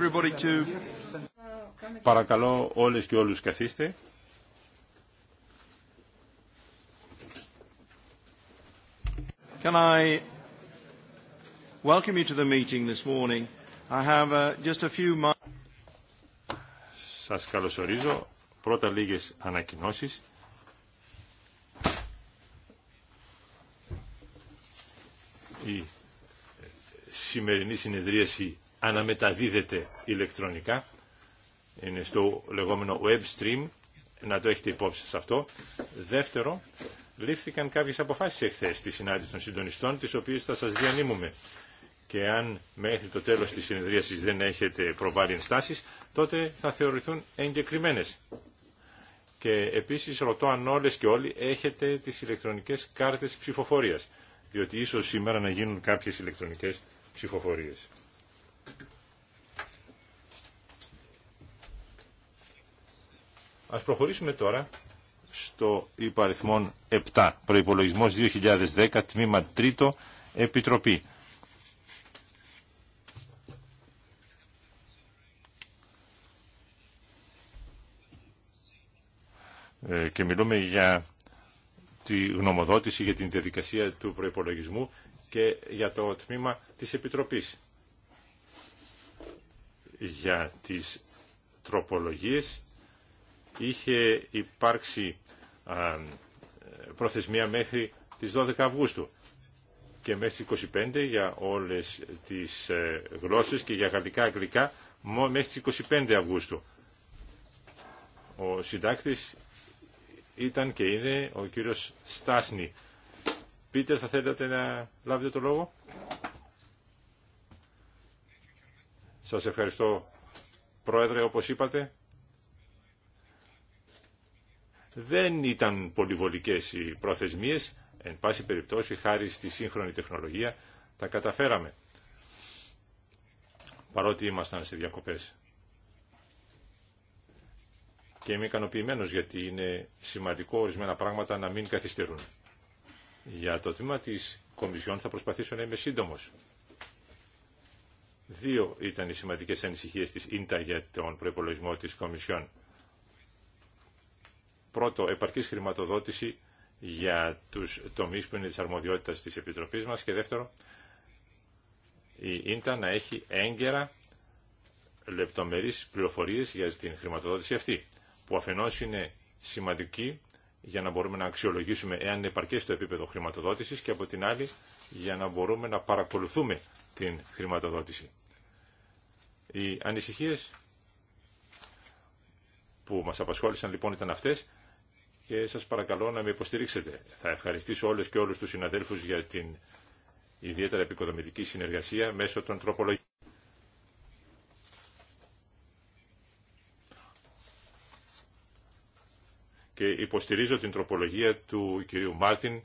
Everybody to... Παρακαλώ όλες και όλους καθίστε. Can I welcome you to the meeting this morning? I have uh, just a few Σας καλωσορίζω. Πρώτα λίγες ανακοινώσεις. Η ε, σημερινή συνεδρίαση αναμεταδίδεται ηλεκτρονικά. Είναι στο λεγόμενο web stream, να το έχετε υπόψη σε αυτό. Δεύτερο, λήφθηκαν κάποιες αποφάσεις εχθές στη συνάντηση των συντονιστών, τις οποίες θα σας διανύμουμε. Και αν μέχρι το τέλος της συνεδρίασης δεν έχετε προβάλει ενστάσεις, τότε θα θεωρηθούν εγκεκριμένες. Και επίσης ρωτώ αν όλες και όλοι έχετε τις ηλεκτρονικές κάρτες ψηφοφορίας, διότι ίσως σήμερα να γίνουν κάποιες ηλεκτρονικές ψηφοφορίες. Ας προχωρήσουμε τώρα στο υπαριθμόν 7, προϋπολογισμός 2010, τμήμα 3, Επιτροπή. Ε, και μιλούμε για τη γνωμοδότηση για την διαδικασία του προϋπολογισμού και για το τμήμα της Επιτροπής. Για τις τροπολογίες είχε υπάρξει προθεσμία μέχρι τις 12 Αυγούστου και μέχρι τις 25 για όλες τις ε, γλώσσες και για γαλλικά αγγλικά μέχρι τις 25 Αυγούστου. Ο συντάκτης ήταν και είναι ο κύριος Στάσνη. Πίτερ θα θέλατε να λάβετε το λόγο. Σας ευχαριστώ πρόεδρε όπως είπατε. Δεν ήταν πολυβολικές οι προθεσμίες, εν πάση περιπτώσει χάρη στη σύγχρονη τεχνολογία τα καταφέραμε, παρότι ήμασταν σε διακοπές. Και είμαι ικανοποιημένο γιατί είναι σημαντικό ορισμένα πράγματα να μην καθυστερούν. Για το τμήμα της Κομισιόν θα προσπαθήσω να είμαι σύντομος. Δύο ήταν οι σημαντικές ανησυχίες της ΙΝΤΑ για τον προπολογισμό της Κομισιόν. Πρώτο, επαρκής χρηματοδότηση για τους τομείς που είναι της αρμοδιότητας της Επιτροπής μας και δεύτερο, η ίντα να έχει έγκαιρα λεπτομερείς πληροφορίες για την χρηματοδότηση αυτή, που αφενός είναι σημαντική για να μπορούμε να αξιολογήσουμε εάν είναι επαρκές το επίπεδο χρηματοδότησης και από την άλλη για να μπορούμε να παρακολουθούμε την χρηματοδότηση. Οι ανησυχίες που μας απασχόλησαν λοιπόν ήταν αυτές και σας παρακαλώ να με υποστηρίξετε. Θα ευχαριστήσω όλες και όλους τους συναδέλφους για την ιδιαίτερα επικοδομητική συνεργασία μέσω των τροπολογιών. Και υποστηρίζω την τροπολογία του κυρίου Μάρτιν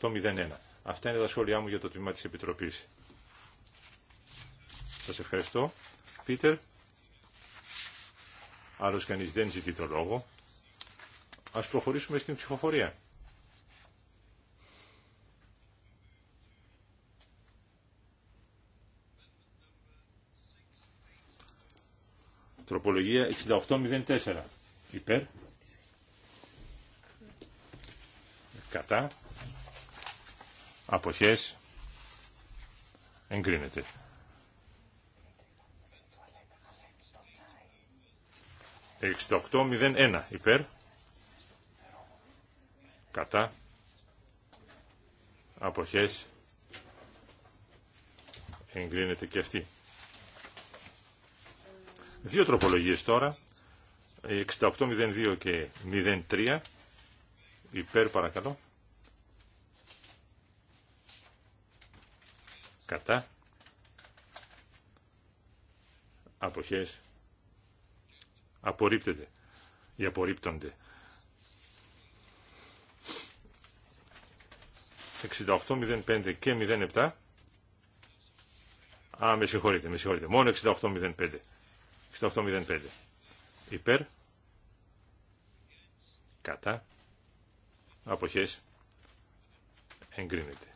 6801. Αυτά είναι τα σχόλιά μου για το τμήμα της Επιτροπής. Σας ευχαριστώ. Πίτερ. Άλλος κανείς δεν ζητεί το λόγο. Ας προχωρήσουμε στην ψηφοφορία. Τροπολογία 6804. Υπέρ. Κατά. Αποχές. Εγκρίνεται. ένα. υπέρ κατά αποχές εγκρίνεται και αυτή. Δύο τροπολογίες τώρα, 6802 ε, και 03, υπέρ παρακαλώ, κατά αποχές απορρίπτεται ή απορρίπτονται. 68.05 και 07. Α, με συγχωρείτε, με συγχωρείτε. Μόνο 68.05. 68.05. Υπέρ. Κατά. Αποχές. Εγκρίνεται.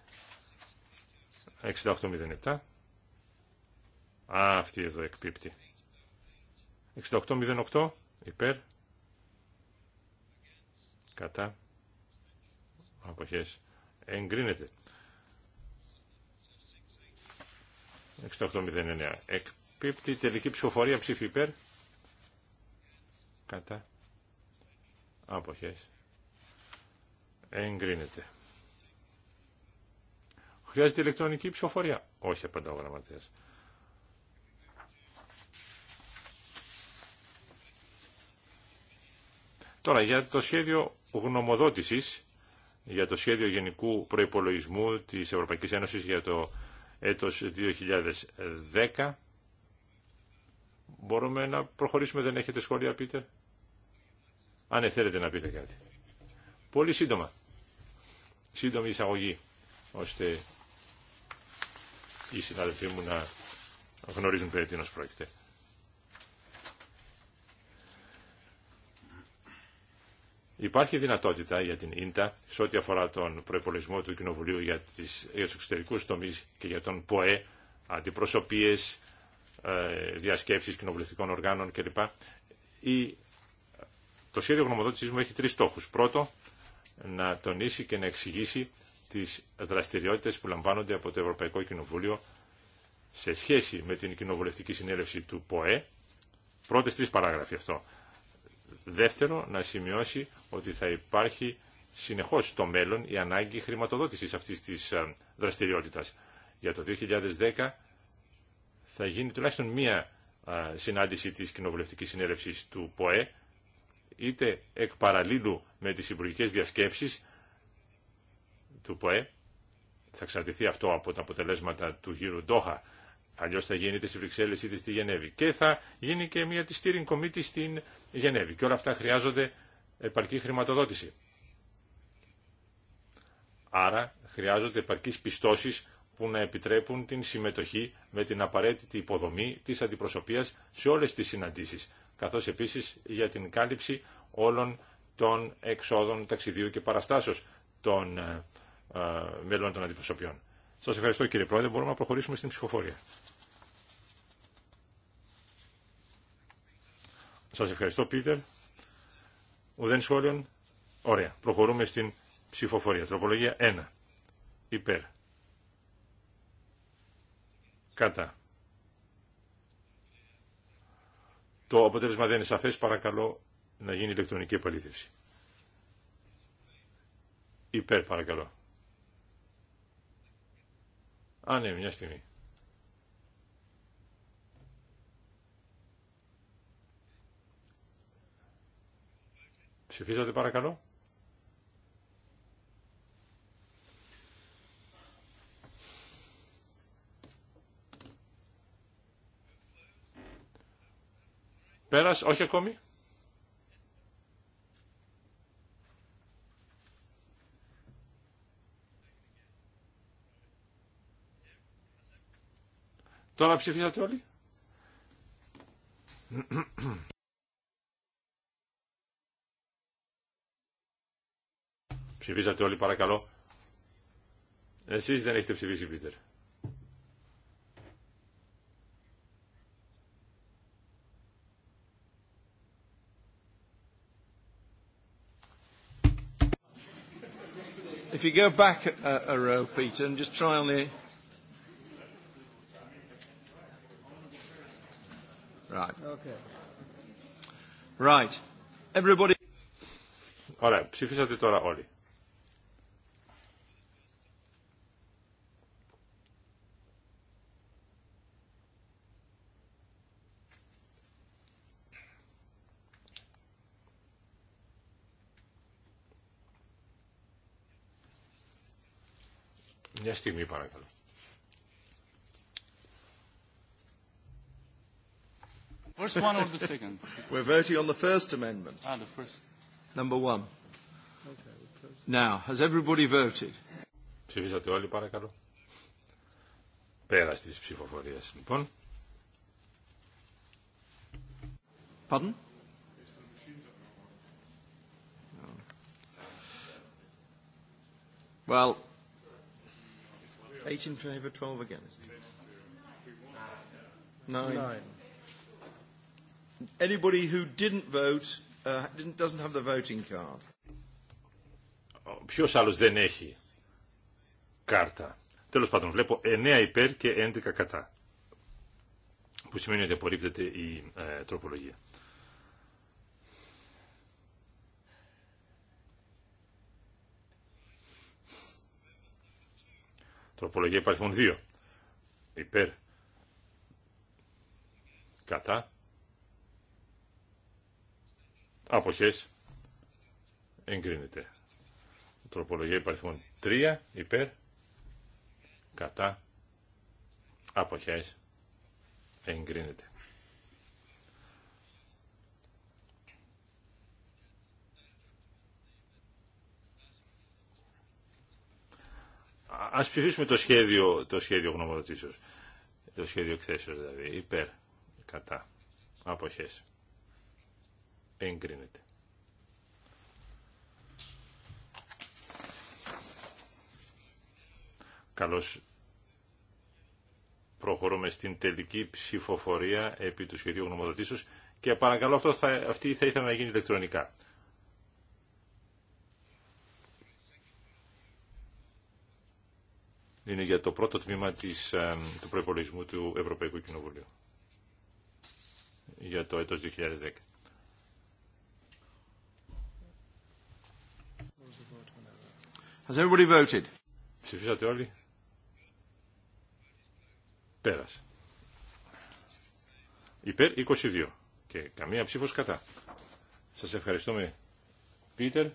6807. Α, αυτή εδώ εκπίπτει. 6808 υπέρ. Κατά. Αποχές εγκρίνεται. 6809. Εκπίπτει τελική ψηφοφορία ψήφι υπέρ. Κατά. Αποχές. Εγκρίνεται. Χρειάζεται ηλεκτρονική ψηφοφορία. Όχι, απαντά ο γραμματέας. Τώρα για το σχέδιο γνωμοδότησης για το σχέδιο γενικού προϋπολογισμού της Ευρωπαϊκής Ένωσης για το έτος 2010. Μπορούμε να προχωρήσουμε, δεν έχετε σχόλια, πείτε Αν ναι, θέλετε να πείτε κάτι. Πολύ σύντομα. Σύντομη εισαγωγή, ώστε οι συναδελφοί μου να γνωρίζουν περί τίνος πρόκειται. Υπάρχει δυνατότητα για την ίντα σε ό,τι αφορά τον προπολογισμό του Κοινοβουλίου για, τις, για τους εξωτερικούς τομείς και για τον ΠΟΕ, αντιπροσωπείες, ε, διασκέψεις κοινοβουλευτικών οργάνων κλπ. το σχέδιο γνωμοδότησής μου έχει τρεις στόχους. Πρώτο, να τονίσει και να εξηγήσει τις δραστηριότητες που λαμβάνονται από το Ευρωπαϊκό Κοινοβούλιο σε σχέση με την κοινοβουλευτική συνέλευση του ΠΟΕ. Πρώτες τρεις παράγραφοι αυτό. Δεύτερο, να σημειώσει ότι θα υπάρχει συνεχώς στο μέλλον η ανάγκη χρηματοδότησης αυτής της ε, δραστηριότητας. Για το 2010 θα γίνει τουλάχιστον μία ε, συνάντηση της κοινοβουλευτικής συνέλευσης του ΠΟΕ, είτε εκ παραλίλου με τις υπουργικές διασκέψεις του ΠΟΕ, θα εξαρτηθεί αυτό από τα αποτελέσματα του γύρου Ντόχα Αλλιώ θα γίνεται στη Βρυξέλλε είτε στη Γενέβη. Και θα γίνει και μια τη steering committee στην Γενέβη. Και όλα αυτά χρειάζονται επαρκή χρηματοδότηση. Άρα χρειάζονται επαρκή πιστώσει που να επιτρέπουν την συμμετοχή με την απαραίτητη υποδομή τη αντιπροσωπεία σε όλε τι συναντήσει, καθώ επίση για την κάλυψη όλων των εξόδων ταξιδίου και παραστάσεων των ε, ε, μέλων των αντιπροσωπιών. Σας ευχαριστώ κύριε Πρόεδρε, μπορούμε να προχωρήσουμε στην ψηφοφορία. Σας ευχαριστώ Πίτερ. Ουδέν σχόλιον. Ωραία. Προχωρούμε στην ψηφοφορία. Τροπολογία 1. Υπέρ. Κατά. Το αποτέλεσμα δεν είναι σαφές. Παρακαλώ να γίνει ηλεκτρονική επαλήθευση. Υπέρ παρακαλώ. Α, ναι, μια στιγμή. Ψηφίζατε παρακαλώ. Πέρασε, όχι ακόμη. Τώρα ψηφίσατε όλοι. Ψηφίσατε όλοι παρακαλώ. Εσείς δεν έχετε ψηφίσει, Πίτερ. If you go back a, a row, Peter, and just try on the... Right. Okay. Right. Everybody... Ωραία, ψηφίσατε τώρα όλοι. Μια στιγμή παρακαλώ. First one or the second? We're voting on the first amendment. Ah, the first. Number one. Okay, Now, has everybody voted? Ψηφίσατε όλοι παρακαλώ. Πέρα στις ψηφοφορίες, λοιπόν. Pardon? Well, 18 in favor, 12 against. Nine. Nine. Anybody who didn't vote uh, didn't, doesn't have the voting card. Ποιος άλλος δεν έχει κάρτα. Τέλος πάντων βλέπω 9 υπέρ και 11 κατά. Που σημαίνει ότι απορρίπτεται η ε, τροπολογία. Τροπολογία υπαριθμών 2. Υπέρ. Κατά. Αποχές. Εγκρίνεται. Τροπολογία υπαριθμών 3. Υπέρ. Κατά. Αποχές. Εγκρίνεται. Α ψηφίσουμε το σχέδιο, το σχέδιο γνωμοδοτήσεως. Το σχέδιο εκθέσεω δηλαδή. Υπέρ. Κατά. Αποχές. Εγκρίνεται. Καλώς προχωρούμε στην τελική ψηφοφορία επί του σχεδίου γνωμοδοτήσεως και παρακαλώ αυτό θα, αυτή θα ήθελα να γίνει ηλεκτρονικά. είναι για το πρώτο τμήμα της, ε, του προπολογισμού του Ευρωπαϊκού Κοινοβουλίου για το έτος 2010. Has everybody voted? Ψηφίσατε όλοι. Πέρασε. Υπέρ 22 και καμία ψήφος κατά. Σας ευχαριστούμε Πίτερ.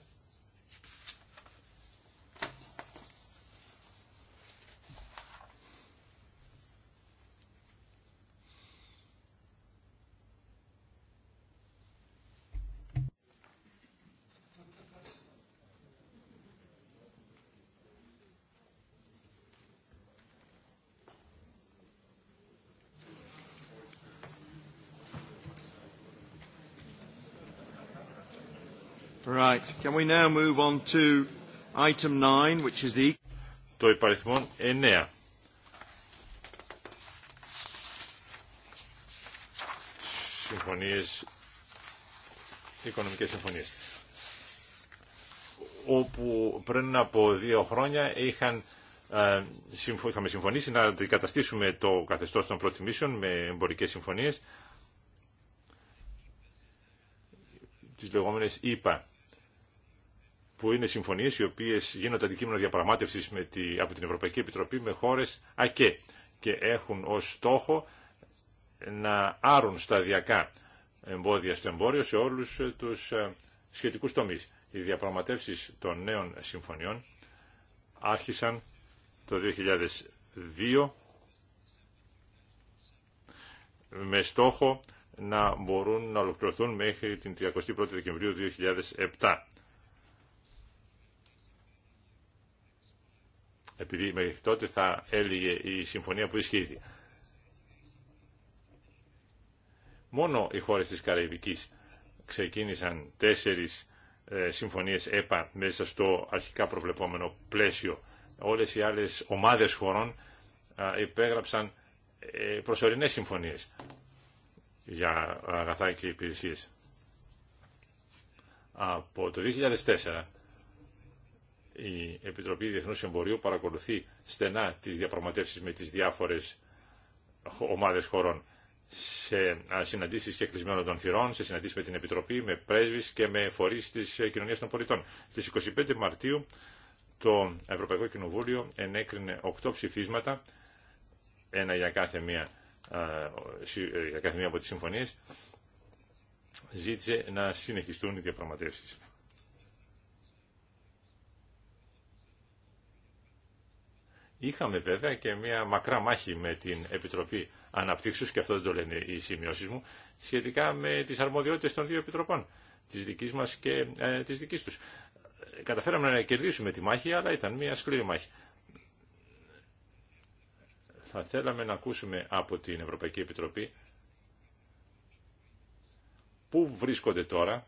Right. Can we now move on to item which is the... Το υπαριθμόν 9. Συμφωνίες, οικονομικές συμφωνίες. Όπου πριν από δύο χρόνια είχαν ε, είχαμε συμφωνήσει να αντικαταστήσουμε το καθεστώς των προτιμήσεων με εμπορικές συμφωνίες τις λεγόμενες ΙΠΑ, που είναι συμφωνίες οι οποίες γίνονται αντικείμενο διαπραγμάτευσης με τη, από την Ευρωπαϊκή Επιτροπή με χώρες ΑΚΕ και έχουν ως στόχο να άρουν σταδιακά εμπόδια στο εμπόριο σε όλους τους ε, σχετικούς τομείς. Οι διαπραγματεύσεις των νέων συμφωνιών άρχισαν το 2002 με στόχο να μπορούν να ολοκληρωθούν μέχρι την 31η Δεκεμβρίου 2007. Επειδή μέχρι τότε θα έλυγε η συμφωνία που ισχύει. Μόνο οι χώρες της Καραϊβικής ξεκίνησαν τέσσερις ε, συμφωνίες ΕΠΑ μέσα στο αρχικά προβλεπόμενο πλαίσιο. Όλες οι άλλες ομάδες χωρών υπέγραψαν ε, προσωρινές συμφωνίες για αγαθά και υπηρεσίες. Από το 2004 η Επιτροπή Διεθνούς Εμπορίου παρακολουθεί στενά τις διαπραγματεύσεις με τις διάφορες ομάδες χωρών σε συναντήσεις και κλεισμένων των θυρών, σε συναντήσεις με την Επιτροπή, με πρέσβεις και με φορείς της ε, κοινωνίας των πολιτών. Στις 25 Μαρτίου το Ευρωπαϊκό Κοινοβούλιο ενέκρινε οκτώ ψηφίσματα, ένα για κάθε μία για κάθε μία από τις συμφωνίες ζήτησε να συνεχιστούν οι διαπραγματεύσεις. Είχαμε βέβαια και μια μακρά μάχη με την Επιτροπή Αναπτύξεως, και αυτό δεν το λένε οι σημειώσει μου, σχετικά με τις αρμοδιότητες των δύο επιτροπών, της δικής μας και ε, της δικής τους. Καταφέραμε να κερδίσουμε τη μάχη, αλλά ήταν μια σκληρή μάχη. Θα θέλαμε να ακούσουμε από την Ευρωπαϊκή Επιτροπή πού βρίσκονται τώρα,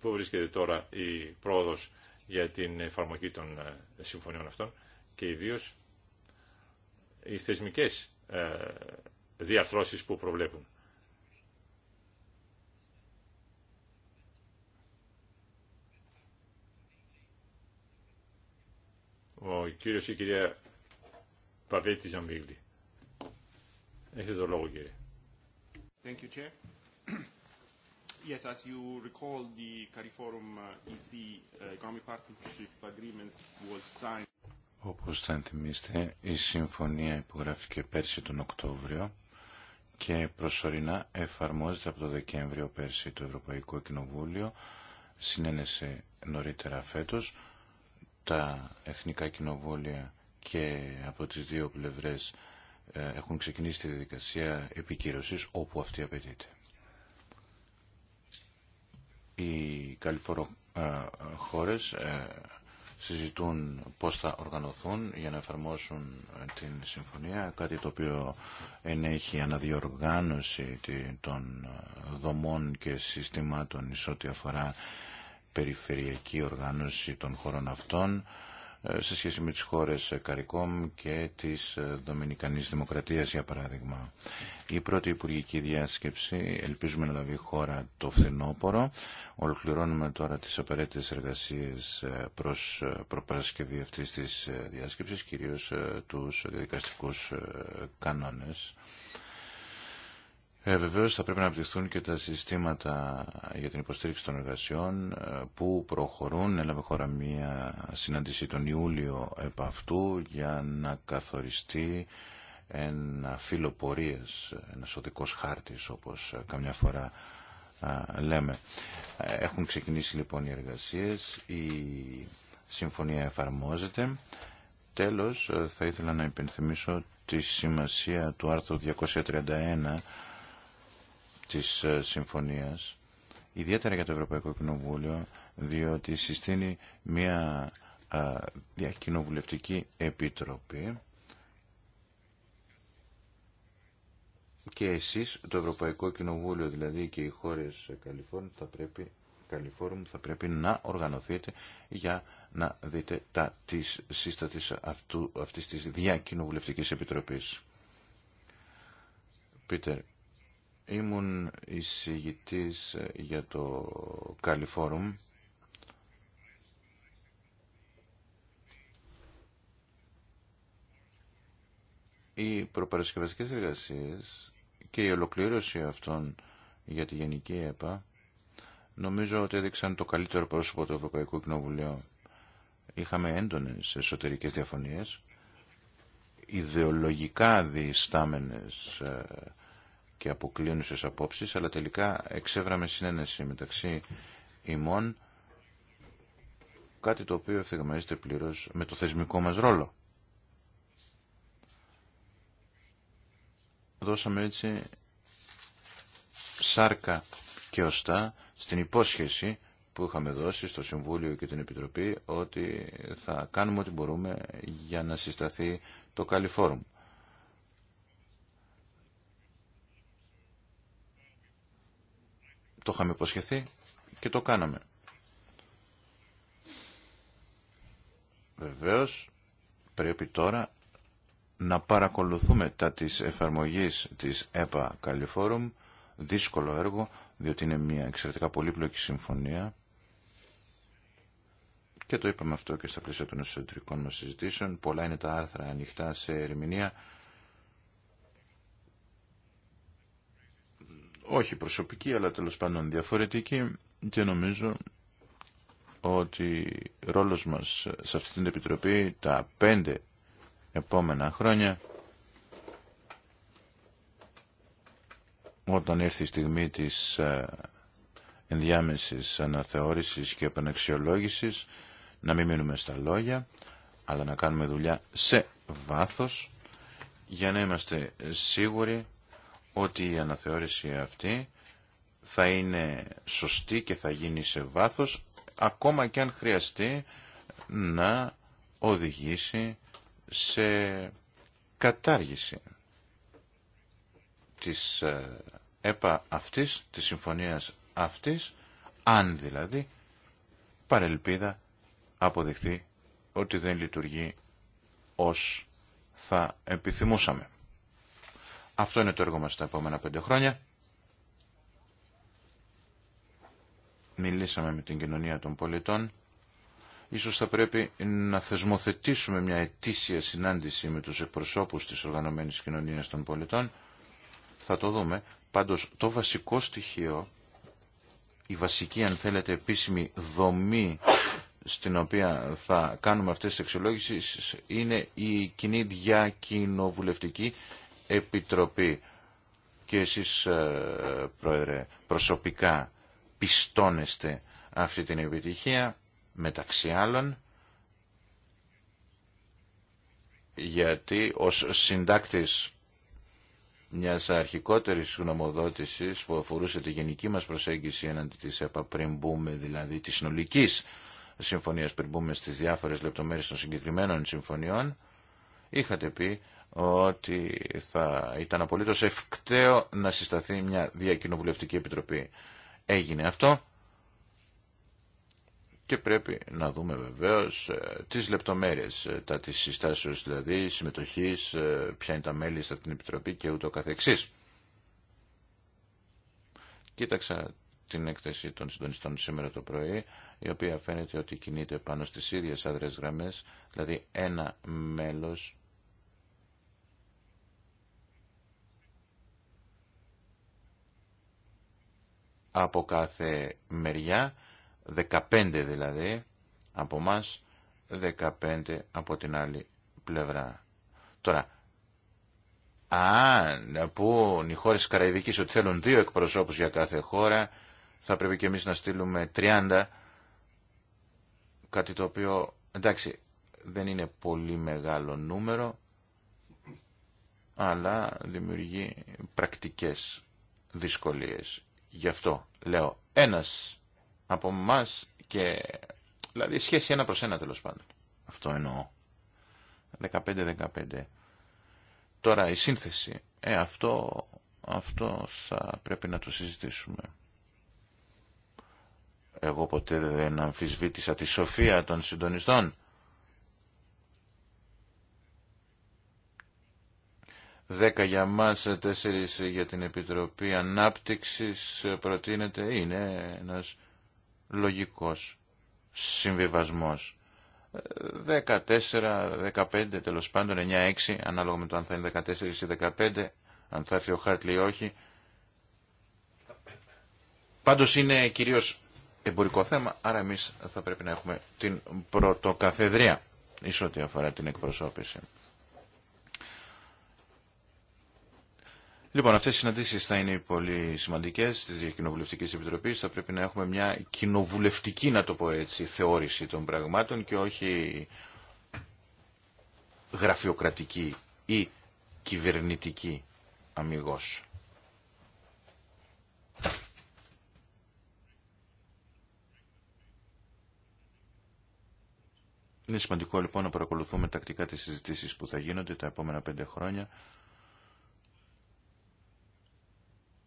πού βρίσκεται τώρα η πρόοδος για την εφαρμογή των ε, συμφωνιών αυτών και ιδίως οι θεσμικές ε, διαρθρώσεις που προβλέπουν. Ο κύριος ή κυρια Παβέτη Ζαμπίλη. Έχετε το λόγο κύριε. Thank you, Chair. Yes, Όπως θα θυμίστε, η συμφωνία υπογράφηκε πέρσι τον Οκτώβριο και προσωρινά εφαρμόζεται από το Δεκέμβριο πέρσι το Ευρωπαϊκό Κοινοβούλιο. Συνένεσε νωρίτερα φέτος. Τα Εθνικά Κοινοβούλια και από τις δύο πλευρές ε, έχουν ξεκινήσει τη διαδικασία επικύρωσης όπου αυτή απαιτείται. Οι καλυφορο ε, ε, συζητούν πώς θα οργανωθούν για να εφαρμόσουν την συμφωνία, κάτι το οποίο ενέχει αναδιοργάνωση των δομών και συστημάτων σε ό,τι αφορά περιφερειακή οργάνωση των χωρών αυτών, ε, σε σχέση με τις χώρες Καρικόμ και της ε, Δομινικανής Δημοκρατίας για παράδειγμα. Η πρώτη υπουργική διάσκεψη ελπίζουμε να λάβει χώρα το φθινόπωρο. Ολοκληρώνουμε τώρα τις απαραίτητες εργασίες ε, προς προπαρασκευή αυτής της διάσκεψης, κυρίως τους διαδικαστικούς κανόνες. Ε, θα πρέπει να απτυχθούν και τα συστήματα για την υποστήριξη των εργασιών ε, που προχωρούν. Έλαβε χώρα μία συνάντηση τον Ιούλιο επ' αυτού για να καθοριστεί ένα φύλλο πορείας, ένας οδικός χάρτης όπως ε, καμιά φορά λέμε. Ε, έχουν ξεκινήσει λοιπόν οι εργασίες, η συμφωνία εφαρμόζεται. Τέλος θα ήθελα να υπενθυμίσω τη σημασία του άρθρου 231 της ε, συμφωνίας, ιδιαίτερα για το Ευρωπαϊκό Κοινοβούλιο, διότι συστήνει μια ε, διακοινοβουλευτική επιτροπή και εσείς, το Ευρωπαϊκό Κοινοβούλιο δηλαδή και οι χώρες Καλιφόρουμ θα πρέπει, θα πρέπει να οργανωθείτε για να δείτε τα της σύστατης αυτού, αυτής της διακοινοβουλευτικής επιτροπής. Πίτερ, Ήμουν εισηγητής για το Καλιφόρουμ Οι προπαρασκευαστικές εργασίες και η ολοκλήρωση αυτών για τη Γενική ΕΠΑ νομίζω ότι έδειξαν το καλύτερο πρόσωπο του Ευρωπαϊκού Κοινοβουλίου. Είχαμε έντονες εσωτερικές διαφωνίες, ιδεολογικά διστάμενες ε, και αποκλίνουσες απόψεις, αλλά τελικά εξέβραμε συνένεση μεταξύ ημών, κάτι το οποίο ευθυγραμμίζεται πλήρως με το θεσμικό μας ρόλο. Δώσαμε έτσι σάρκα και οστά στην υπόσχεση που είχαμε δώσει στο Συμβούλιο και την Επιτροπή ότι θα κάνουμε ό,τι μπορούμε για να συσταθεί το Καλιφόρουμ. Το είχαμε υποσχεθεί και το κάναμε. Βεβαίως πρέπει τώρα να παρακολουθούμε τα της εφαρμογής της ΕΠΑ Καλιφόρουμ. δύσκολο έργο, διότι είναι μια εξαιρετικά πολύπλοκη συμφωνία και το είπαμε αυτό και στα πλαίσια των εσωτερικών μας συζητήσεων, πολλά είναι τα άρθρα ανοιχτά σε ερμηνεία όχι προσωπική αλλά τέλο πάντων διαφορετική και νομίζω ότι ρόλος μας σε αυτή την Επιτροπή τα πέντε επόμενα χρόνια όταν έρθει η στιγμή της ε, ενδιάμεσης αναθεώρησης και επαναξιολόγησης να μην μείνουμε στα λόγια αλλά να κάνουμε δουλειά σε βάθος για να είμαστε σίγουροι ότι η αναθεώρηση αυτή θα είναι σωστή και θα γίνει σε βάθος ακόμα και αν χρειαστεί να οδηγήσει σε κατάργηση της ε, ΕΠΑ αυτής, της συμφωνίας αυτής, αν δηλαδή παρελπίδα αποδειχθεί ότι δεν λειτουργεί ως θα επιθυμούσαμε. Αυτό είναι το έργο μας τα επόμενα πέντε χρόνια. Μιλήσαμε με την κοινωνία των πολιτών. Ίσως θα πρέπει να θεσμοθετήσουμε μια ετήσια συνάντηση με τους εκπροσώπους της οργανωμένης κοινωνίας των πολιτών. Θα το δούμε. Πάντως το βασικό στοιχείο, η βασική αν θέλετε επίσημη δομή στην οποία θα κάνουμε αυτές τις αξιολόγησεις είναι η κοινή διακοινοβουλευτική Επιτροπή και εσείς ε, Πρόεδρε προσωπικά πιστώνεστε αυτή την επιτυχία μεταξύ άλλων γιατί ως συντάκτης μιας αρχικότερης γνωμοδότησης που αφορούσε τη γενική μας προσέγγιση έναντι της ΕΠΑ πριν μπούμε δηλαδή της συνολικής συμφωνίας πριν μπούμε στις διάφορες λεπτομέρειες των συγκεκριμένων συμφωνιών είχατε πει ότι θα ήταν απολύτως ευκταίο να συσταθεί μια διακοινοβουλευτική επιτροπή. Έγινε αυτό και πρέπει να δούμε βεβαίως ε, τις λεπτομέρειες, ε, τα της συστάσεως δηλαδή, συμμετοχής, ε, ποια είναι τα μέλη σε την επιτροπή και ούτω καθεξής. Κοίταξα την έκθεση των συντονιστών σήμερα το πρωί, η οποία φαίνεται ότι κινείται πάνω στις ίδιες άδρες γραμμές, δηλαδή ένα μέλος από κάθε μεριά, 15 δηλαδή από μας, 15 από την άλλη πλευρά. Τώρα, αν πούν οι χώρες της Καραϊβικής ότι θέλουν δύο εκπροσώπους για κάθε χώρα, θα πρέπει και εμείς να στείλουμε 30, κάτι το οποίο, εντάξει, δεν είναι πολύ μεγάλο νούμερο, αλλά δημιουργεί πρακτικές δυσκολίες. Γι' αυτό λέω ένας από εμά και δηλαδή σχέση ένα προς ένα τέλος πάντων. Αυτό εννοώ. 15-15. Τώρα η σύνθεση. Ε, αυτό, αυτό θα πρέπει να το συζητήσουμε. Εγώ ποτέ δεν αμφισβήτησα τη σοφία των συντονιστών 10 για μας, 4 για την Επιτροπή Ανάπτυξης προτείνεται, είναι ένας λογικός συμβιβασμός. 14, 15, τέλο πάντων, 9, 6, ανάλογα με το αν θα είναι 14 ή 15, αν θα έρθει ο Χάρτλι ή όχι. Πάντως είναι κυρίως εμπορικό θέμα, άρα εμείς θα πρέπει να έχουμε την πρωτοκαθεδρία, ίσως ό,τι αφορά την εκπροσώπηση. Λοιπόν, αυτέ οι συναντήσεις θα είναι πολύ σημαντικές τη κοινοβουλευτική επιτροπή. Θα πρέπει να έχουμε μια κοινοβουλευτική, να το πω έτσι, θεώρηση των πραγμάτων και όχι γραφειοκρατική ή κυβερνητική αμυγός. Είναι σημαντικό λοιπόν να παρακολουθούμε τακτικά τις συζητήσεις που θα γίνονται τα επόμενα πέντε χρόνια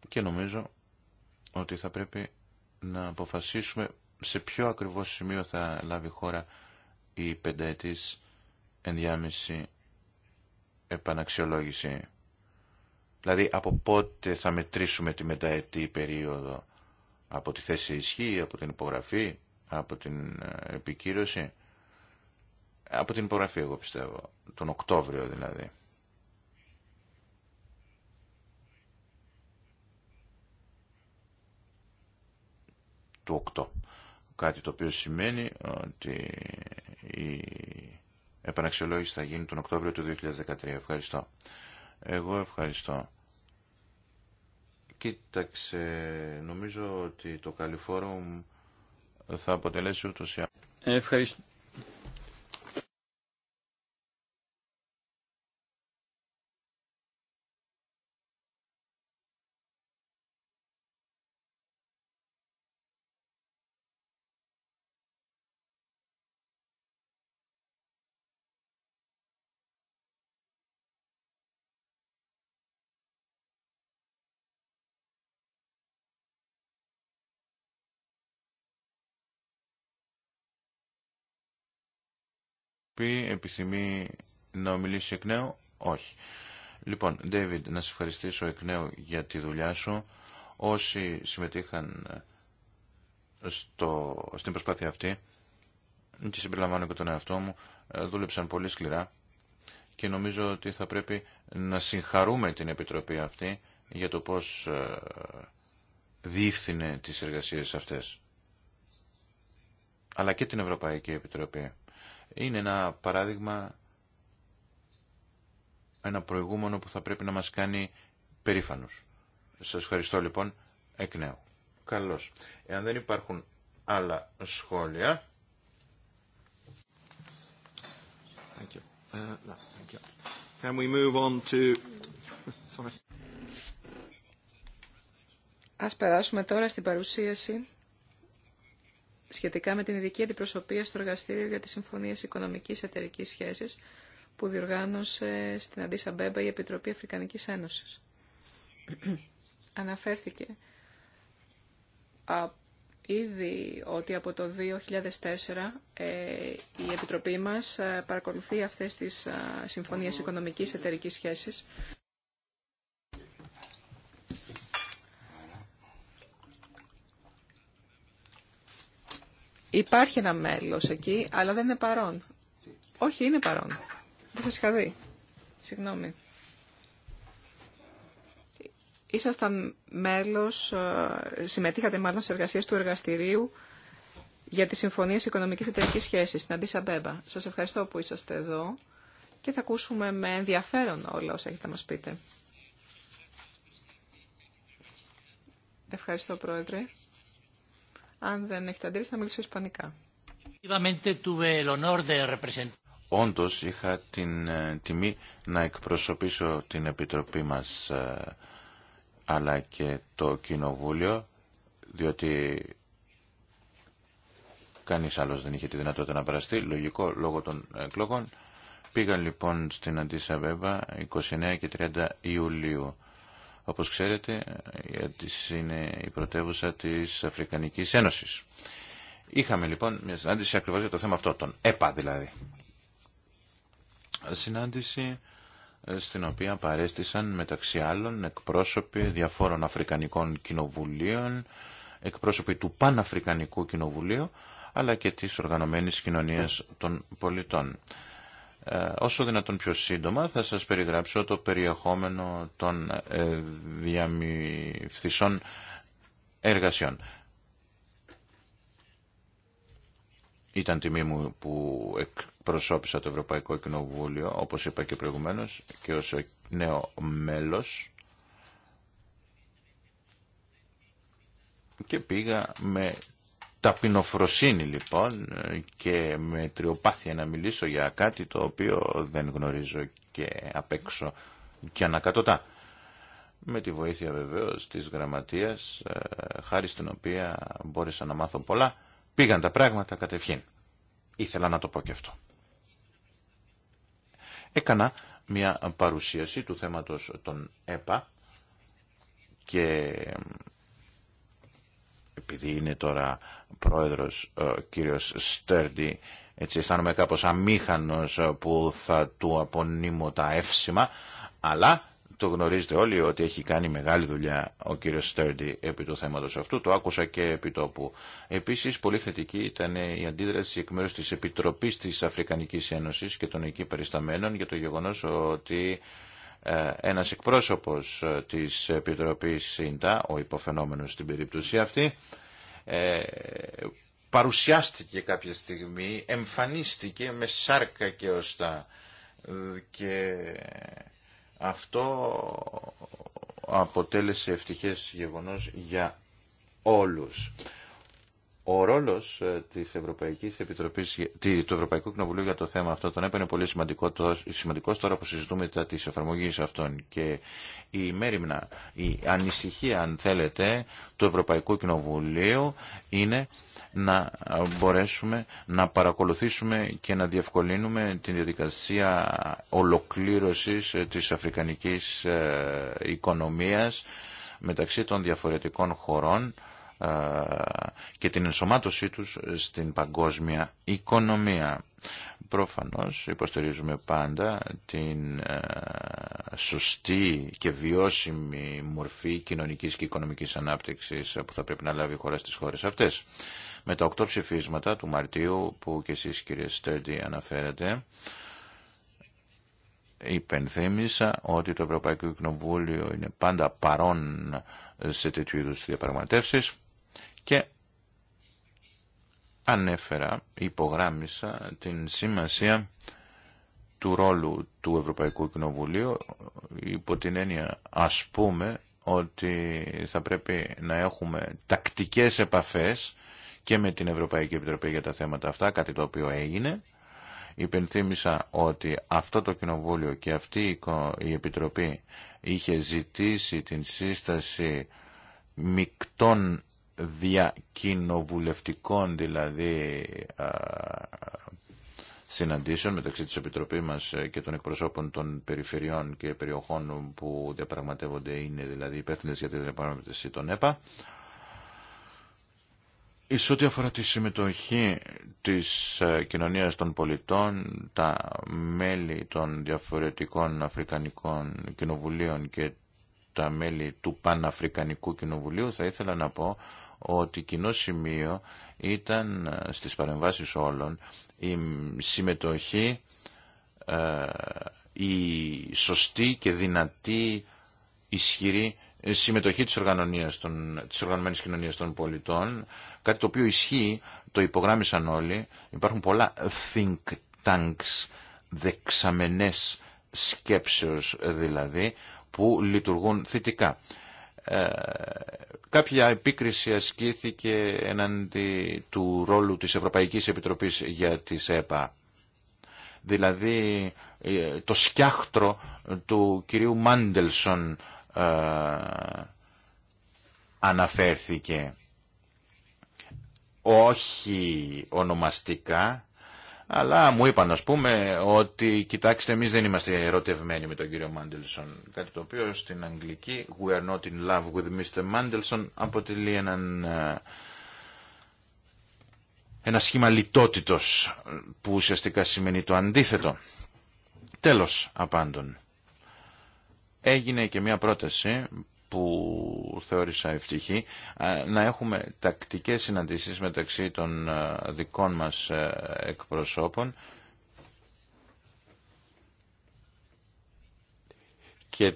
και νομίζω ότι θα πρέπει να αποφασίσουμε σε ποιο ακριβώς σημείο θα λάβει χώρα η πενταετής ενδιάμεση επαναξιολόγηση. Δηλαδή από πότε θα μετρήσουμε τη μεταετή περίοδο από τη θέση ισχύ, από την υπογραφή, από την ε, επικύρωση. Από την υπογραφή εγώ πιστεύω, τον Οκτώβριο δηλαδή. του Κάτι το οποίο σημαίνει ότι η επαναξιολόγηση θα γίνει τον Οκτώβριο του 2013. Ευχαριστώ. Εγώ ευχαριστώ. Κοίταξε, νομίζω ότι το Καλιφόρουμ θα αποτελέσει ούτως ή Ευχαριστώ Επιτροπή επιθυμεί να ομιλήσει εκ νέου. Όχι. Λοιπόν, David, να σε ευχαριστήσω εκ νέου για τη δουλειά σου. Όσοι συμμετείχαν ε, στο, στην προσπάθεια αυτή, και συμπεριλαμβάνω και τον εαυτό μου, ε, δούλεψαν πολύ σκληρά και νομίζω ότι θα πρέπει να συγχαρούμε την Επιτροπή αυτή για το πώς ε, διεύθυνε τις εργασίες αυτές. Αλλά και την Ευρωπαϊκή Επιτροπή είναι ένα παράδειγμα, ένα προηγούμενο που θα πρέπει να μας κάνει περήφανος. Σας ευχαριστώ λοιπόν εκ νέου. Καλώς. Εάν δεν υπάρχουν άλλα σχόλια... Thank Ας περάσουμε τώρα στην παρουσίαση σχετικά με την ειδική αντιπροσωπεία στο εργαστήριο για τις συμφωνίες οικονομικής εταιρικής σχέσης που διοργάνωσε στην Αντίσα Μπέμπα η Επιτροπή Αφρικανικής Ένωσης. Αναφέρθηκε α, ήδη ότι από το 2004 ε, η Επιτροπή μας ε, παρακολουθεί αυτές τις ε, συμφωνίες οικονομικής εταιρικής σχέσης Υπάρχει ένα μέλο εκεί, αλλά δεν είναι παρόν. Όχι, είναι παρόν. Δεν σα είχα δει. Συγγνώμη. Ήσασταν μέλος, ε, συμμετείχατε μάλλον σε εργασίες του εργαστηρίου για τις συμφωνίες οικονομικής εταιρικής σχέσης στην Αντίσα Μπέμπα. Σας ευχαριστώ που είσαστε εδώ και θα ακούσουμε με ενδιαφέρον όλα όσα έχετε να μας πείτε. Ευχαριστώ, Πρόεδρε. Αν δεν έχετε αντίληψη, θα μιλήσω ισπανικά. Όντως είχα την ε, τιμή να εκπροσωπήσω την Επιτροπή μας ε, αλλά και το Κοινοβούλιο διότι κανείς άλλος δεν είχε τη δυνατότητα να παραστεί, λογικό λόγω των ε, εκλογών. Πήγα λοιπόν στην Αντίσα 29 και 30 Ιουλίου όπως ξέρετε, είναι η πρωτεύουσα της Αφρικανικής Ένωσης. Είχαμε λοιπόν μια συνάντηση ακριβώς για το θέμα αυτό, τον ΕΠΑ δηλαδή. Συνάντηση ε, στην οποία παρέστησαν μεταξύ άλλων εκπρόσωποι διαφόρων Αφρικανικών Κοινοβουλίων, εκπρόσωποι του Παναφρικανικού Κοινοβουλίου, αλλά και της οργανωμένης κοινωνίας των πολιτών. Ε, όσο δυνατόν πιο σύντομα θα σας περιγράψω το περιεχόμενο των ε, διαμυφθησών εργασιών. Ήταν τιμή μου που εκπροσώπησα το Ευρωπαϊκό Κοινοβούλιο, όπως είπα και προηγουμένως, και ως νέο μέλος και πήγα με ταπεινοφροσύνη λοιπόν και με τριοπάθεια να μιλήσω για κάτι το οποίο δεν γνωρίζω και απ' έξω και ανακατοτά. Με τη βοήθεια βεβαίως της γραμματείας, ε, χάρη στην οποία μπόρεσα να μάθω πολλά, πήγαν τα πράγματα κατευχήν. Ήθελα να το πω και αυτό. Έκανα μια παρουσίαση του θέματος των ΕΠΑ και επειδή είναι τώρα πρόεδρος ε, ο κύριος Στέρντι, έτσι αισθάνομαι κάπως αμήχανος ε, που θα του απονείμω τα εύσημα, αλλά το γνωρίζετε όλοι ότι έχει κάνει μεγάλη δουλειά ο κύριος Στέρντι επί του θέματος αυτού, το άκουσα και επί τόπου. Επίσης, πολύ θετική ήταν η αντίδραση εκ μέρους της Επιτροπής της Αφρικανικής Ένωσης και των εκεί περισταμένων για το γεγονός ότι ε, ένας εκπρόσωπος ε, της Επιτροπής ΣΥΝΤΑ, ο υποφαινόμενος στην περίπτωση αυτή, ε, παρουσιάστηκε κάποια στιγμή, εμφανίστηκε με σάρκα και ωστά και αυτό αποτέλεσε ευτυχές γεγονός για όλους. Ο ρόλος ε, της Ευρωπαϊκής Επιτροπής, του Ευρωπαϊκού Κοινοβουλίου για το θέμα αυτό τον έπαιρνε πολύ σημαντικό, τώρα που συζητούμε τα της εφαρμογή αυτών και η μέρημνα, η ανησυχία αν θέλετε του Ευρωπαϊκού Κοινοβουλίου είναι να ε, μπορέσουμε να παρακολουθήσουμε και να διευκολύνουμε την διαδικασία ολοκλήρωσης ε, της αφρικανικής οικονομίας μεταξύ των διαφορετικών χωρών και την ενσωμάτωσή τους στην παγκόσμια οικονομία. Προφανώς υποστηρίζουμε πάντα την σωστή και βιώσιμη μορφή κοινωνικής και οικονομικής ανάπτυξης που θα πρέπει να λάβει η χώρα στις χώρες αυτές. Με τα οκτώ ψηφίσματα του Μαρτίου που και εσείς κύριε Στέρντι αναφέρατε, υπενθύμησα ότι το Ευρωπαϊκό Κοινοβούλιο είναι πάντα παρόν σε τέτοιου είδου διαπραγματεύσει και ανέφερα, υπογράμμισα την σημασία του ρόλου του Ευρωπαϊκού Κοινοβουλίου υπό την έννοια ας πούμε ότι θα πρέπει να έχουμε τακτικές επαφές και με την Ευρωπαϊκή Επιτροπή για τα θέματα αυτά, κάτι το οποίο έγινε. Υπενθύμησα ότι αυτό το Κοινοβούλιο και αυτή η Επιτροπή είχε ζητήσει την σύσταση μικτών κοινοβουλευτικών δηλαδή συναντήσεων μεταξύ της Επιτροπής μας και των εκπροσώπων των περιφερειών και περιοχών που διαπραγματεύονται είναι δηλαδή υπεύθυνε για τη διαπραγματεύση των ΕΠΑ. Εις ό,τι αφορά τη συμμετοχή της ε, κοινωνίας των πολιτών, τα μέλη των διαφορετικών Αφρικανικών κοινοβουλίων και τα μέλη του Παναφρικανικού Κοινοβουλίου, θα ήθελα να πω ότι κοινό σημείο ήταν ε, στις παρεμβάσεις όλων η συμμετοχή, ε, η σωστή και δυνατή ισχυρή συμμετοχή της, οργανωνίας των, της οργανωμένης κοινωνίας των πολιτών, κάτι το οποίο ισχύει, το υπογράμμισαν όλοι, υπάρχουν πολλά think tanks, δεξαμενές σκέψεως δηλαδή, που λειτουργούν θετικά. Ε, κάποια επίκριση ασκήθηκε εναντί του ρόλου της Ευρωπαϊκής Επιτροπής για τη ΕΠΑ. Δηλαδή ε, το σκιάχτρο του κυρίου Μάντελσον ε, αναφέρθηκε. Όχι ονομαστικά, αλλά μου είπαν α πούμε ότι κοιτάξτε εμεί δεν είμαστε ερωτευμένοι με τον κύριο Μάντελσον κάτι το οποίο στην αγγλική We are not in love with Mr. Mandelson αποτελεί έναν ε, ένα σχήμα λιτότητος που ουσιαστικά σημαίνει το αντίθετο τέλος απάντων έγινε και μια πρόταση που θεώρησα ευτυχή να έχουμε τακτικές συναντήσεις μεταξύ των δικών μας εκπροσώπων και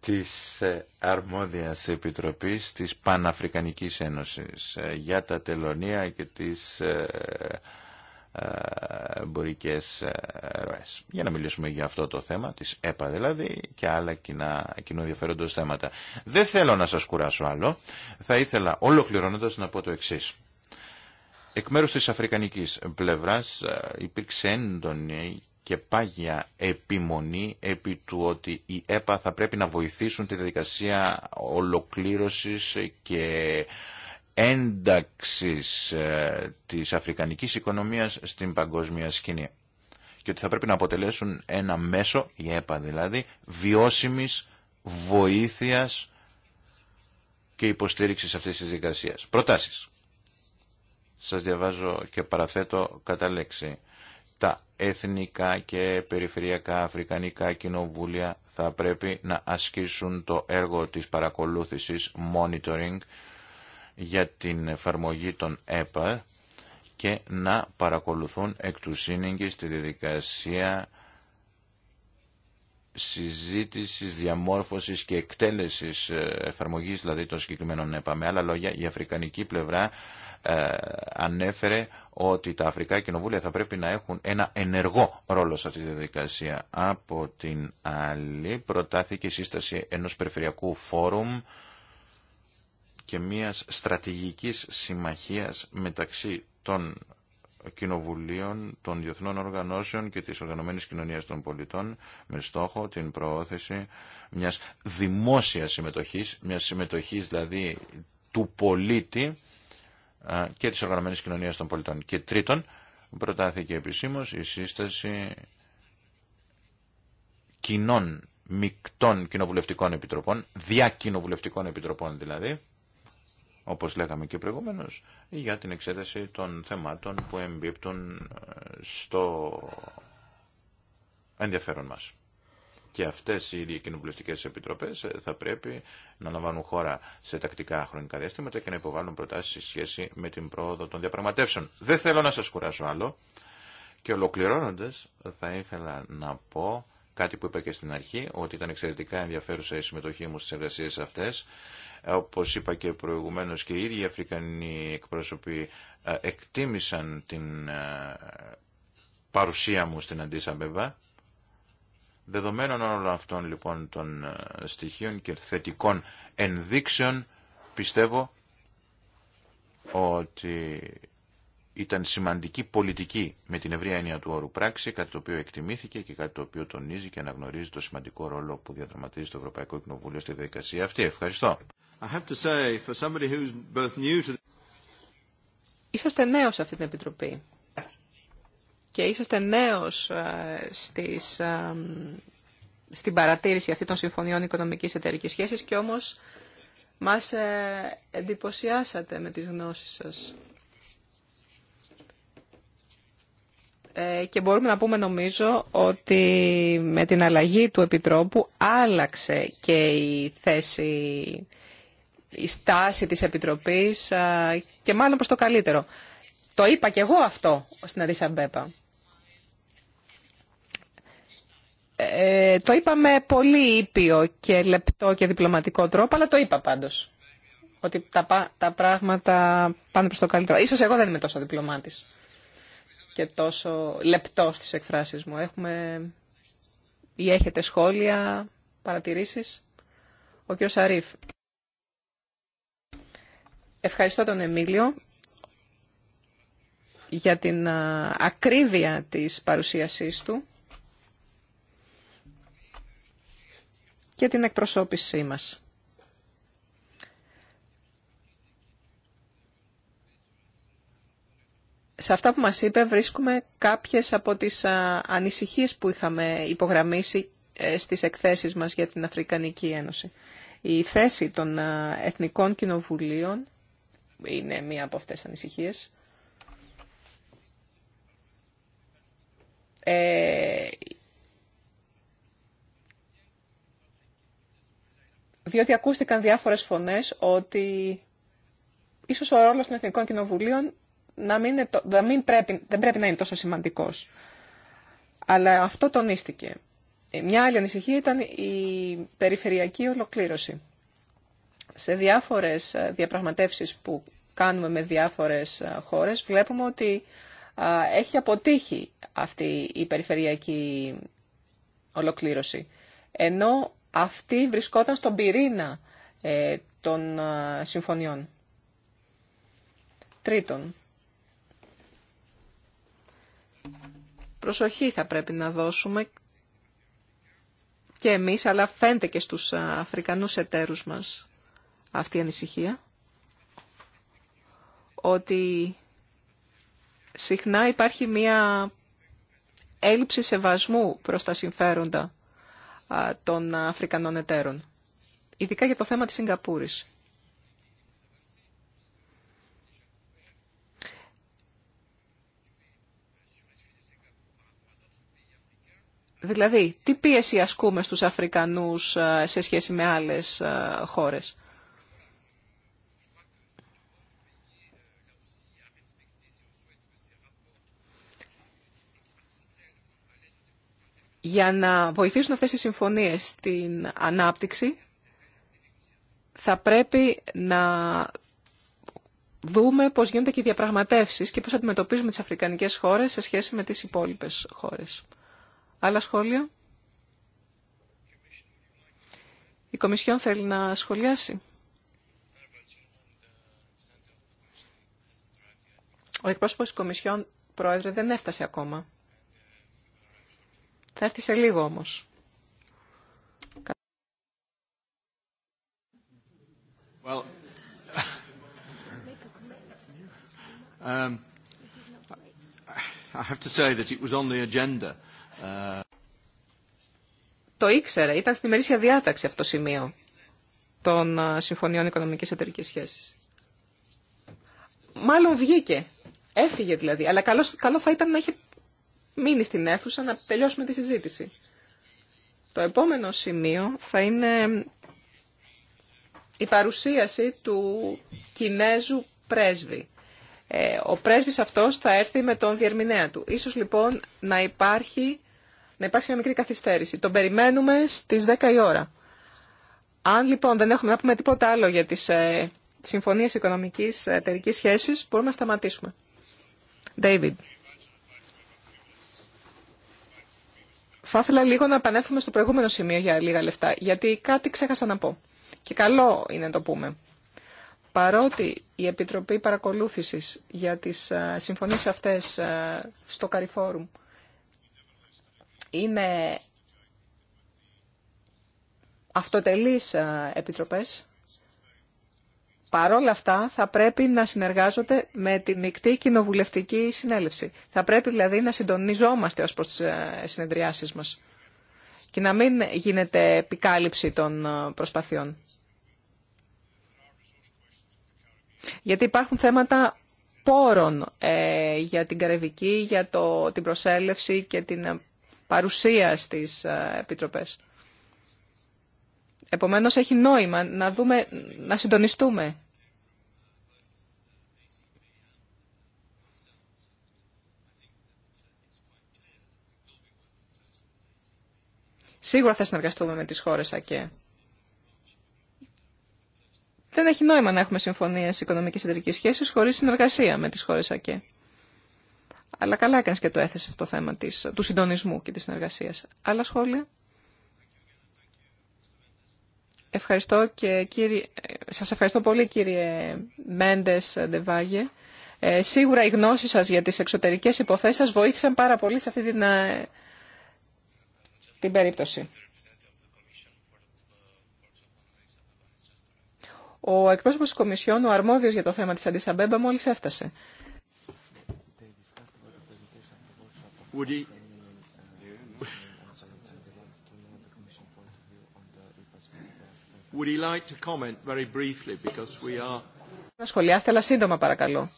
της ε, Αρμόδιας Επιτροπής της Παναφρικανικής Ένωσης ε, για τα τελωνία και τις ε, εμπορικέ ε, ροέ. Για να μιλήσουμε για αυτό το θέμα, τη ΕΠΑ δηλαδή και άλλα κοινά, κοινού θέματα. Δεν θέλω να σας κουράσω άλλο. Θα ήθελα ολοκληρώνοντα να πω το εξής. Εκ μέρους της αφρικανικής πλευράς ε, υπήρξε έντονη και πάγια επιμονή επί του ότι η ΕΠΑ θα πρέπει να βοηθήσουν τη διαδικασία ολοκλήρωσης και ένταξης ε, της αφρικανικής οικονομίας στην παγκόσμια σκηνή και ότι θα πρέπει να αποτελέσουν ένα μέσο, η ΕΠΑ δηλαδή, βιώσιμης βοήθειας και υποστήριξης αυτής της δικασίας. Προτάσεις. Σας διαβάζω και παραθέτω κατά λέξη. Τα εθνικά και περιφερειακά αφρικανικά κοινοβούλια θα πρέπει να ασκήσουν το έργο της παρακολούθησης monitoring για την εφαρμογή των ΕΠΑ και να παρακολουθούν εκ του στη διαδικασία συζήτησης, διαμόρφωσης και εκτέλεσης ε, εφαρμογής δηλαδή των συγκεκριμένων ΕΠΑ. Με άλλα λόγια, η αφρικανική πλευρά ε, ανέφερε ότι τα Αφρικά κοινοβούλια θα πρέπει να έχουν ένα ενεργό ρόλο σε αυτή τη διαδικασία. Από την άλλη προτάθηκε η σύσταση ενός περιφερειακού φόρουμ και μιας στρατηγικής συμμαχίας μεταξύ των κοινοβουλίων, των διεθνών οργανώσεων και της οργανωμένης κοινωνίας των πολιτών με στόχο την προώθηση μιας δημόσιας συμμετοχής, μιας συμμετοχής δηλαδή του πολίτη και της οργανωμένης κοινωνίας των πολιτών. Και τρίτον, προτάθηκε επισήμως η σύσταση κοινών, μεικτών κοινοβουλευτικών επιτροπών, διακοινοβουλευτικών επιτροπών δηλαδή, όπως λέγαμε και προηγουμένως, για την εξέταση των θεμάτων που εμπίπτουν ε, στο ενδιαφέρον μας. Και αυτές οι διακοινοβουλευτικές επιτροπές ε, θα πρέπει να λαμβάνουν χώρα σε τακτικά χρονικά διαστήματα και να υποβάλουν προτάσεις σε σχέση με την πρόοδο των διαπραγματεύσεων. Δεν θέλω να σας κουράσω άλλο. Και ολοκληρώνοντας θα ήθελα να πω κάτι που είπα και στην αρχή, ότι ήταν εξαιρετικά ενδιαφέρουσα η συμμετοχή μου στις εργασίες αυτές. Ε, όπως είπα και προηγουμένως και οι ίδιοι Αφρικανοί εκπρόσωποι ε, εκτίμησαν την ε, παρουσία μου στην Αντίσα Δεδομένων όλων αυτών λοιπόν των στοιχείων και θετικών ενδείξεων πιστεύω ότι ήταν σημαντική πολιτική με την ευρία έννοια του όρου πράξη, κάτι το οποίο εκτιμήθηκε και κάτι το οποίο τονίζει και αναγνωρίζει το σημαντικό ρόλο που διαδραματίζει το Ευρωπαϊκό Κοινοβούλιο στη διαδικασία αυτή. Ευχαριστώ. Είσαστε νέος σε αυτή την Επιτροπή και είσαστε νέος ε, στις, ε, στην παρατήρηση αυτή των συμφωνιών οικονομικής εταιρικής σχέσης και όμως μας ε, εντυπωσιάσατε με τις γνώσεις σας. και μπορούμε να πούμε νομίζω ότι με την αλλαγή του Επιτρόπου άλλαξε και η θέση η στάση της Επιτροπής και μάλλον προς το καλύτερο. Το είπα και εγώ αυτό στην Αδίσα Μπέπα. Ε, το είπα με πολύ ήπιο και λεπτό και διπλωματικό τρόπο, αλλά το είπα πάντως. Ότι τα, πράγματα πάνε προς το καλύτερο. Ίσως εγώ δεν είμαι τόσο διπλωμάτης και τόσο λεπτό στις εκφράσεις μου. Έχουμε ή έχετε σχόλια, παρατηρήσεις. Ο κ. Σαρίφ. Ευχαριστώ τον Εμίλιο για την ακρίβεια της παρουσίασής του και την εκπροσώπησή μας. Σε αυτά που μας είπε βρίσκουμε κάποιες από τις ανησυχίες που είχαμε υπογραμμίσει ε, στις εκθέσεις μας για την Αφρικανική Ένωση. Η θέση των Εθνικών Κοινοβουλίων είναι μία από αυτές τις ανησυχίες. Ε, διότι ακούστηκαν διάφορες φωνές ότι ίσως ο ρόλος των Εθνικών Κοινοβουλίων να μην, είναι, πρέπει, δεν πρέπει να είναι τόσο σημαντικός. Αλλά αυτό τονίστηκε. Ε, μια άλλη ανησυχία ήταν η περιφερειακή ολοκλήρωση σε διάφορες ε, διαπραγματεύσεις που κάνουμε με διάφορες ε, χώρες, βλέπουμε ότι ε, έχει αποτύχει αυτή η περιφερειακή ολοκλήρωση. Ενώ αυτή βρισκόταν στον πυρήνα των συμφωνιών. Τρίτον, προσοχή θα πρέπει να δώσουμε και εμείς, αλλά φαίνεται και στους Αφρικανούς εταίρους μας αυτή η ανησυχία, ότι συχνά υπάρχει μία έλλειψη σεβασμού προς τα συμφέροντα των Αφρικανών εταίρων, ειδικά για το θέμα της Σιγκαπούρης. Δηλαδή, τι πίεση ασκούμε στους Αφρικανούς σε σχέση με άλλες χώρες. Για να βοηθήσουν αυτές οι συμφωνίες στην ανάπτυξη, θα πρέπει να δούμε πώς γίνονται και οι διαπραγματεύσεις και πώς αντιμετωπίζουμε τις αφρικανικές χώρες σε σχέση με τις υπόλοιπες χώρες. Άλλα σχόλια. Η Κομισιόν θέλει να σχολιάσει. Ο εκπρόσωπος της Κομισιόν, Πρόεδρε, δεν έφτασε ακόμα. Θα έρθει σε λίγο όμως. Well, um, I have to say that it was on the agenda. Uh, το ήξερε. ήταν στη μερίσια διάταξη αυτό το σημείο των ε, Συμφωνιών Οικονομικής Εταιρικής Σχέσης. Μάλλον βγήκε, έφυγε δηλαδή, αλλά καλό, καλό θα ήταν να έχει μείνει στην αίθουσα να τελειώσουμε τη συζήτηση. Το επόμενο σημείο θα είναι η παρουσίαση του Κινέζου πρέσβη. Ε, ο πρέσβης αυτός θα έρθει με τον διερμηνέα του. Ίσως λοιπόν να υπάρχει, να υπάρχει μια μικρή καθυστέρηση. Τον περιμένουμε στις 10 η ώρα. Αν λοιπόν δεν έχουμε να πούμε τίποτα άλλο για τις ε, συμφωνίες οικονομικής εταιρικής σχέσης, μπορούμε να σταματήσουμε. Θα ήθελα λίγο να επανέλθουμε στο προηγούμενο σημείο για λίγα λεφτά, γιατί κάτι ξέχασα να πω. Και καλό είναι να το πούμε. Παρότι η Επιτροπή Παρακολούθησης για τις ε, συμφωνίες αυτές ε, στο Καριφόρουμ είναι αυτοτελείς ε, επιτροπές, Παρ' όλα αυτά θα πρέπει να συνεργάζονται με την μεικτή κοινοβουλευτική συνέλευση. Θα πρέπει δηλαδή να συντονιζόμαστε ως προς τις ε, συνεδριάσεις μας και να μην γίνεται επικάλυψη των ε, προσπαθειών. Γιατί υπάρχουν θέματα πόρων ε, για την Καρεβική, για το, την προσέλευση και την παρουσία στις ε, επιτροπές. Επομένως έχει νόημα να δούμε, να συντονιστούμε. Σίγουρα θα συνεργαστούμε με τις χώρες ΑΚΕ. Δεν έχει νόημα να έχουμε συμφωνίες οικονομικής εταιρικής σχέσης χωρίς συνεργασία με τις χώρες ΑΚΕ. Αλλά καλά έκανες και το έθεσε αυτό το θέμα της, του συντονισμού και της συνεργασίας. Άλλα σχόλια. Ευχαριστώ και κύριε, σας ευχαριστώ πολύ κύριε Μέντες Ντεβάγε. Ε, σίγουρα οι γνώση σας για τις εξωτερικές υποθέσεις σας βοήθησαν πάρα πολύ σε αυτή την, ε, την περίπτωση. Ο εκπρόσωπος της Κομισιόν, ο αρμόδιος για το θέμα της Αντισαμπέμπα, μόλις έφτασε. Would he Να σχολιάσετε, αλλά σύντομα παρακαλώ.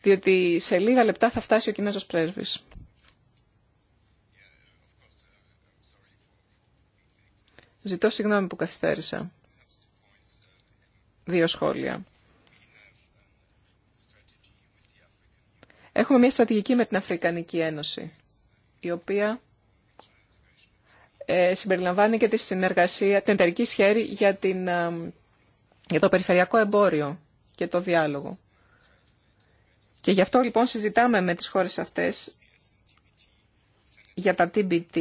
Διότι σε λίγα λεπτά θα φτάσει ο Κινέζος πρέσβης. Ζητώ συγγνώμη που καθυστέρησα. Δύο σχόλια. Έχουμε μια στρατηγική με την Αφρικανική Ένωση, η οποία ε, συμπεριλαμβάνει και τη συνεργασία, την εταιρική σχέση ε, για, το περιφερειακό εμπόριο και το διάλογο. Και γι' αυτό λοιπόν συζητάμε με τις χώρες αυτές για τα TBT,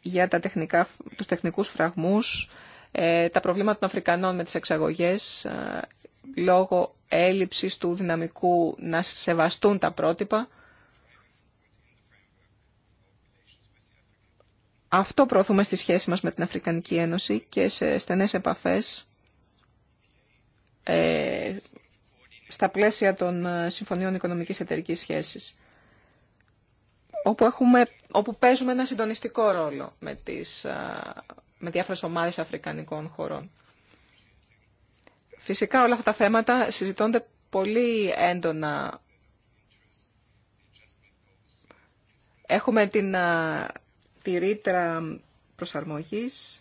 για τα τεχνικά, τους τεχνικούς φραγμούς, ε, τα προβλήματα των Αφρικανών με τις εξαγωγές, λόγω έλλειψης του δυναμικού να σεβαστούν τα πρότυπα. Αυτό προωθούμε στη σχέση μας με την Αφρικανική Ένωση και σε στενές επαφές ε, στα πλαίσια των ε, Συμφωνιών Οικονομικής Εταιρικής Σχέσης, όπου, έχουμε, όπου παίζουμε ένα συντονιστικό ρόλο με, τις, ε, με διάφορες ομάδες αφρικανικών χωρών. Φυσικά όλα αυτά τα θέματα συζητώνται πολύ έντονα. Έχουμε την τη ρήτρα προσαρμογής.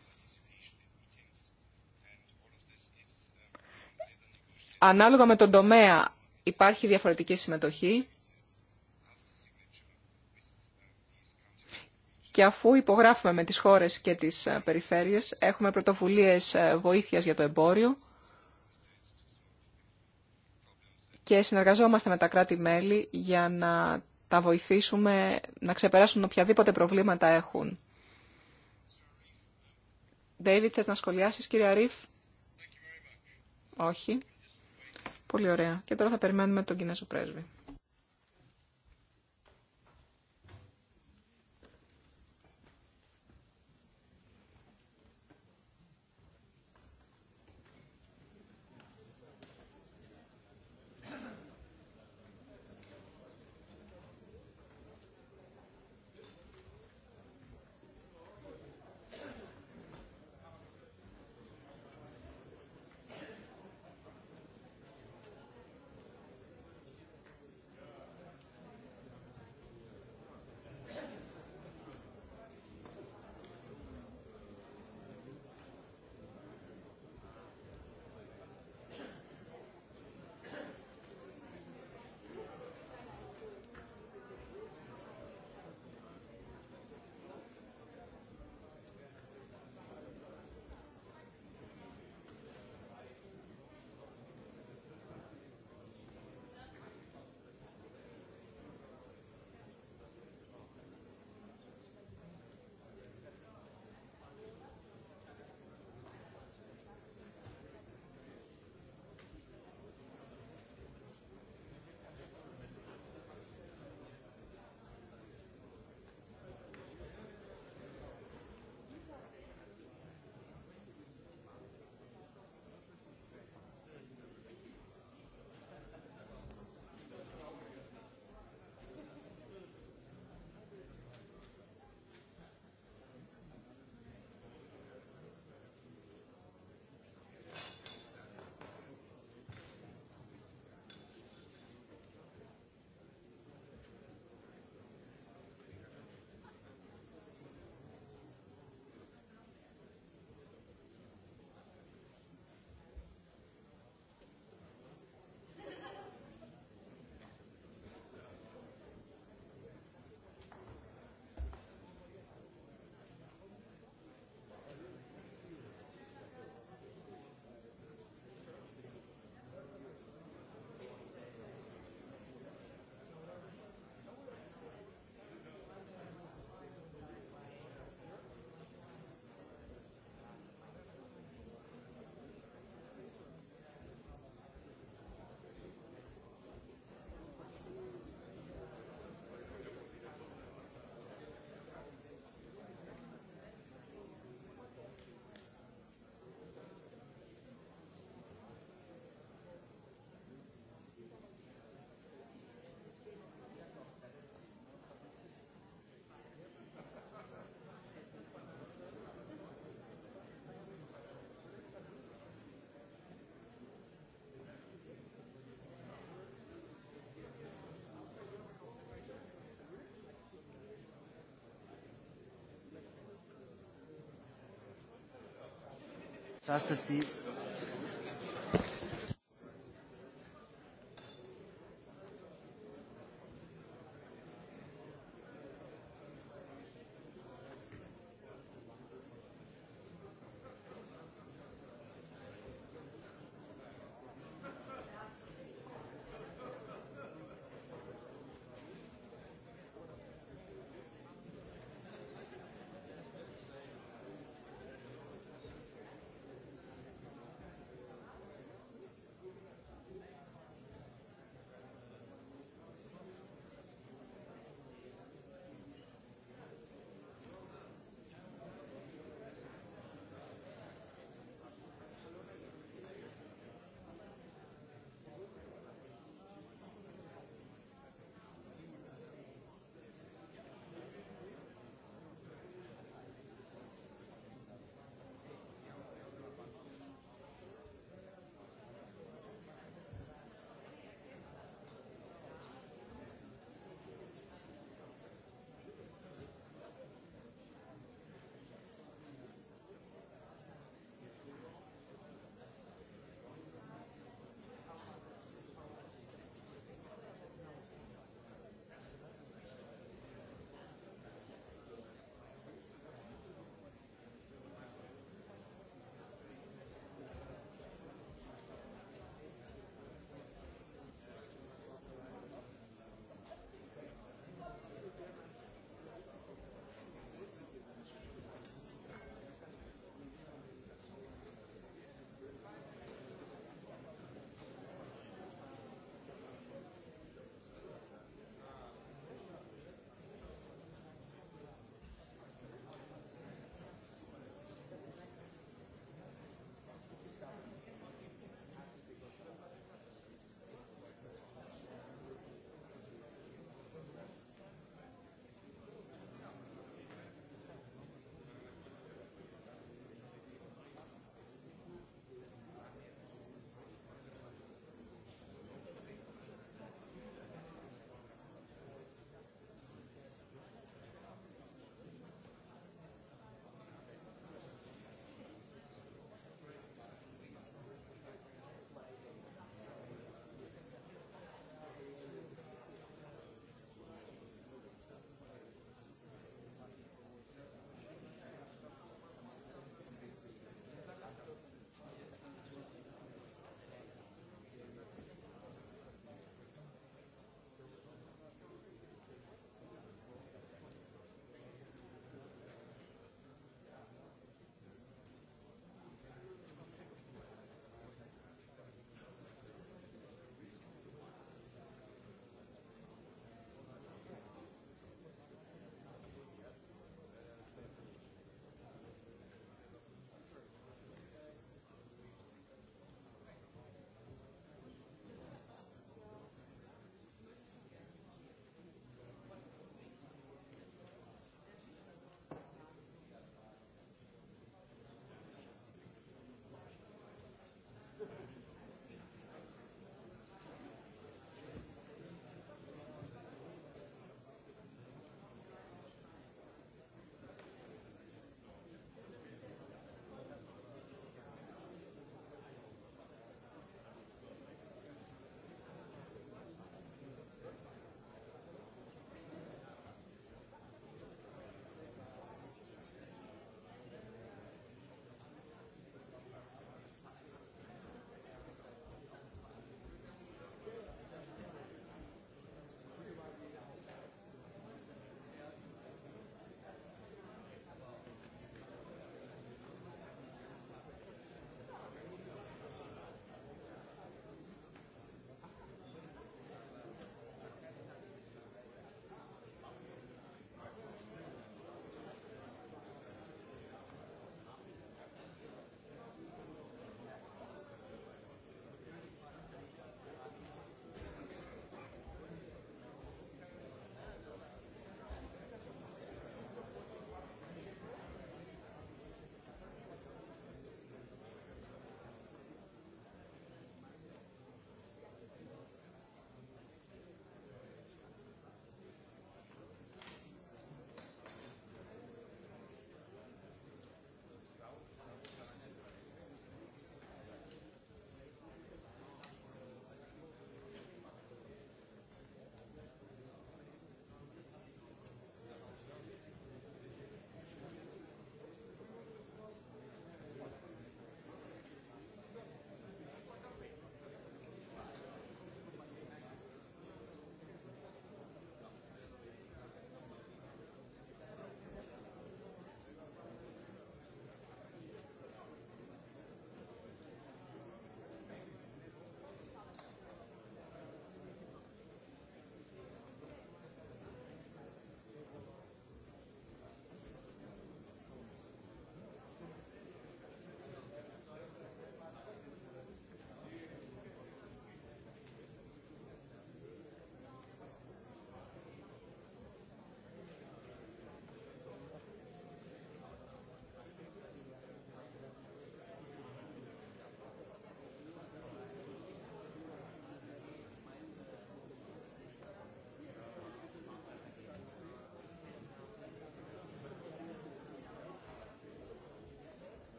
Ανάλογα με τον τομέα υπάρχει διαφορετική συμμετοχή. Και αφού υπογράφουμε με τις χώρες και τις ε, περιφέρειες, έχουμε πρωτοβουλίες ε, βοήθειας για το εμπόριο και συνεργαζόμαστε με τα κράτη-μέλη για να θα βοηθήσουμε να ξεπεράσουν οποιαδήποτε προβλήματα έχουν. David, θες να σχολιάσεις, κύριε Αρίφ? Όχι. Πολύ ωραία. Και τώρα θα περιμένουμε τον Κινέζο πρέσβη. Σας ευχαριστώ.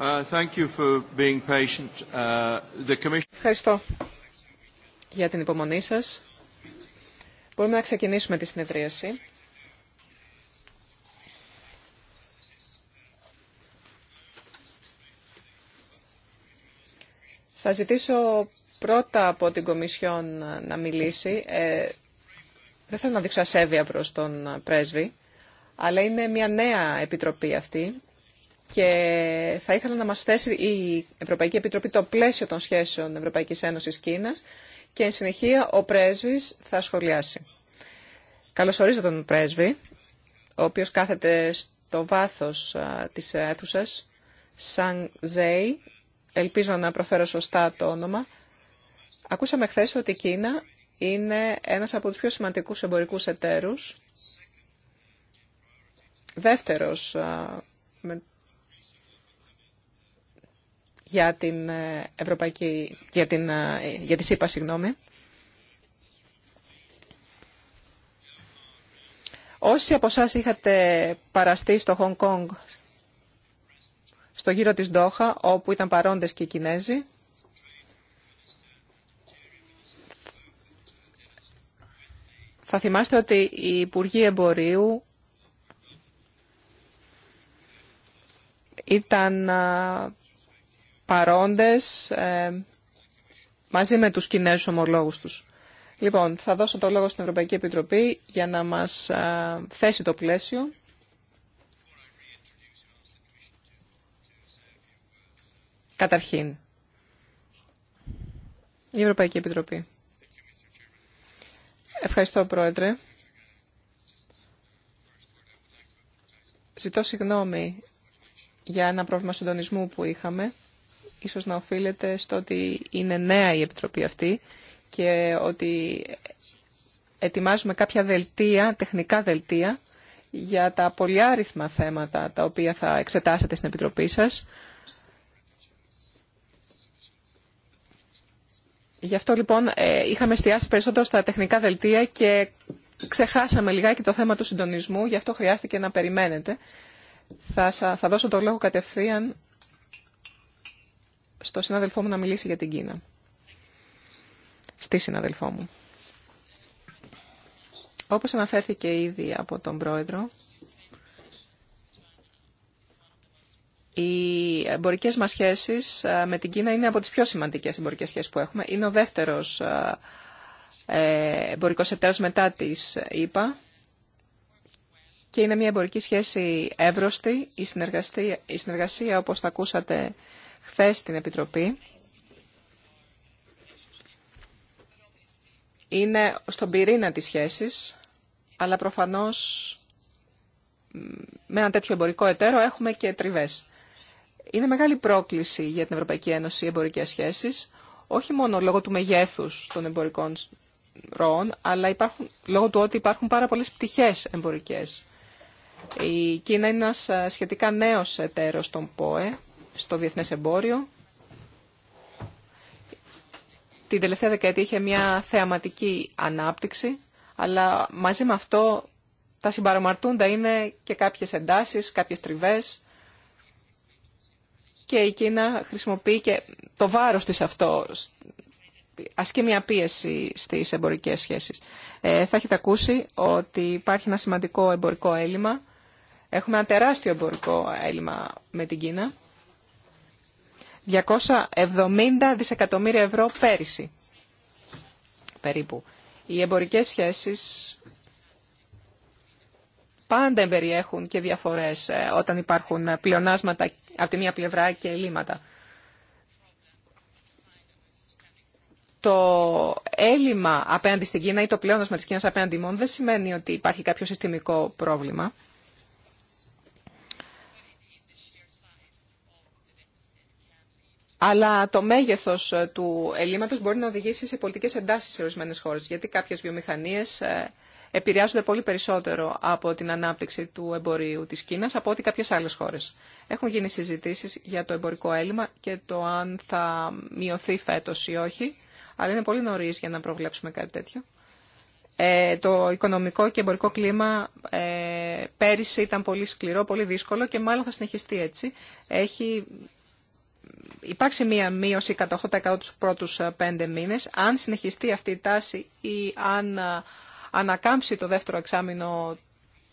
Uh, uh, Ευχαριστώ για την υπομονή σας. Μπορούμε να ξεκινήσουμε τη συνεδρίαση. Θα ζητήσω πρώτα από την Κομισιόν να μιλήσει. Ε, δεν θέλω να δείξω ασέβεια προς τον πρέσβη, αλλά είναι μια νέα επιτροπή αυτή και θα ήθελα να μας θέσει η Ευρωπαϊκή Επιτροπή το πλαίσιο των σχέσεων Ευρωπαϊκής Ένωσης Κίνας και εν συνεχεία ο πρέσβης θα σχολιάσει. Καλωσορίζω τον πρέσβη, ο οποίος κάθεται στο βάθος της αίθουσα, Σαν Ζέι, ελπίζω να προφέρω σωστά το όνομα. Ακούσαμε χθε ότι η Κίνα είναι ένας από τους πιο σημαντικούς εμπορικούς εταίρους, δεύτερος για την, ε, Ευρωπαϊκή, για την, ε, για τη ΣΥΠΑ, συγγνώμη. Όσοι από εσά είχατε παραστεί στο Χονγκ Κόνγκ, στο γύρο της Ντόχα, όπου ήταν παρόντες και οι Κινέζοι, θα θυμάστε ότι η Υπουργοί Εμπορίου ήταν ε, παρόντες ε, μαζί με τους Κινέζους ομολόγους τους. Λοιπόν, θα δώσω το λόγο στην Ευρωπαϊκή Επιτροπή για να μας ε, θέσει το πλαίσιο. Καταρχήν, η Ευρωπαϊκή Επιτροπή. Ευχαριστώ, Πρόεδρε. Ζητώ συγγνώμη για ένα πρόβλημα συντονισμού που είχαμε ίσως να οφείλεται στο ότι είναι νέα η Επιτροπή αυτή και ότι ετοιμάζουμε κάποια δελτία, τεχνικά δελτία, για τα πολυάριθμα θέματα τα οποία θα εξετάσετε στην Επιτροπή σας. Γι' αυτό λοιπόν ε, είχαμε εστιάσει περισσότερο στα τεχνικά δελτία και ξεχάσαμε λιγάκι το θέμα του συντονισμού, γι' αυτό χρειάστηκε να περιμένετε. Θα, θα δώσω το λόγο κατευθείαν στο συνάδελφό μου να μιλήσει για την Κίνα. Στη συνάδελφό μου. Όπως αναφέρθηκε ήδη από τον πρόεδρο, οι εμπορικές μας σχέσεις ε, με την Κίνα είναι από τις πιο σημαντικές εμπορικές σχέσεις που έχουμε. Είναι ο δεύτερος ε, ε, εμπορικός εταίρος μετά της ΕΠΑ και είναι μια εμπορική σχέση εύρωστη. Η συνεργασία, η συνεργασία όπως θα ακούσατε, χθες στην Επιτροπή είναι στον πυρήνα της σχέσης, αλλά προφανώς με ένα τέτοιο εμπορικό εταίρο έχουμε και τριβές. Είναι μεγάλη πρόκληση για την Ευρωπαϊκή Ένωση οι εμπορικές σχέσεις, όχι μόνο λόγω του μεγέθους των εμπορικών ροών, αλλά υπάρχουν, λόγω του ότι υπάρχουν πάρα πολλές πτυχές εμπορικές. Η Κίνα είναι ένας ε, σχετικά νέος εταίρος των ΠΟΕ, στο διεθνές εμπόριο. Την τελευταία δεκαετία είχε μια θεαματική ανάπτυξη, αλλά μαζί με αυτό τα συμπαρομαρτούντα είναι και κάποιες εντάσεις, κάποιες τριβές και η Κίνα χρησιμοποιεί και το βάρος της αυτό ασκεί μια πίεση στις εμπορικές σχέσεις. Ε, θα έχετε ακούσει ότι υπάρχει ένα σημαντικό εμπορικό έλλειμμα. Έχουμε ένα τεράστιο εμπορικό έλλειμμα με την Κίνα. 270 δισεκατομμύρια ευρώ πέρυσι, περίπου. Οι εμπορικές σχέσεις πάντα εμπεριέχουν και διαφορές ε, όταν υπάρχουν πλεονάσματα από τη μία πλευρά και ελλείμματα. το έλλειμμα απέναντι στην Κίνα ή το πλεόνασμα της Κίνας απέναντι μόνο δεν σημαίνει ότι υπάρχει κάποιο συστημικό πρόβλημα. Αλλά το μέγεθο ε, του ελλείμματο μπορεί να οδηγήσει σε πολιτικέ εντάσει σε ορισμένε χώρε. Γιατί κάποιε βιομηχανίε ε, επηρεάζονται πολύ περισσότερο από την ανάπτυξη του εμπορίου τη Κίνα από ότι κάποιε άλλε χώρε. Έχουν γίνει συζητήσει για το εμπορικό έλλειμμα και το αν θα μειωθεί φέτο ή όχι. Αλλά είναι πολύ νωρί για να προβλέψουμε κάτι τέτοιο. Ε, το οικονομικό και εμπορικό κλίμα ε, πέρυσι ήταν πολύ σκληρό, πολύ δύσκολο και μάλλον θα συνεχιστεί έτσι. Έχει υπάρξει μία μείωση κατά 8% τους πρώτους ε, πέντε μήνες. Αν συνεχιστεί αυτή η τάση ή αν ε, ανακάμψει το δεύτερο εξάμεινο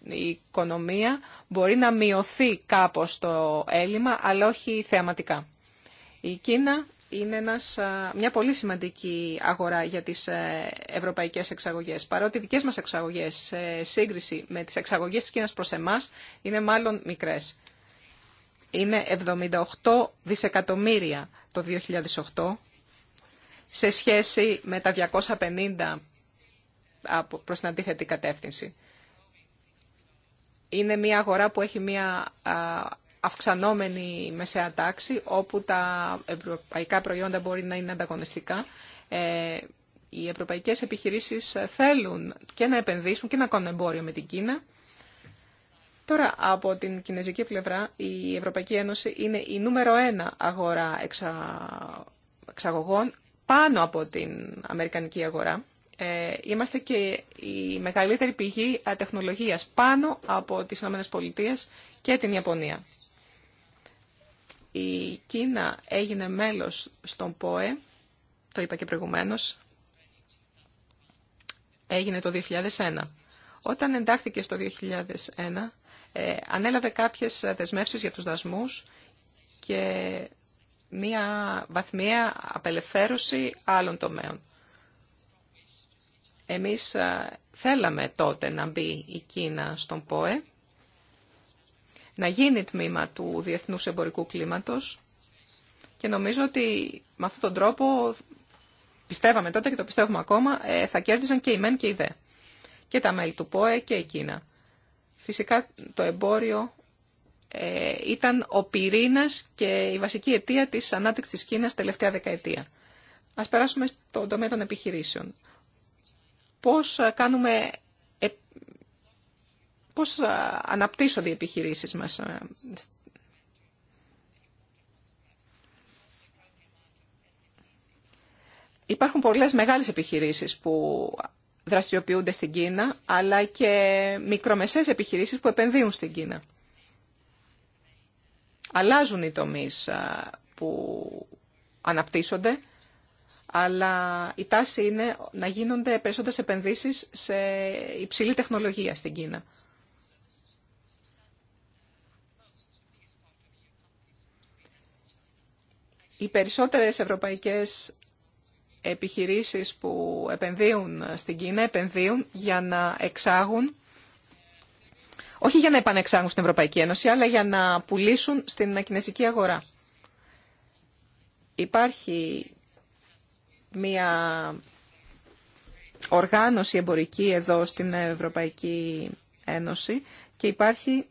η οικονομία, μπορεί να μειωθεί κάπως το έλλειμμα, αλλά όχι θεαματικά. Η Κίνα είναι η κινα ειναι μια πολύ σημαντική αγορά για τις ε, ευρωπαϊκές εξαγωγές. Παρότι οι δικές μας εξαγωγές σε σύγκριση με τις εξαγωγές της Κίνας προς εμάς είναι μάλλον μικρές είναι 78 δισεκατομμύρια το 2008 σε σχέση με τα 250 προς την αντίθετη κατεύθυνση. Είναι μια αγορά που έχει μια αυξανόμενη μεσαία τάξη, όπου τα ευρωπαϊκά προϊόντα μπορεί να είναι ανταγωνιστικά. Ε, οι ευρωπαϊκές επιχειρήσεις θέλουν και να επενδύσουν και να κάνουν εμπόριο με την Κίνα Τώρα, από την κινέζικη πλευρά, η Ευρωπαϊκή Ένωση είναι η νούμερο ένα αγορά εξαγωγών πάνω από την Αμερικανική αγορά. Ε, είμαστε και η μεγαλύτερη πηγή ε, τεχνολογίας πάνω από τις ΗΠΑ και την Ιαπωνία. Η Κίνα έγινε μέλος στον ΠΟΕ, το είπα και προηγουμένως, έγινε το 2001. Όταν εντάχθηκε στο 2001, ε, ανέλαβε κάποιες δεσμεύσεις για τους δασμούς και μία βαθμία απελευθέρωση άλλων τομέων. Εμείς ε, θέλαμε τότε να μπει η Κίνα στον ΠΟΕ, να γίνει τμήμα του διεθνούς εμπορικού κλίματος και νομίζω ότι με αυτόν τον τρόπο πιστεύαμε τότε και το πιστεύουμε ακόμα, ε, θα κέρδιζαν και η ΜΕΝ και η ΔΕ. Και τα μέλη του ΠΟΕ και η Κίνα. Φυσικά το εμπόριο ε, ήταν ο πυρήνας και η βασική αιτία της ανάπτυξης της Κίνας τελευταία δεκαετία. Ας περάσουμε στον τομέα των επιχειρήσεων. Πώς ε, κάνουμε ε, πώς αναπτύσσονται οι επιχειρήσεις μας. Υπάρχουν πολλές μεγάλες επιχειρήσεις που δραστηριοποιούνται στην Κίνα, αλλά και μικρομεσαίες επιχειρήσεις που επενδύουν στην Κίνα. Αλλάζουν οι τομείς που αναπτύσσονται, αλλά η τάση είναι να γίνονται περισσότερες επενδύσεις σε υψηλή τεχνολογία στην Κίνα. Οι περισσότερες ευρωπαϊκές επιχειρήσεις που επενδύουν στην Κίνα επενδύουν για να εξάγουν, όχι για να επανεξάγουν στην Ευρωπαϊκή Ένωση, αλλά για να πουλήσουν στην κινέζικη αγορά. Υπάρχει μια οργάνωση εμπορική εδώ στην Ευρωπαϊκή Ένωση και υπάρχει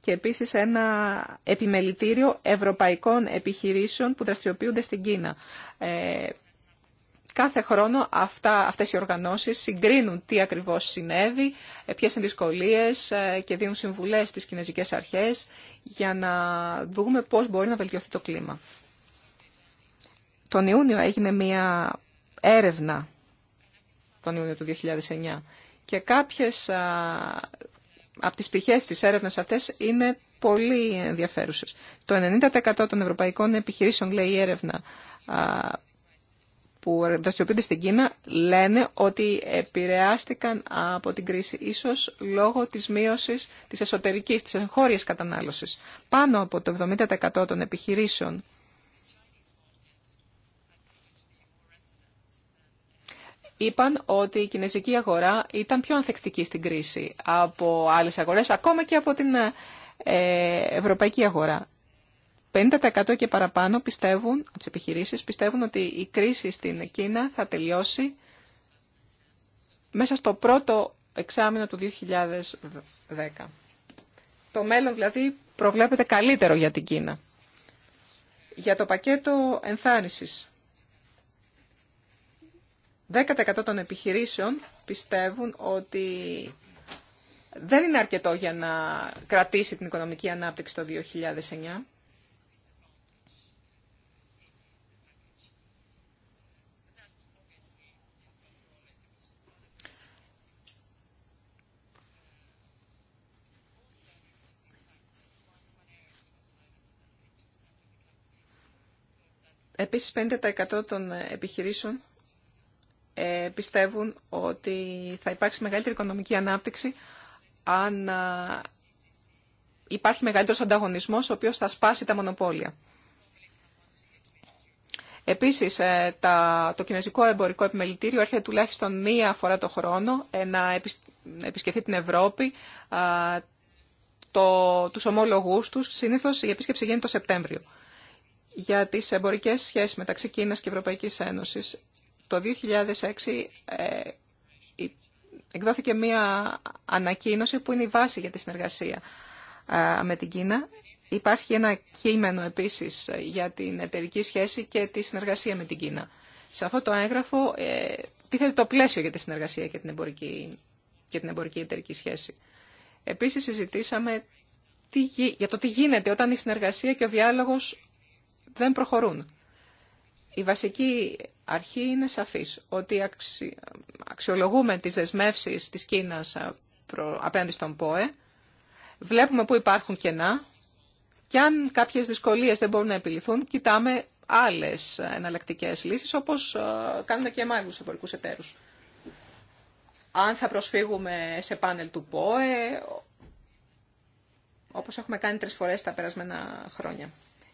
και επίσης ένα επιμελητήριο ευρωπαϊκών επιχειρήσεων που δραστηριοποιούνται στην Κίνα. Ε, Κάθε χρόνο αυτά, αυτές οι οργανώσεις συγκρίνουν τι ακριβώς συνέβη, ε, ποιες είναι δυσκολίες ε, και δίνουν συμβουλές στις κινέζικες αρχές για να δούμε πώς μπορεί να βελτιωθεί το κλίμα. Τον Ιούνιο έγινε μια έρευνα, τον Ιούνιο του 2009, και κάποιες από τις πτυχές της έρευνας αυτές είναι πολύ ενδιαφέρουσες. Το 90% των ευρωπαϊκών επιχειρήσεων, λέει η έρευνα, που δραστηριοποιούνται στην Κίνα λένε ότι επηρεάστηκαν από την κρίση, ίσως λόγω της μείωσης της εσωτερικής, της εγχώριας κατανάλωσης. Πάνω από το 70% των επιχειρήσεων είπαν ότι η κινέζικη αγορά ήταν πιο ανθεκτική στην κρίση από άλλες αγορές, ακόμα και από την ε, ευρωπαϊκή αγορά. 50% και παραπάνω πιστεύουν, από τις επιχειρήσεις, πιστεύουν ότι η κρίση στην Κίνα θα τελειώσει μέσα στο πρώτο εξάμεινο του 2010. Το μέλλον δηλαδή προβλέπεται καλύτερο για την Κίνα. Για το πακέτο ενθάρρυνσης. 10% των επιχειρήσεων πιστεύουν ότι δεν είναι αρκετό για να κρατήσει την οικονομική ανάπτυξη το 2009. Επίσης, 50% των επιχειρήσεων ε, πιστεύουν ότι θα υπάρξει μεγαλύτερη οικονομική ανάπτυξη αν υπάρχει μεγαλύτερος ανταγωνισμός, ο οποίος θα σπάσει τα μονοπόλια. Επίσης, ε, το Κινέζικο Εμπορικό Επιμελητήριο έρχεται τουλάχιστον μία φορά το χρόνο ε, να επισκεφθεί την Ευρώπη, το, τους ομόλογούς τους. Συνήθως η επίσκεψη γίνεται το Σεπτέμβριο για τις εμπορικές σχέσεις μεταξύ Κίνας και Ευρωπαϊκής Ένωσης. Το 2006 ε, εκδόθηκε μία ανακοίνωση που είναι η βάση για τη συνεργασία ε, με την Κίνα. Υπάρχει ένα κείμενο επίσης ε, για την εταιρική σχέση και τη συνεργασία με την Κίνα. Σε αυτό το έγγραφο ε, τίθεται το πλαίσιο για τη συνεργασία και την εμπορική, και την εμπορική εταιρική σχέση. Επίσης συζητήσαμε για το τι γίνεται όταν η συνεργασία και ο διάλογος δεν προχωρούν. Η βασική αρχή είναι σαφής, ότι αξιολογούμε τις δεσμεύσεις της Κίνας προ... απέναντι στον ΠΟΕ, βλέπουμε πού υπάρχουν κενά και αν κάποιες δυσκολίες δεν μπορούν να επιληθούν, κοιτάμε άλλες εναλλακτικέ λύσεις, όπως κάνουμε και εμάς τους εμπορικούς εταίρους. Αν θα προσφύγουμε σε πάνελ του ΠΟΕ, όπως έχουμε κάνει τρεις φορές τα περασμένα χρόνια.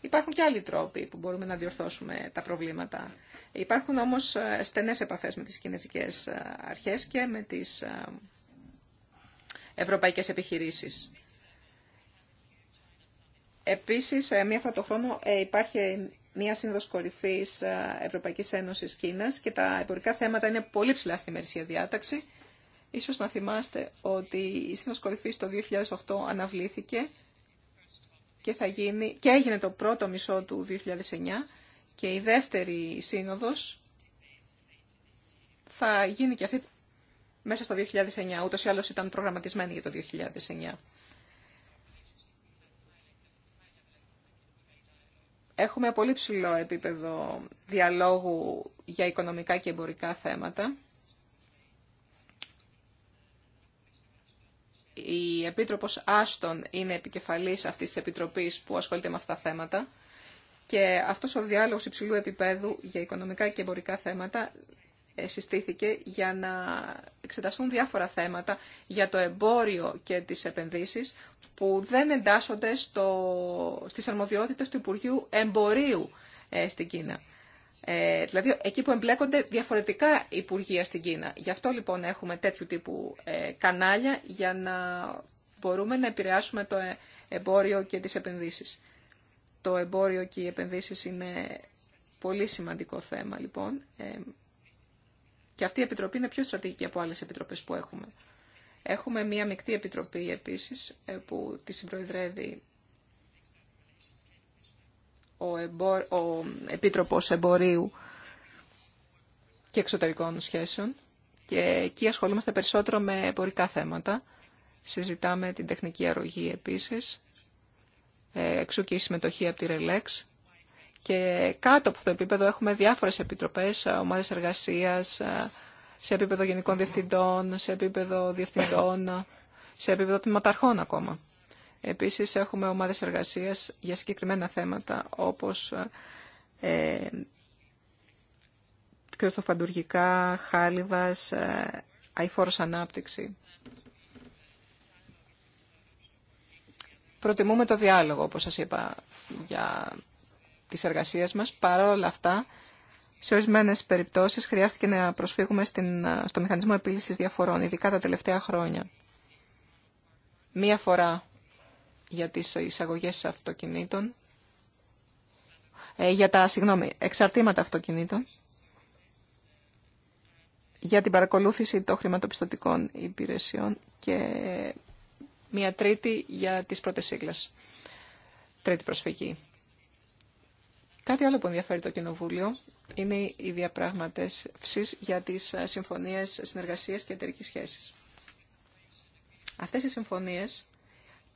Υπάρχουν και άλλοι τρόποι που μπορούμε να διορθώσουμε τα προβλήματα. Υπάρχουν όμως ε, στενές επαφές με τις κινέζικες ε, αρχές και με τις ε, ευρωπαϊκές επιχειρήσεις. Επίσης, μία φορά το χρόνο υπάρχει μία σύνδοση κορυφής Ευρωπαϊκής Ένωσης Κίνας και τα εμπορικά θέματα είναι πολύ ψηλά στη μερισία διάταξη. Ίσως να θυμάστε ότι η σύνδοση κορυφής το 2008 αναβλήθηκε και, θα γίνει, και έγινε το πρώτο μισό του 2009 και η δεύτερη σύνοδος θα γίνει και αυτή μέσα στο 2009. Ούτως ή άλλως ήταν προγραμματισμένη για το 2009. Έχουμε πολύ ψηλό επίπεδο διαλόγου για οικονομικά και εμπορικά θέματα. η Επίτροπος Άστον είναι επικεφαλής αυτής της Επιτροπής που ασχολείται με αυτά τα θέματα και αυτός ο διάλογος υψηλού επίπεδου για οικονομικά και εμπορικά θέματα ε, συστήθηκε για να εξεταστούν διάφορα θέματα για το εμπόριο και τις επενδύσεις που δεν εντάσσονται στο, στις αρμοδιότητες του Υπουργείου Εμπορίου ε, στην Κίνα. Ε, δηλαδή εκεί που εμπλέκονται διαφορετικά υπουργεία στην Κίνα. Γι' αυτό λοιπόν έχουμε τέτοιου τύπου ε, κανάλια για να μπορούμε να επηρεάσουμε το ε, εμπόριο και τις επενδύσεις. Το εμπόριο και οι επενδύσεις είναι πολύ σημαντικό θέμα λοιπόν. και αυτή η επιτροπή είναι πιο στρατηγική από άλλες επιτροπές που έχουμε. Έχουμε μία μεικτή επιτροπή επίσης που τη συμπροεδρεύει ο, εμπορ, ο Επίτροπος Εμπορίου και Εξωτερικών Σχέσεων και εκεί ασχολούμαστε περισσότερο με εμπορικά θέματα. Συζητάμε την τεχνική αρρωγή επίσης, ε, εξού και η συμμετοχή από τη ΡΕΛΕΞ. Και κάτω από αυτό το επίπεδο έχουμε διάφορες επιτροπές, ε, ομάδες εργασίας, ε, σε επίπεδο γενικών διευθυντών, σε επίπεδο διευθυντών, σε επίπεδο τμήματαρχών ακόμα. Επίσης έχουμε ομάδες εργασίας για συγκεκριμένα θέματα όπως ε, κρυστοφαντουργικά, χάλιβας, ε, αηφόρος ανάπτυξη. Προτιμούμε το διάλογο, όπως σας είπα, για τις εργασίες μας. Παρ' όλα αυτά, σε ορισμένε περιπτώσεις, χρειάστηκε να προσφύγουμε στην, στο μηχανισμό επίλυσης διαφορών, ειδικά τα τελευταία χρόνια. Μία φορά για τις εισαγωγές αυτοκινήτων, ε, για τα συγγνώμη, εξαρτήματα αυτοκινήτων, για την παρακολούθηση των χρηματοπιστωτικών υπηρεσιών και μία τρίτη για τις πρώτες σύγκλες. Τρίτη προσφυγή. Κάτι άλλο που ενδιαφέρει το Κοινοβούλιο είναι οι διαπραγματεύσεις για τις συμφωνίες συνεργασίας και εταιρικής σχέσης. Αυτές οι συμφωνίες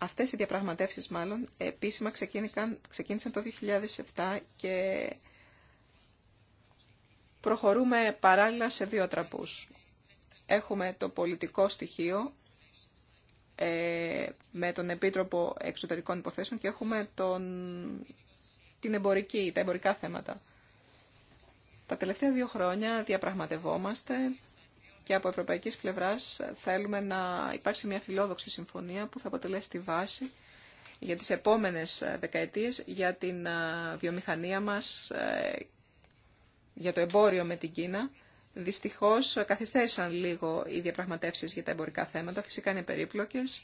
Αυτές οι διαπραγματεύσεις μάλλον επίσημα ξεκίνησαν το 2007 και προχωρούμε παράλληλα σε δύο τραπούς. Έχουμε το πολιτικό στοιχείο ε, με τον Επίτροπο Εξωτερικών Υποθέσεων και έχουμε τον, την εμπορική, τα εμπορικά θέματα. Τα τελευταία δύο χρόνια διαπραγματευόμαστε και από ευρωπαϊκής πλευράς θέλουμε να υπάρξει μια φιλόδοξη συμφωνία που θα αποτελέσει τη βάση για τις επόμενες ε, δεκαετίες για την ε, βιομηχανία μας, ε, για το εμπόριο με την Κίνα. Δυστυχώς καθυστέρησαν λίγο οι διαπραγματεύσεις για τα εμπορικά θέματα, φυσικά είναι περίπλοκες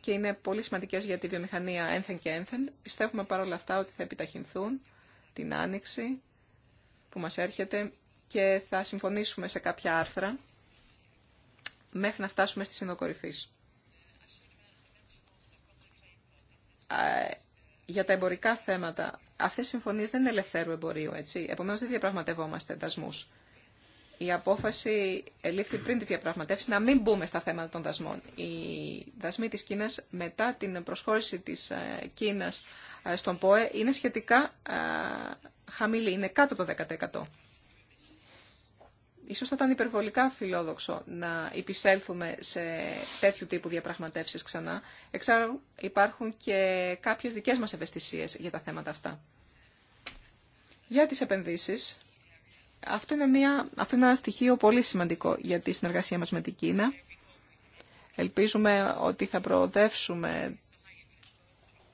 και είναι πολύ σημαντικές για τη βιομηχανία ένθεν και ένθεν. Πιστεύουμε παρόλα αυτά ότι θα επιταχυνθούν την άνοιξη που μας έρχεται και θα συμφωνήσουμε σε κάποια άρθρα μέχρι να φτάσουμε στη συνοκορυφή. Για τα εμπορικά θέματα, αυτέ οι συμφωνίε δεν είναι ελευθέρου εμπορίου, έτσι. Επομένω, δεν διαπραγματευόμαστε δασμού. Η απόφαση ελήφθη πριν τη διαπραγματεύση να μην μπούμε στα θέματα των δασμών. Οι δασμοί της Κίνας μετά την προσχώρηση της ε, Κίνας ε, στον ΠΟΕ είναι σχετικά ε, χαμηλή, είναι κάτω από το 10%. Ίσως θα ήταν υπερβολικά φιλόδοξο να υπησέλθουμε σε τέτοιου τύπου διαπραγματεύσεις ξανά. Εξάλλου υπάρχουν και κάποιες δικές μας ευαισθησίες για τα θέματα αυτά. Για τις επενδύσεις, αυτό είναι, μια, αυτό είναι ένα στοιχείο πολύ σημαντικό για τη συνεργασία μας με την Κίνα. Ελπίζουμε ότι θα προοδεύσουμε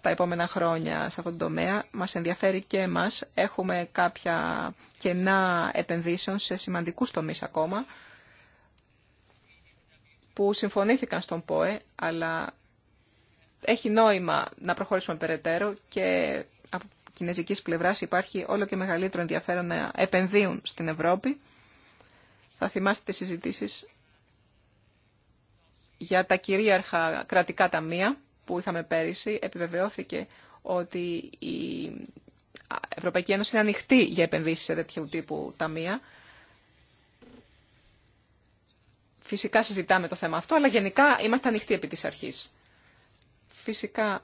τα επόμενα χρόνια σε αυτόν τον τομέα. Μας ενδιαφέρει και εμάς. Έχουμε κάποια κενά επενδύσεων σε σημαντικούς τομείς ακόμα που συμφωνήθηκαν στον ΠΟΕ, αλλά έχει νόημα να προχωρήσουμε περαιτέρω και από κινέζικης πλευράς υπάρχει όλο και μεγαλύτερο ενδιαφέρον να επενδύουν στην Ευρώπη. Θα θυμάστε τις συζητήσεις για τα κυρίαρχα κρατικά ταμεία που είχαμε πέρυσι επιβεβαιώθηκε ότι η Ευρωπαϊκή Ένωση είναι ανοιχτή για επενδύσεις σε τέτοιου τύπου ταμεία. Φυσικά συζητάμε το θέμα αυτό, αλλά γενικά είμαστε ανοιχτοί επί της αρχής. Φυσικά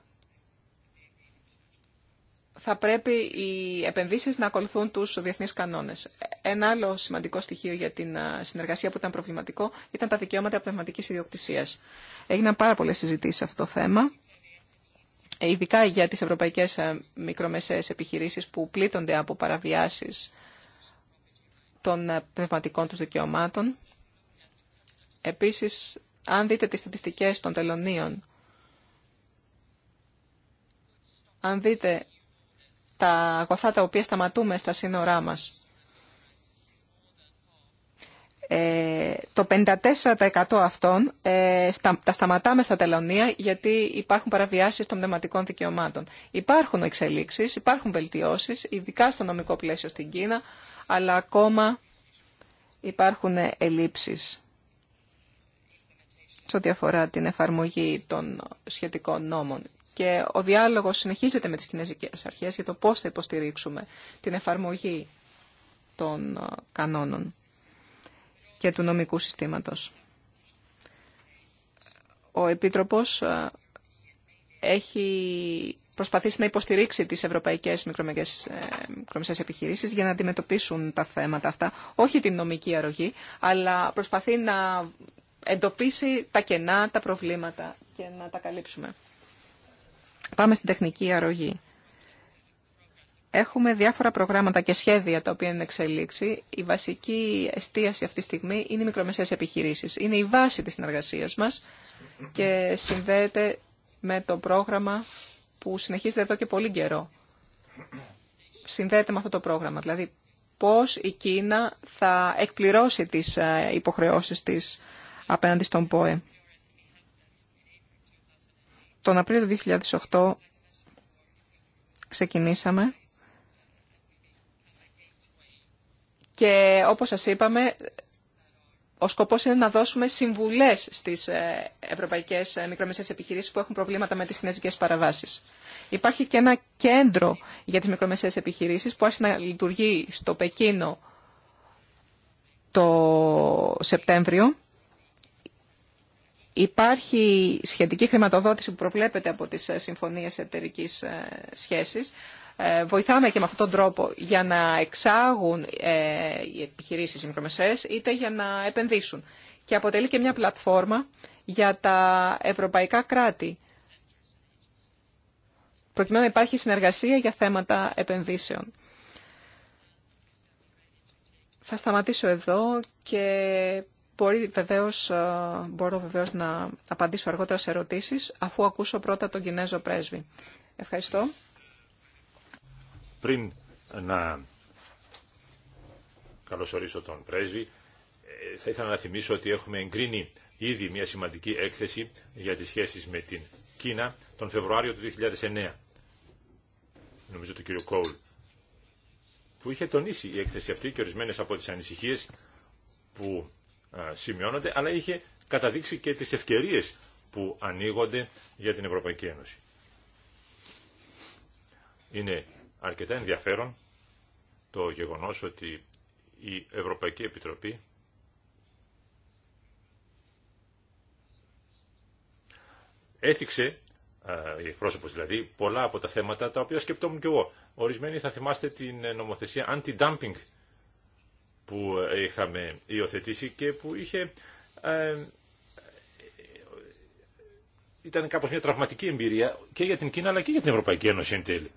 θα πρέπει οι επενδύσεις να ακολουθούν τους διεθνείς κανόνες. Ένα άλλο σημαντικό στοιχείο για την συνεργασία που ήταν προβληματικό ήταν τα δικαιώματα πνευματικής ιδιοκτησίας. Έγιναν πάρα πολλές συζητήσεις σε αυτό το θέμα, ειδικά για τις ευρωπαϊκές μικρομεσαίες επιχειρήσεις που πλήττονται από παραβιάσεις των πνευματικών τους δικαιωμάτων. Επίσης, αν δείτε τις στατιστικές των τελωνίων, αν δείτε τα αγωθά τα οποία σταματούμε στα σύνορά μας. Ε, το 54% αυτών ε, στα, τα σταματάμε στα τελωνία γιατί υπάρχουν παραβιάσεις των πνευματικών δικαιωμάτων. Υπάρχουν εξελίξεις, υπάρχουν βελτιώσεις, ειδικά στο νομικό πλαίσιο στην Κίνα, αλλά ακόμα υπάρχουν ελλείψεις σε ό,τι αφορά την εφαρμογή των σχετικών νόμων και ο διάλογος συνεχίζεται με τις κινέζικες αρχές για το πώς θα υποστηρίξουμε την εφαρμογή των ε, κανόνων και του νομικού συστήματος. Ο Επίτροπος ε, έχει προσπαθήσει να υποστηρίξει τις ευρωπαϊκές ε, μικρομεσαίες επιχειρήσεις για να αντιμετωπίσουν τα θέματα αυτά, όχι την νομική αρρωγή, αλλά προσπαθεί να εντοπίσει τα κενά, τα προβλήματα και να τα καλύψουμε. Πάμε στην τεχνική αρρωγή. Έχουμε διάφορα προγράμματα και σχέδια τα οποία είναι εξελίξη. Η βασική εστίαση αυτή τη στιγμή είναι οι μικρομεσαίες επιχειρήσεις. Είναι η βάση της συνεργασίας μας και συνδέεται με το πρόγραμμα που συνεχίζεται εδώ και πολύ καιρό. Συνδέεται με αυτό το πρόγραμμα. Δηλαδή, πώς η Κίνα θα εκπληρώσει τις ε, υποχρεώσεις της απέναντι στον ΠΟΕ. Τον Απρίλιο του 2008 ξεκινήσαμε και όπως σας είπαμε ο σκοπός είναι να δώσουμε συμβουλές στις ε, ευρωπαϊκές ε, μικρομεσαίες επιχειρήσεις που έχουν προβλήματα με τις κινέζικες παραβάσεις. Υπάρχει και ένα κέντρο για τις μικρομεσαίες επιχειρήσεις που άρχισε να λειτουργεί στο Πεκίνο το Σεπτέμβριο Υπάρχει σχετική χρηματοδότηση που προβλέπεται από τις ε, συμφωνίες εταιρικής ε, σχέσης. Ε, βοηθάμε και με αυτόν τον τρόπο για να εξάγουν οι επιχειρήσεις οι μικρομεσαίες είτε για να επενδύσουν. Και αποτελεί και μια πλατφόρμα για τα ευρωπαϊκά κράτη προκειμένου να υπάρχει συνεργασία για θέματα επενδύσεων. Θα σταματήσω εδώ και ε, μπορώ βεβαίως να απαντήσω αργότερα σε ερωτήσεις, αφού ακούσω πρώτα τον Κινέζο πρέσβη. Ευχαριστώ. Πριν να καλωσορίσω τον πρέσβη, ε, θα ήθελα να θυμίσω ότι έχουμε εγκρίνει ήδη μια σημαντική έκθεση για τις σχέσεις με την Κίνα τον Φεβρουάριο του 2009, νομίζω του κ. Κόουλ, που είχε τονίσει η έκθεση αυτή και ορισμένες από τις ανησυχίες που σημειώνονται, αλλά είχε καταδείξει και τις ευκαιρίες που ανοίγονται για την Ευρωπαϊκή Ένωση. Είναι αρκετά ενδιαφέρον το γεγονός ότι η Ευρωπαϊκή Επιτροπή έθιξε, οι εκπρόσωπος δηλαδή, πολλά από τα θέματα τα οποία σκεπτόμουν και εγώ. Ορισμένοι θα θυμάστε την νομοθεσία anti-dumping που είχαμε υιοθετήσει και που είχε, ε, ήταν κάπως μια τραυματική εμπειρία και για την Κίνα αλλά και για την Ευρωπαϊκή Ένωση εν τέλει.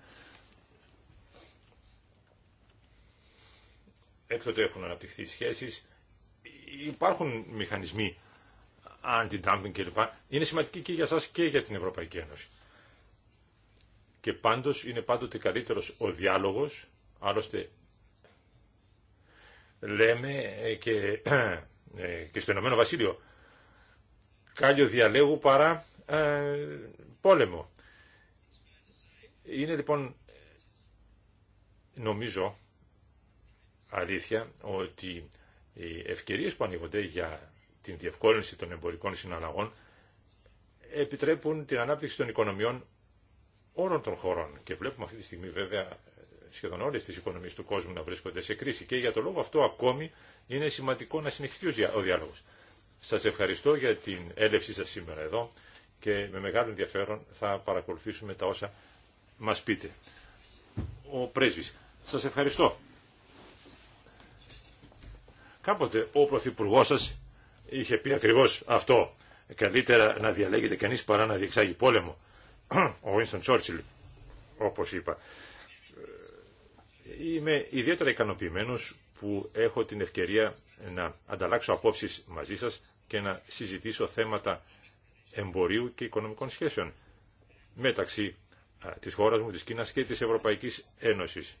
Έκτοτε έχουν αναπτυχθεί σχέσεις, υπάρχουν μηχανισμοί αντι-dumping κλπ. Είναι σημαντική και για σας και για την Ευρωπαϊκή Ένωση. Και πάντως είναι πάντοτε καλύτερος ο διάλογος, άλλωστε λέμε ε, και, ε, και στο Ηνωμένο Βασίλειο κάλιο διαλέγου παρά ε, πόλεμο. Είναι λοιπόν νομίζω αλήθεια ότι οι ευκαιρίες που ανοίγονται για την διευκόλυνση των εμπορικών συναλλαγών επιτρέπουν την ανάπτυξη των οικονομιών όλων των χωρών. Και βλέπουμε αυτή τη στιγμή βέβαια σχεδόν όλε τις οικονομίε του κόσμου να βρίσκονται σε κρίση και για το λόγο αυτό ακόμη είναι σημαντικό να συνεχιστεί ο διάλογος. Σας ευχαριστώ για την έλευσή σας σήμερα εδώ και με μεγάλο ενδιαφέρον θα παρακολουθήσουμε τα όσα μας πείτε. Ο πρέσβης, σας ευχαριστώ. Κάποτε ο Πρωθυπουργό σα είχε πει ακριβώ αυτό. Καλύτερα να διαλέγετε κανεί παρά να διεξάγει πόλεμο. Ο Winston Τσόρτσιλ, όπως είπα. Είμαι ιδιαίτερα ικανοποιημένος που έχω την ευκαιρία να ανταλλάξω απόψεις μαζί σας και να συζητήσω θέματα εμπορίου και οικονομικών σχέσεων μεταξύ της χώρας μου, της Κίνας και της Ευρωπαϊκής Ένωσης.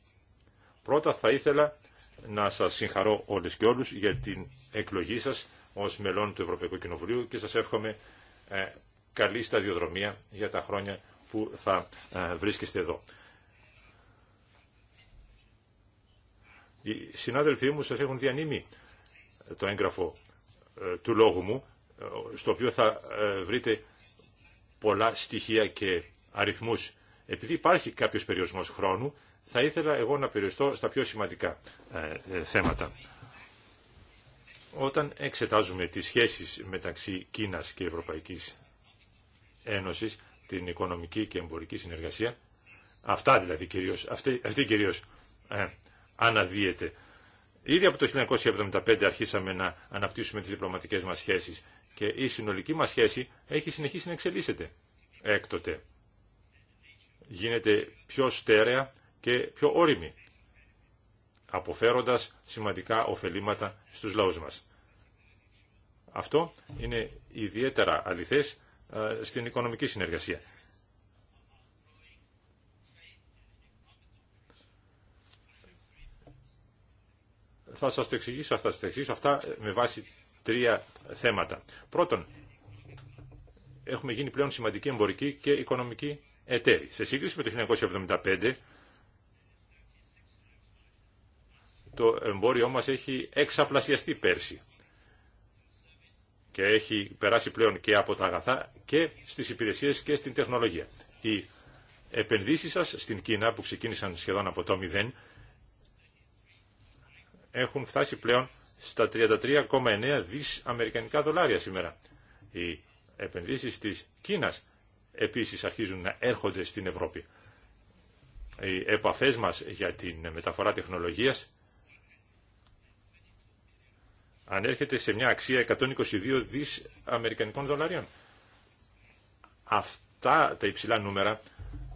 Πρώτα θα ήθελα να σας συγχαρώ όλες και όλους για την εκλογή σας ως μελών του Ευρωπαϊκού Κοινοβουλίου και σας εύχομαι ε, καλή σταδιοδρομία για τα χρόνια που θα ε, βρίσκεστε εδώ. Οι συνάδελφοί μου σας έχουν διανύμει το έγγραφο ε, του λόγου μου, ε, στο οποίο θα ε, βρείτε πολλά στοιχεία και αριθμούς. Επειδή υπάρχει κάποιος περιορισμός χρόνου, θα ήθελα εγώ να περιοριστώ στα πιο σημαντικά θέματα. Όταν εξετάζουμε τις σχέσεις μεταξύ Κίνας και Ευρωπαϊκής Ένωσης, την οικονομική και εμπορική συνεργασία, αυτά δηλαδή κυρίως, αυτή, αυτή αναδύεται. Ήδη από το 1975 αρχίσαμε να αναπτύσσουμε τις διπλωματικές μας σχέσεις και η συνολική μας σχέση έχει συνεχίσει να εξελίσσεται έκτοτε. Γίνεται πιο στέρεα και πιο όρημη, αποφέροντας σημαντικά ωφελήματα στους λαούς μας. Αυτό είναι ιδιαίτερα αληθές ε, στην οικονομική συνεργασία. Θα σας το εξηγήσω, θα σας το εξηγήσω αυτά με βάση τρία θέματα. Πρώτον, έχουμε γίνει πλέον σημαντική εμπορική και οικονομική εταίροι. Σε σύγκριση με το 1975, το εμπόριό μας έχει εξαπλασιαστεί πέρσι και έχει περάσει πλέον και από τα αγαθά και στις υπηρεσίες και στην τεχνολογία. Οι επενδύσεις σας στην Κίνα που ξεκίνησαν σχεδόν από το μηδέν έχουν φτάσει πλέον στα 33,9 δις αμερικανικά δολάρια σήμερα. Οι επενδύσεις της Κίνας επίσης αρχίζουν να έρχονται στην Ευρώπη. Οι επαφές μας για την μεταφορά τεχνολογίας ανέρχεται σε μια αξία 122 δις αμερικανικών δολαρίων. Αυτά τα υψηλά νούμερα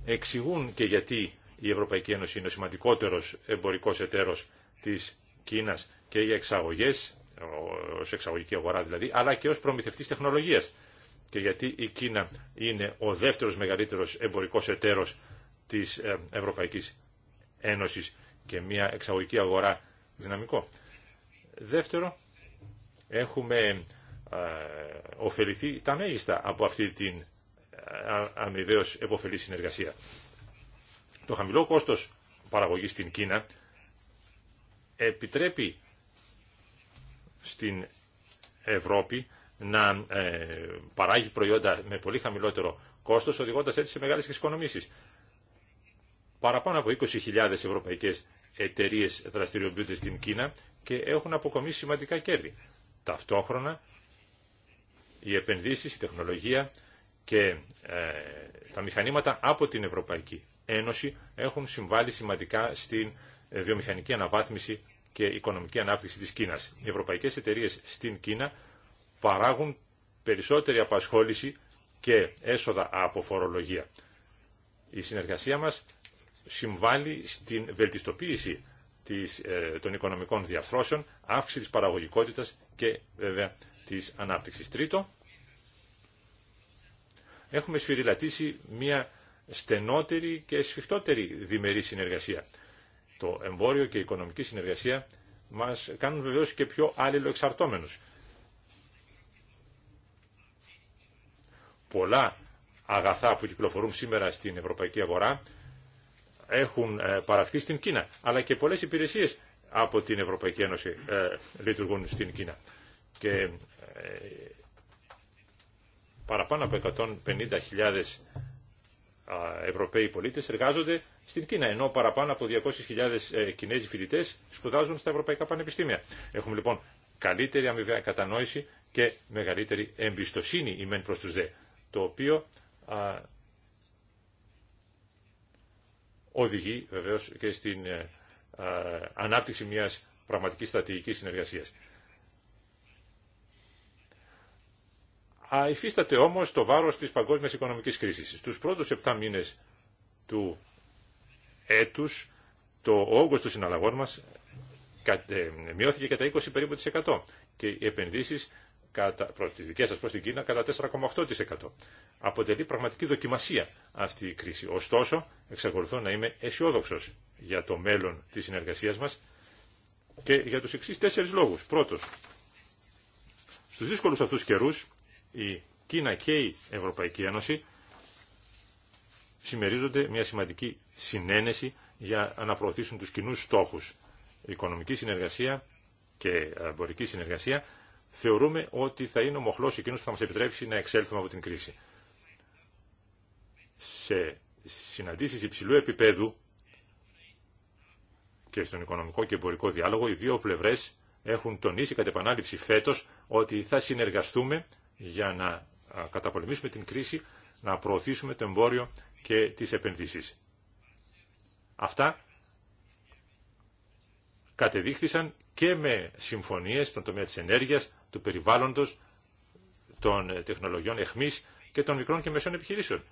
εξηγούν και γιατί η Ευρωπαϊκή Ένωση είναι ο σημαντικότερος εμπορικός εταίρος της Κίνας και για εξαγωγές, ως εξαγωγική αγορά δηλαδή, αλλά και ως προμηθευτής τεχνολογίας. Και γιατί η Κίνα είναι ο δεύτερος μεγαλύτερος εμπορικός εταίρος της ε, Ευρωπαϊκής Ένωσης και μια εξαγωγική αγορά δυναμικό. Δεύτερο, έχουμε ε, ωφεληθεί τα μέγιστα από αυτή την ε, αμοιβαίως επωφελή συνεργασία. Το χαμηλό κόστος παραγωγής στην Κίνα επιτρέπει στην Ευρώπη να ε, παράγει προϊόντα με πολύ χαμηλότερο κόστος, οδηγώντας έτσι σε μεγάλες εξοικονομήσεις. Παραπάνω από 20.000 ευρωπαϊκές εταιρείες δραστηριοποιούνται στην Κίνα και έχουν αποκομίσει σημαντικά κέρδη. Ταυτόχρονα, οι επενδύσεις, η τεχνολογία και ε, τα μηχανήματα από την Ευρωπαϊκή Ένωση έχουν συμβάλει σημαντικά στην ε, βιομηχανική αναβάθμιση και οικονομική ανάπτυξη της Κίνας. Οι ευρωπαϊκές εταιρείες στην Κίνα παράγουν περισσότερη απασχόληση και έσοδα από φορολογία. Η συνεργασία μας συμβάλλει στην βελτιστοποίηση της, ε, των οικονομικών διαφθρώσεων, αύξηση της παραγωγικότητας και βέβαια της ανάπτυξης. Τρίτο, έχουμε σφυριλατήσει μια στενότερη και σφιχτότερη διμερή συνεργασία. Το εμπόριο και η οικονομική συνεργασία μας κάνουν βεβαίως και πιο εξαρτώμενους. Πολλά αγαθά που κυκλοφορούν σήμερα στην ευρωπαϊκή αγορά έχουν ε, παραχθεί στην Κίνα, αλλά και πολλές υπηρεσίες από την Ευρωπαϊκή Ένωση ε, λειτουργούν στην Κίνα. Και ε, παραπάνω από 150.000 Ευρωπαίοι πολίτες εργάζονται στην Κίνα, ενώ παραπάνω από 200.000 ε, Κινέζοι φοιτητέ σπουδάζουν στα ευρωπαϊκά πανεπιστήμια. Έχουμε λοιπόν καλύτερη αμοιβαία κατανόηση και μεγαλύτερη εμπιστοσύνη μεν προς τους δε, το οποίο οδηγεί βεβαίως και στην ε, ανάπτυξη μιας πραγματικής στρατηγικής συνεργασίας. Α, υφίσταται όμως το βάρος της παγκόσμιας οικονομικής κρίσης. Στους πρώτους 7 μήνες του έτους το όγκος των συναλλαγών μας ε, μειώθηκε κατά 20 περίπου και οι επενδύσεις κατά, προ, τις δικές σας προς την Κίνα κατά 4,8%. Αποτελεί πραγματική δοκιμασία αυτή η κρίση. Ωστόσο, εξακολουθώ να είμαι αισιόδοξο για το μέλλον της συνεργασίας μας και για τους εξή τέσσερις λόγους. Πρώτος, στους δύσκολους αυτούς καιρούς η Κίνα και η Ευρωπαϊκή Ένωση συμμερίζονται μια σημαντική συνένεση για να προωθήσουν τους κοινούς στόχους. οικονομική συνεργασία και εμπορική συνεργασία θεωρούμε ότι θα είναι ο μοχλός εκείνος που θα μας επιτρέψει να εξέλθουμε από την κρίση. Σε συναντήσεις υψηλού επίπεδου και στον οικονομικό και εμπορικό διάλογο οι δύο πλευρές έχουν τονίσει κατά επανάληψη φέτος ότι θα συνεργαστούμε για να καταπολεμήσουμε την κρίση, να προωθήσουμε το εμπόριο και τις επενδύσεις. Αυτά κατεδείχθησαν και με συμφωνίες στον τομέα της ενέργειας, του περιβάλλοντος, των τεχνολογιών εχμής και των μικρών και μεσών επιχειρήσεων.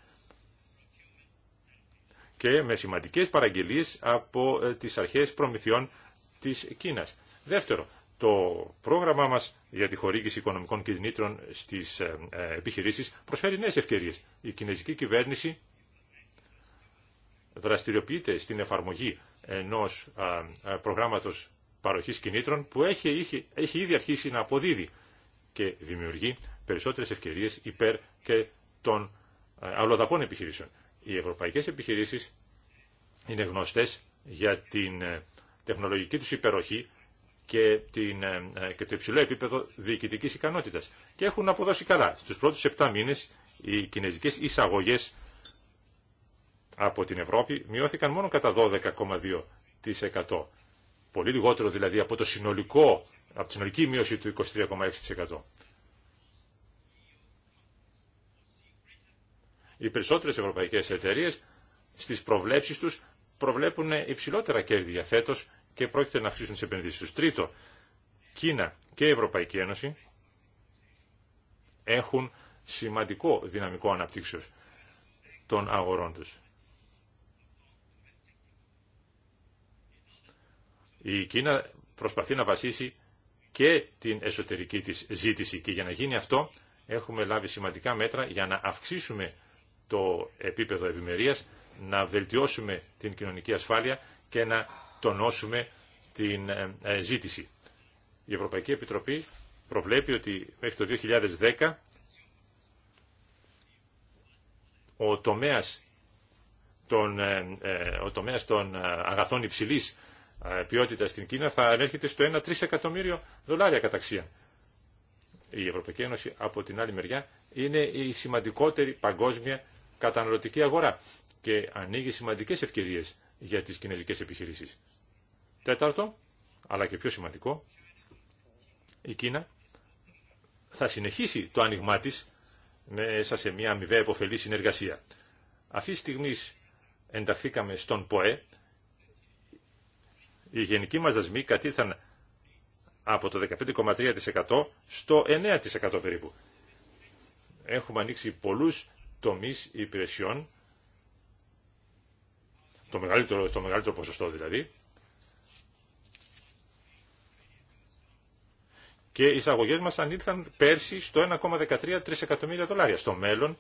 Και με σημαντικές παραγγελίες από ε, τις αρχές προμηθειών της Κίνας. Δεύτερο, το πρόγραμμά μας για τη χορήγηση οικονομικών κινήτρων στις ε, ε, επιχειρήσεις προσφέρει νέες ευκαιρίες. Η κινέζικη κυβέρνηση δραστηριοποιείται στην εφαρμογή ενός προγράμματος παροχής κινήτρων που έχει, ήδη αρχίσει να αποδίδει και δημιουργεί περισσότερες ευκαιρίες υπέρ και των αλλοδαπών επιχειρήσεων. Οι ευρωπαϊκές επιχειρήσεις είναι γνωστές για την ε, τεχνολογική τους υπεροχή και, την, ε, ε, και το υψηλό επίπεδο διοικητικής ικανότητας. Και έχουν αποδώσει καλά. Στους πρώτους 7 μήνες οι κινέζικες εισαγωγές από την Ευρώπη μειώθηκαν μόνο κατά 12,2%. Πολύ λιγότερο δηλαδή από, το συνολικό, από τη συνολική μείωση του 23,6%. Οι περισσότερες ευρωπαϊκές εταιρείες στις προβλέψεις τους προβλέπουν υψηλότερα κέρδη για φέτος και πρόκειται να αυξήσουν τις επενδύσεις τους. Τρίτο, Κίνα και η Ευρωπαϊκή Ένωση έχουν σημαντικό δυναμικό αναπτύξεως των αγορών τους. Η Κίνα προσπαθεί να βασίσει και την εσωτερική της ζήτηση και για να γίνει αυτό έχουμε λάβει σημαντικά μέτρα για να αυξήσουμε το επίπεδο ευημερίας, να βελτιώσουμε την κοινωνική ασφάλεια και να τονώσουμε την ε, ε, ζήτηση. Η Ευρωπαϊκή Επιτροπή προβλέπει ότι μέχρι το 2010 ο τομέας των, ε, αγαθών υψηλής ποιότητα στην Κίνα θα ανέρχεται στο 1-3 εκατομμύριο δολάρια καταξία. Η Ευρωπαϊκή Ένωση από την άλλη μεριά είναι η σημαντικότερη παγκόσμια καταναλωτική αγορά και ανοίγει σημαντικές ευκαιρίες για τις κινέζικες επιχειρήσεις. Τέταρτο, αλλά και πιο σημαντικό, η Κίνα θα συνεχίσει το άνοιγμά της μέσα σε μια αμοιβαία υποφελή συνεργασία. Αυτή τη στιγμή ενταχθήκαμε στον ΠΟΕ οι γενικοί μας δασμοί κατήθαν από το 15,3% στο 9% περίπου. Έχουμε ανοίξει πολλούς τομείς υπηρεσιών, το μεγαλύτερο, το μεγαλύτερο ποσοστό δηλαδή, και οι εισαγωγές μας ανήλθαν πέρσι στο 1,13 τρισεκατομμύρια δολάρια. Στο μέλλον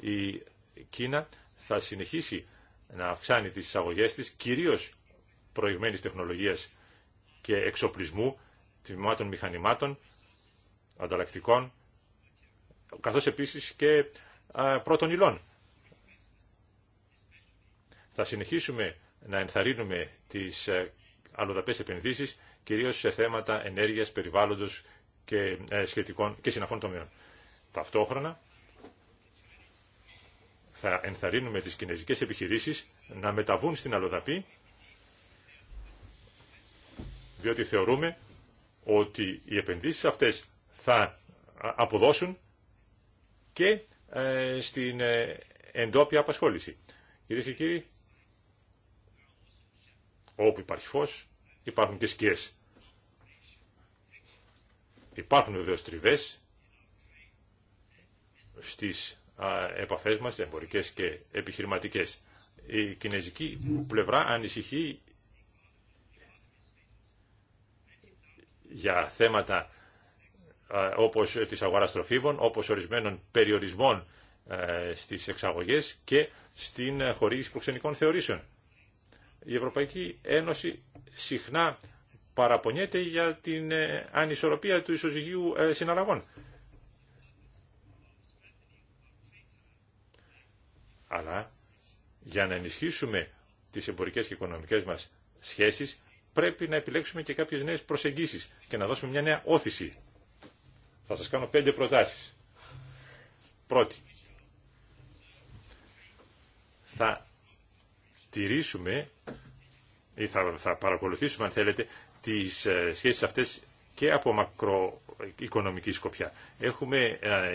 η Κίνα θα συνεχίσει να αυξάνει τις εισαγωγές της, κυρίως προηγμένης τεχνολογίας και εξοπλισμού, τμήματων μηχανημάτων, ανταλλακτικών, καθώς επίσης και πρώτων υλών. Θα συνεχίσουμε να ενθαρρύνουμε τις ε, αλλοδαπές επενδύσεις, κυρίως σε θέματα ενέργειας, περιβάλλοντος και ε, σχετικών και συναφών τομέων. Ταυτόχρονα θα ενθαρρύνουμε τις κινέζικες επιχειρήσεις να μεταβούν στην αλλοδαπή διότι θεωρούμε ότι οι επενδύσεις αυτές θα αποδώσουν και ε, στην ε, εντόπια απασχόληση. Κυρίε και κύριοι, όπου υπάρχει φως υπάρχουν και σκιές. Υπάρχουν βεβαίως τριβές στις επαφές μας, εμπορικές και επιχειρηματικές. Η κινέζικη πλευρά ανησυχεί για θέματα ε, όπως της αγοράς τροφίμων, όπως ορισμένων περιορισμών ε, στις εξαγωγές και στην ε, χορήγηση προξενικών θεωρήσεων. Η Ευρωπαϊκή Ένωση συχνά παραπονιέται για την ανισορροπία του ισοζυγίου συναλλαγών. Αλλά για να ενισχύσουμε τις εμπορικές και οικονομικές μας σχέσεις πρέπει να επιλέξουμε και κάποιες νέες προσεγγίσεις και να δώσουμε μια νέα όθηση. Θα σας κάνω πέντε προτάσεις. Πρώτη, θα τηρήσουμε ή θα, θα παρακολουθήσουμε αν θέλετε τις ε, σχέσεις αυτές και από μακροοικονομική σκοπιά. Έχουμε, ε,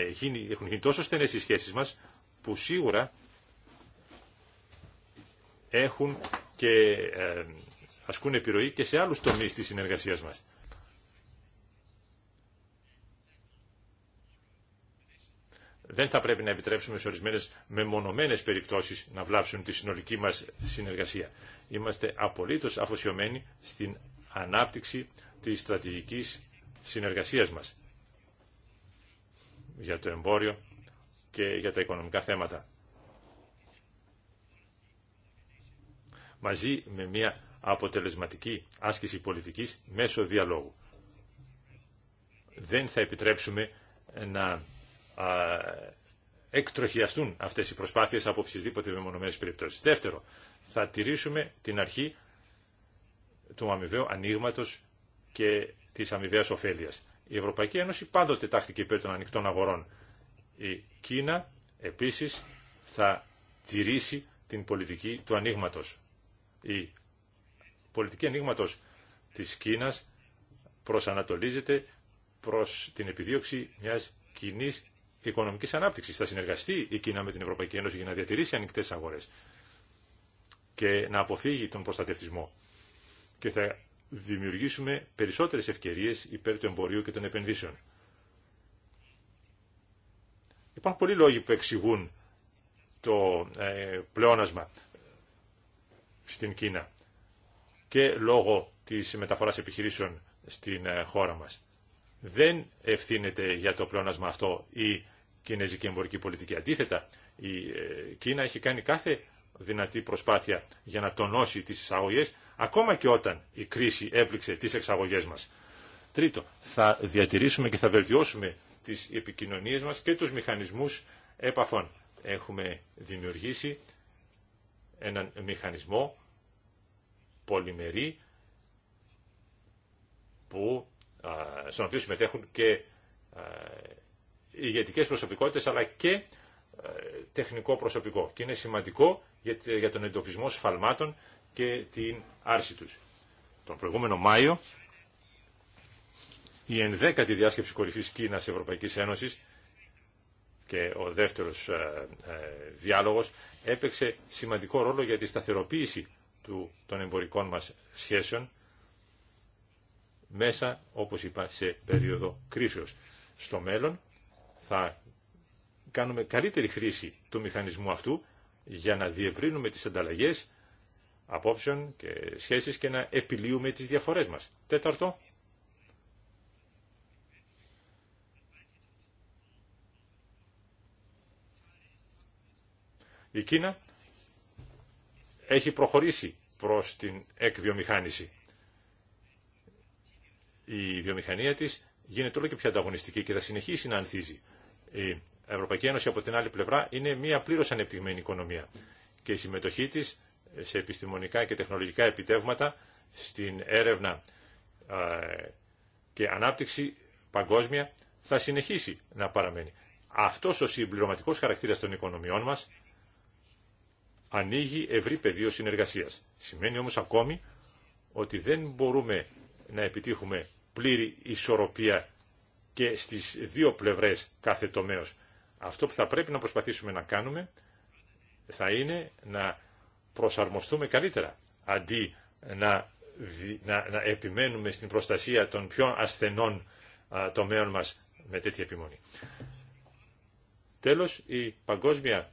έχουν γίνει τόσο στενές οι σχέσεις μας που σίγουρα έχουν και ε, ασκούν επιρροή και σε άλλους τομείς της συνεργασίας μας. Δεν θα πρέπει να επιτρέψουμε σε ορισμένε μεμονωμένες περιπτώσεις να βλάψουν τη συνολική μας συνεργασία. Είμαστε απολύτως αφοσιωμένοι στην ανάπτυξη της στρατηγικής συνεργασίας μας για το εμπόριο και για τα οικονομικά θέματα. Μαζί με μια αποτελεσματική άσκηση πολιτικής μέσω διαλόγου. Δεν θα επιτρέψουμε να εκτροχιαστούν αυτές οι προσπάθειες από οποιασδήποτε μεμονωμένες περιπτώσεις. Δεύτερο, θα τηρήσουμε την αρχή του αμοιβαίου ανοίγματο και της αμοιβαίας ωφέλειας. Η Ευρωπαϊκή Ένωση πάντοτε τάχθηκε υπέρ των ανοιχτών αγορών. Η Κίνα επίσης θα τηρήσει την πολιτική του ανοίγματο. Η πολιτική ανοίγματος της Κίνας προσανατολίζεται προς την επιδίωξη μιας κοινή οικονομικής ανάπτυξης. Θα συνεργαστεί η Κίνα με την Ευρωπαϊκή Ένωση για να διατηρήσει ανοιχτές αγορές και να αποφύγει τον προστατευτισμό. Και θα δημιουργήσουμε περισσότερες ευκαιρίες υπέρ του εμπορίου και των επενδύσεων. Υπάρχουν πολλοί λόγοι που εξηγούν το ε, πλεόνασμα στην Κίνα και λόγω της μεταφοράς επιχειρήσεων στην ε, χώρα μας. Δεν ευθύνεται για το πλεόνασμα αυτό η κινέζικη εμπορική πολιτική. Αντίθετα, η ε, Κίνα έχει κάνει κάθε δυνατή προσπάθεια για να τονώσει τις εισαγωγέ ακόμα και όταν η κρίση έπληξε τις εξαγωγές μας. Τρίτο, θα διατηρήσουμε και θα βελτιώσουμε τις επικοινωνίες μας και τους μηχανισμούς επαφών. Έχουμε δημιουργήσει έναν μηχανισμό πολυμερή που, στον οποίο συμμετέχουν και ηγετικές προσωπικότητες αλλά και τεχνικό προσωπικό και είναι σημαντικό για τον εντοπισμό σφαλμάτων και την άρση τους. Τον προηγούμενο Μάιο η ενδέκατη διάσκεψη κορυφής Κίνας Ευρωπαϊκής Ένωσης και ο δεύτερος διάλογος έπαιξε σημαντικό ρόλο για τη σταθεροποίηση του, των εμπορικών μας σχέσεων μέσα, όπως είπα, σε περίοδο κρίσεως. Στο μέλλον θα κάνουμε καλύτερη χρήση του μηχανισμού αυτού για να διευρύνουμε τις ανταλλαγές απόψεων και σχέσεις και να επιλύουμε τις διαφορές μας. Τέταρτο. Η Κίνα έχει προχωρήσει προς την εκβιομηχάνηση. Η βιομηχανία της γίνεται όλο και πιο ανταγωνιστική και θα συνεχίσει να ανθίζει. Η Ευρωπαϊκή Ένωση από την άλλη πλευρά είναι μια πλήρως ανεπτυγμένη οικονομία και η συμμετοχή της σε επιστημονικά και τεχνολογικά επιτεύγματα στην έρευνα και ανάπτυξη παγκόσμια θα συνεχίσει να παραμένει. Αυτός ο συμπληρωματικός χαρακτήρας των οικονομιών μας ανοίγει ευρύ πεδίο συνεργασίας. Σημαίνει όμως ακόμη ότι δεν μπορούμε να επιτύχουμε πλήρη ισορροπία και στις δύο πλευρές κάθε τομέα. Αυτό που θα πρέπει να προσπαθήσουμε να κάνουμε θα είναι να προσαρμοστούμε καλύτερα, αντί να, να, επιμένουμε στην προστασία των πιο ασθενών α, τομέων μας με τέτοια επιμονή. Τέλος, η παγκόσμια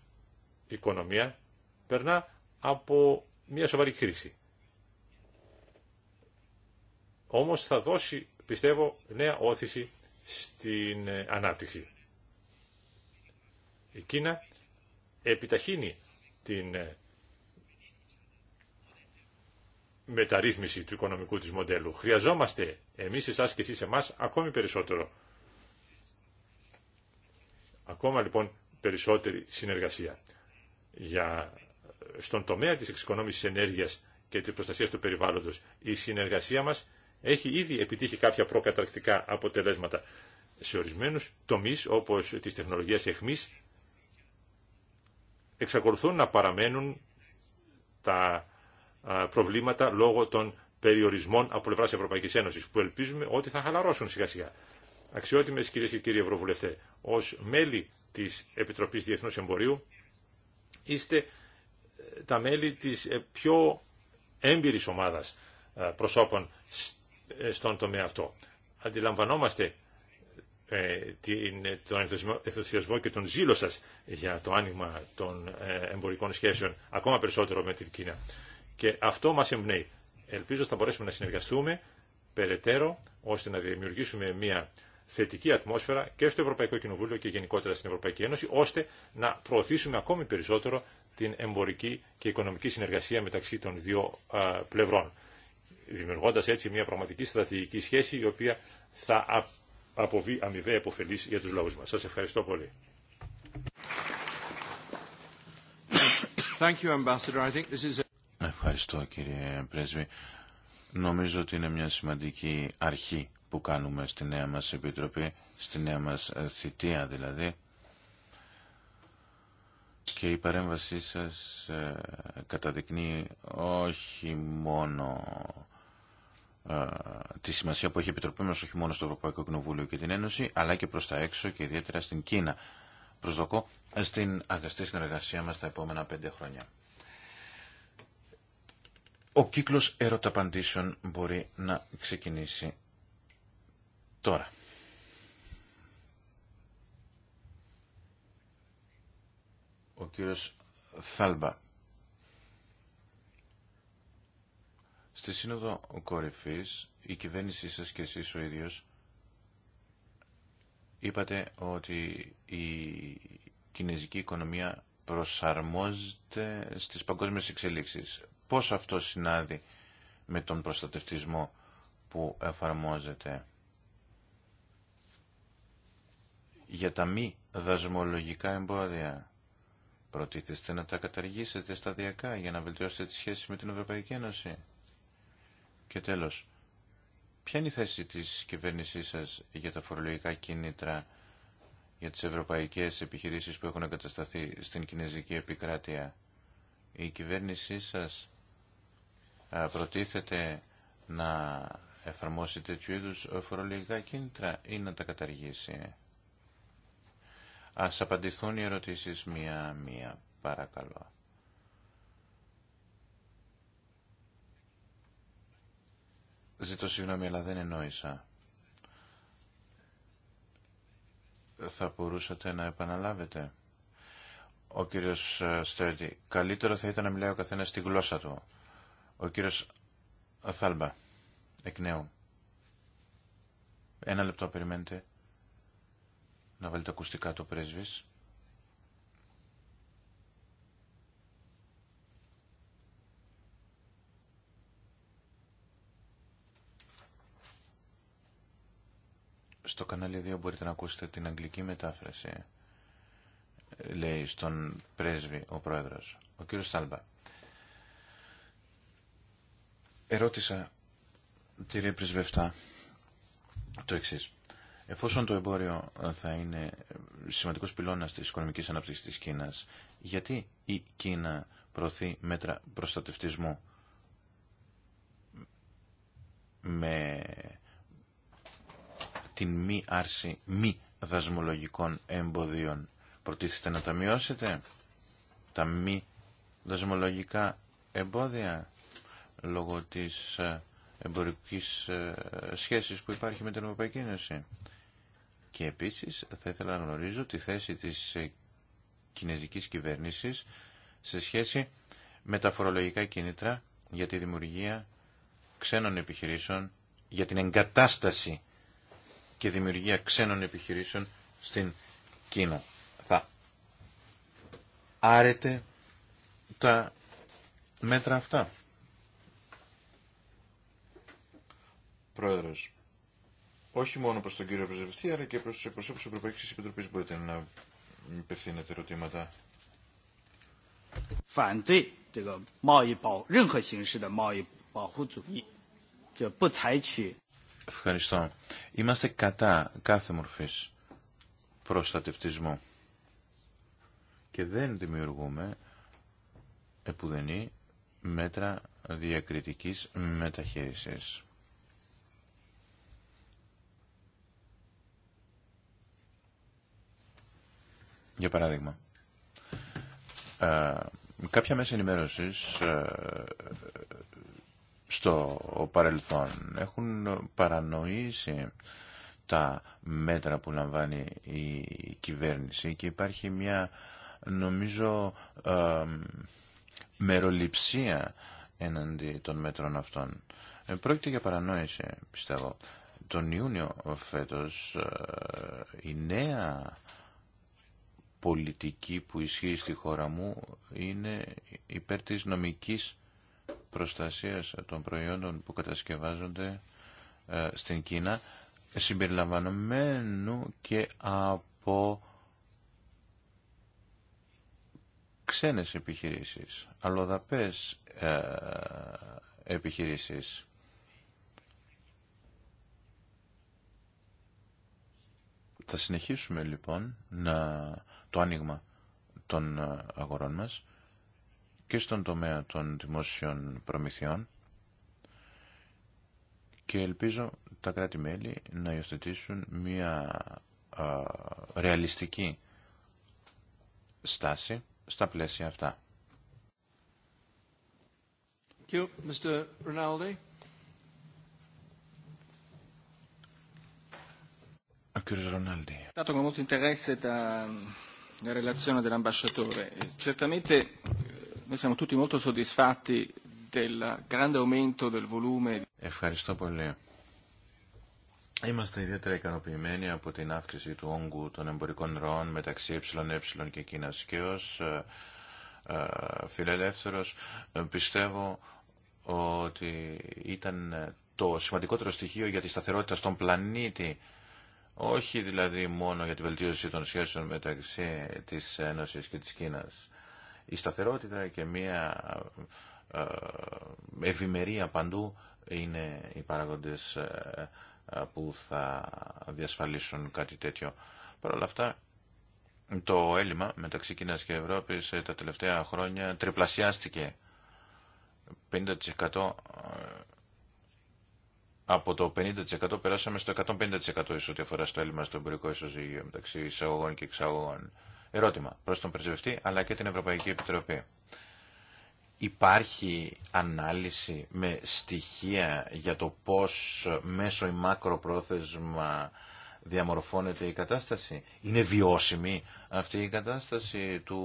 οικονομία περνά από μια σοβαρή κρίση. Όμως θα δώσει, πιστεύω, νέα όθηση στην ε, ανάπτυξη. Η Κίνα επιταχύνει την ε, μεταρρύθμιση του οικονομικού της μοντέλου. Χρειαζόμαστε εμείς εσάς και εσείς εμάς ακόμη περισσότερο. Ακόμα λοιπόν περισσότερη συνεργασία για στον τομέα της εξοικονόμησης ενέργειας και της προστασίας του περιβάλλοντος η συνεργασία μας έχει ήδη επιτύχει κάποια προκαταρκτικά αποτελέσματα σε ορισμένους τομείς όπως της τεχνολογίας εχμής εξακολουθούν να παραμένουν τα προβλήματα λόγω των περιορισμών από πλευρά Ευρωπαϊκή Ένωση, που ελπίζουμε ότι θα χαλαρώσουν σιγά σιγά. Αξιότιμες κυρίε και κύριοι Ευρωβουλευτέ, ω μέλη τη Επιτροπή Διεθνού Εμπορίου, είστε τα μέλη της ε, πιο έμπειρης ομάδας ε, προσώπων ε, στον τομέα αυτό. Αντιλαμβανόμαστε τον ενθουσιασμό και τον ζήλο σας για το άνοιγμα των εμπορικών σχέσεων ακόμα περισσότερο με την Κίνα. Και αυτό μας εμπνέει. Ελπίζω θα μπορέσουμε να συνεργαστούμε περαιτέρω ώστε να δημιουργήσουμε μια θετική ατμόσφαιρα και στο Ευρωπαϊκό Κοινοβούλιο και γενικότερα στην Ευρωπαϊκή Ένωση, ώστε να προωθήσουμε ακόμη περισσότερο την εμπορική και οικονομική συνεργασία μεταξύ των δύο πλευρών, δημιουργώντας έτσι μια πραγματική στρατηγική σχέση η οποία θα αποβεί αμοιβαία επωφελής για τους λαούς μας. Σας ευχαριστώ πολύ. Thank you, Ambassador. I think this is... Ευχαριστώ κύριε Πρέσβη. Νομίζω ότι είναι μια σημαντική αρχή που κάνουμε στη νέα μας Επιτροπή, στη νέα μας θητεία δηλαδή, και η παρέμβασή σας ε, καταδεικνύει όχι μόνο ε, τη σημασία που έχει η Επιτροπή μας όχι μόνο στο Ευρωπαϊκό Κοινοβούλιο και την Ένωση αλλά και προς τα έξω και ιδιαίτερα στην Κίνα. Προσδοκώ στην αγαστή συνεργασία μας τα επόμενα πέντε χρόνια. Ο κύκλος ερωταπαντήσεων μπορεί να ξεκινήσει τώρα. ο κύριος Θάλμπα. Στη Σύνοδο Κορυφής, η κυβέρνησή σας και εσείς ο ίδιος είπατε ότι η κινέζικη οικονομία προσαρμόζεται στις παγκόσμιες εξελίξεις. Πώς αυτό συνάδει με τον προστατευτισμό που εφαρμόζεται για τα μη δασμολογικά εμπόδια Προτίθεστε να τα καταργήσετε σταδιακά για να βελτιώσετε τις σχέσεις με την Ευρωπαϊκή Ένωση. Και τέλος, ποια είναι η θέση της κυβέρνησής σας για τα φορολογικά κίνητρα για τις ευρωπαϊκές επιχειρήσεις που έχουν εγκατασταθεί στην Κινέζικη επικράτεια. Η κυβέρνησή σας προτίθεται να εφαρμόσει τέτοιου είδους φορολογικά κίνητρα ή να τα καταργήσει. Ας απαντηθούν οι ερωτήσεις μία-μία, παρακαλώ. Ζήτω συγγνώμη, αλλά δεν εννοήσα. Θα μπορούσατε να επαναλάβετε. Ο κύριος ε, Στέρντι, καλύτερο θα ήταν να μιλάει ο καθένας τη γλώσσα του. Ο κύριος Θάλμπα, εκ νέου. Ένα λεπτό περιμένετε να βάλει τα ακουστικά το πρέσβης. Στο κανάλι 2 μπορείτε να ακούσετε την αγγλική μετάφραση, λέει στον πρέσβη ο πρόεδρος, ο κύριος Στάλμπα. Ερώτησα, κύριε πρεσβευτά, το εξής. Εφόσον το εμπόριο ε, θα είναι ε, σημαντικός πυλώνας της οικονομικής ανάπτυξης της Κίνας, γιατί η Κίνα προωθεί μέτρα προστατευτισμού με την μη άρση μη δασμολογικών εμποδίων. Προτίθεστε να τα μειώσετε, τα μη δασμολογικά εμπόδια, λόγω της ε, εμπορικής σχέσης που υπάρχει με την Ευρωπαϊκή Ένωση. Και επίσης θα ήθελα να γνωρίζω τη θέση της ε, κινέζικης κυβέρνησης σε σχέση με τα φορολογικά κίνητρα για τη δημιουργία ξένων επιχειρήσεων, για την εγκατάσταση και δημιουργία ξένων επιχειρήσεων στην Κίνα. Θα άρετε τα μέτρα αυτά. Πρόεδρος, όχι μόνο προς τον κύριο Πρεσβευτή, αλλά και προς τους εκπροσώπους της Ευρωπαϊκής Επιτροπής μπορείτε να υπευθύνετε ερωτήματα. Ευχαριστώ. Είμαστε κατά κάθε μορφής προστατευτισμού και δεν δημιουργούμε επουδενή μέτρα διακριτικής μεταχείρισης. Για παράδειγμα, ε, κάποια μέσα ενημέρωσης ε, στο παρελθόν έχουν παρανοήσει τα μέτρα που λαμβάνει η κυβέρνηση και υπάρχει μια νομίζω ε, μεροληψία έναντι των μέτρων αυτών. Πρόκειται για παρανόηση, πιστεύω. Τον Ιούνιο φέτος η νέα πολιτική που ισχύει στη χώρα μου είναι υπέρ της νομικής προστασίας των προϊόντων που κατασκευάζονται ε, στην Κίνα συμπεριλαμβανομένου και από ξένες επιχειρήσεις, αλλοδαπές ε, επιχειρήσεις. Θα συνεχίσουμε λοιπόν να το άνοιγμα των ε, αγορών μας και στον τομέα των δημόσιων προμηθειών και ελπίζω τα κράτη-μέλη να υιοθετήσουν μια α, ρεαλιστική στάση στα πλαίσια αυτά. Κύριος Ρονάλντι la relazione dell'ambasciatore. Eh, certamente eh, noi siamo tutti molto soddisfatti del grande aumento del volume. Ευχαριστώ πολύ. Είμαστε ιδιαίτερα ικανοποιημένοι από την αύξηση του όγκου των εμπορικών ροών μεταξύ ΕΕ και Κίνας και ως ε, ε, φιλελεύθερος ε, πιστεύω ότι ήταν το σημαντικότερο στοιχείο για τη σταθερότητα στον πλανήτη όχι δηλαδή μόνο για τη βελτίωση των σχέσεων μεταξύ της Ένωσης και της Κίνας. Η σταθερότητα και μια ε, ευημερία παντού είναι οι παράγοντες ε, που θα διασφαλίσουν κάτι τέτοιο. Παρ' όλα αυτά, το έλλειμμα μεταξύ Κίνας και Ευρώπης ε, τα τελευταία χρόνια τριπλασιάστηκε. 50% από το 50% περάσαμε στο 150% ίσως ό,τι αφορά στο έλλειμμα στο εμπορικό ισοζύγιο μεταξύ εισαγωγών και εξαγωγών. Ερώτημα προς τον Πρεσβευτή αλλά και την Ευρωπαϊκή Επιτροπή. Υπάρχει ανάλυση με στοιχεία για το πώς μέσω ή μακροπρόθεσμα διαμορφώνεται η κατάσταση. Είναι βιώσιμη αυτή η κατάσταση του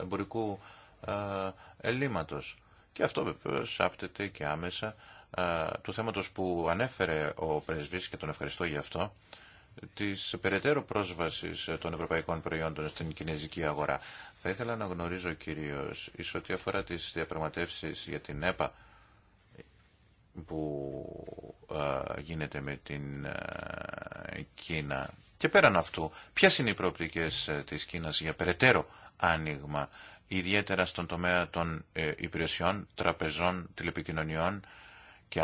εμπορικού ελλείμματος. Και αυτό βεβαίω άπτεται και άμεσα ε, του θέματος που ανέφερε ο πρεσβής και τον ευχαριστώ για αυτό, της περαιτέρω πρόσβασης των ευρωπαϊκών προϊόντων στην κινέζικη αγορά. Θα ήθελα να γνωρίζω κυρίως εις ό,τι αφορά τις διαπραγματεύσεις για την ΕΠΑ που ε, γίνεται με την ε, Κίνα. Και πέραν αυτού, ποιες είναι οι προοπτικές της Κίνας για περαιτέρω άνοιγμα, ιδιαίτερα στον τομέα των υπηρεσιών, τραπεζών, τηλεπικοινωνιών, και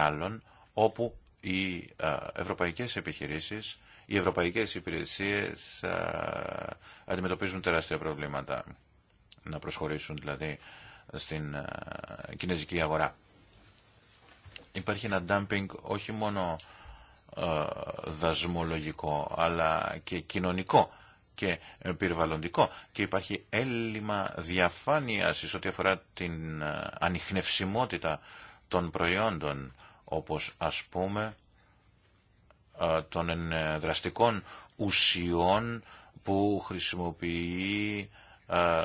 όπου οι ε, ευρωπαϊκές επιχειρήσεις, οι ευρωπαϊκές υπηρεσίες ε, αντιμετωπίζουν τεράστια προβλήματα να προσχωρήσουν δηλαδή στην ε, κινέζικη αγορά. Υπάρχει ένα dumping όχι μόνο δασμολογικό αλλά και κοινωνικό και περιβαλλοντικό και υπάρχει έλλειμμα διαφάνειας ό,τι αφορά την ανιχνευσιμότητα των προϊόντων, όπως ας πούμε ε, των δραστικών ουσιών που χρησιμοποιεί ε,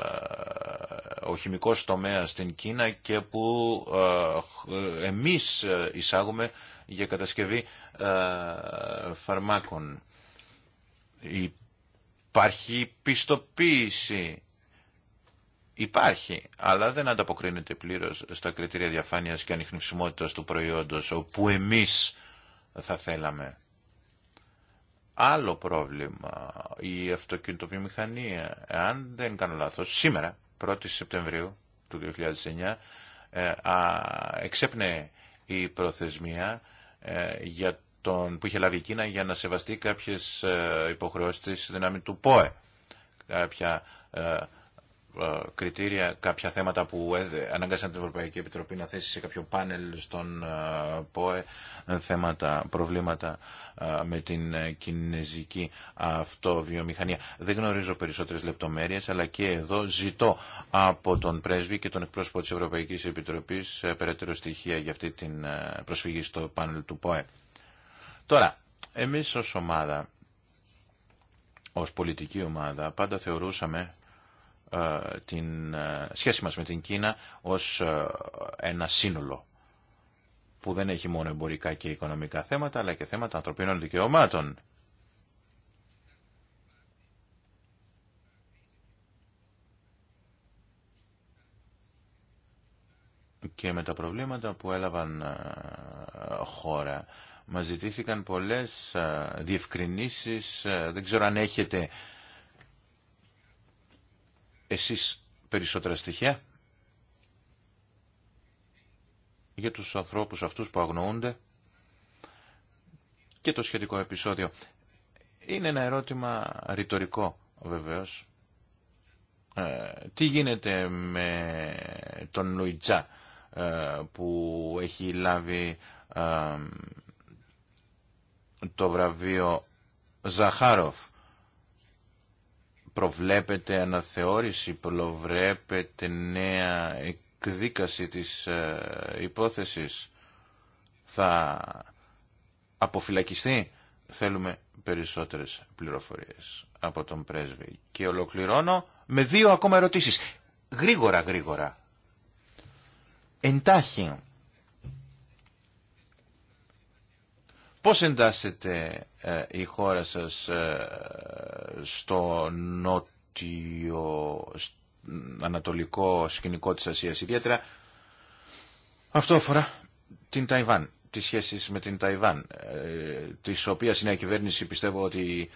ο χημικός τομέας στην Κίνα και που ε, εμείς εισάγουμε για κατασκευή φαρμάκων. Υπάρχει πιστοποίηση υπάρχει, αλλά δεν ανταποκρίνεται πλήρως στα κριτήρια διαφάνειας και ανιχνευσιμότητα του προϊόντος, όπου εμείς θα θέλαμε. Άλλο πρόβλημα, η αυτοκινητοβιομηχανία, αν δεν κάνω λάθος, σήμερα, 1η Σεπτεμβρίου του 2009, ε, εξέπνεε η προθεσμία ε, για τον, που είχε λάβει η Κίνα για να σεβαστεί κάποιες υποχρεώσει, υποχρεώσεις της δύναμη του ΠΟΕ. Κάποια ε, ε, κριτήρια, κάποια θέματα που ανάγκασαν την Ευρωπαϊκή Επιτροπή να θέσει σε κάποιο πάνελ στον ε, ΠΟΕ, ε, θέματα, προβλήματα με την κινέζικη αυτοβιομηχανία. Δεν γνωρίζω περισσότερες λεπτομέρειες, αλλά και εδώ ζητώ από τον πρέσβη και τον εκπρόσωπο της Ευρωπαϊκής Επιτροπής περαιτέρω στοιχεία για αυτή την προσφυγή στο πάνελ του ΠΟΕ. Τώρα, εμείς ως ομάδα, ως πολιτική ομάδα, πάντα θεωρούσαμε ε, την ε, σχέση μας με την Κίνα ως ε, ένα σύνολο που δεν έχει μόνο εμπορικά και οικονομικά θέματα αλλά και θέματα ανθρωπίνων δικαιωμάτων. Και με τα προβλήματα που έλαβαν χώρα μας ζητήθηκαν πολλές διευκρινήσεις, δεν ξέρω αν έχετε εσείς περισσότερα στοιχεία για τους ανθρώπους αυτούς που αγνοούνται και το σχετικό επεισόδιο. Είναι ένα ερώτημα ρητορικό βεβαίως. Ε, τι γίνεται με τον Λουιτζά ε, που έχει λάβει ε, το βραβείο Ζαχάροφ προβλέπεται αναθεώρηση, προβλέπεται νέα εκδίκαση της ε, υπόθεσης. Θα αποφυλακιστεί. Θέλουμε περισσότερες πληροφορίες από τον πρέσβη. Και ολοκληρώνω με δύο ακόμα ερωτήσεις. Γρήγορα, γρήγορα. Εντάχει Πώς εντάσσεται ε, η χώρα σας ε, στο νότιο, ανατολικό σκηνικό της Ασίας ιδιαίτερα. Αυτό αφορά την Ταϊβάν, τις σχέσεις με την Ταϊβάν, ε, της οποίας η νέα κυβέρνηση πιστεύω ότι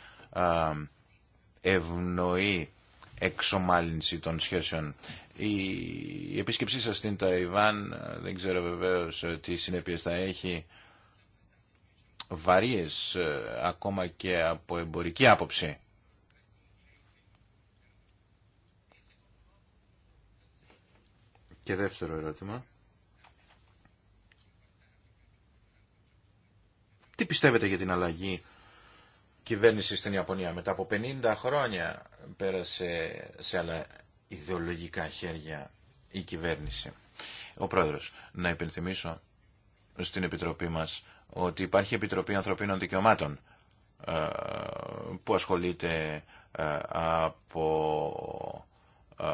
ευνοεί εξομάλυνση των σχέσεων. Η επίσκεψή σας στην Ταϊβάν, δεν ξέρω βεβαίως τι συνέπειες θα έχει βαρύες ε, ακόμα και από εμπορική άποψη. Και δεύτερο ερώτημα. Τι πιστεύετε για την αλλαγή κυβέρνηση στην Ιαπωνία. Μετά από 50 χρόνια πέρασε σε άλλα ιδεολογικά χέρια η κυβέρνηση. Ο πρόεδρος, να υπενθυμίσω στην Επιτροπή μας ότι υπάρχει Επιτροπή Ανθρωπίνων Δικαιωμάτων ε, που ασχολείται ε, από ε,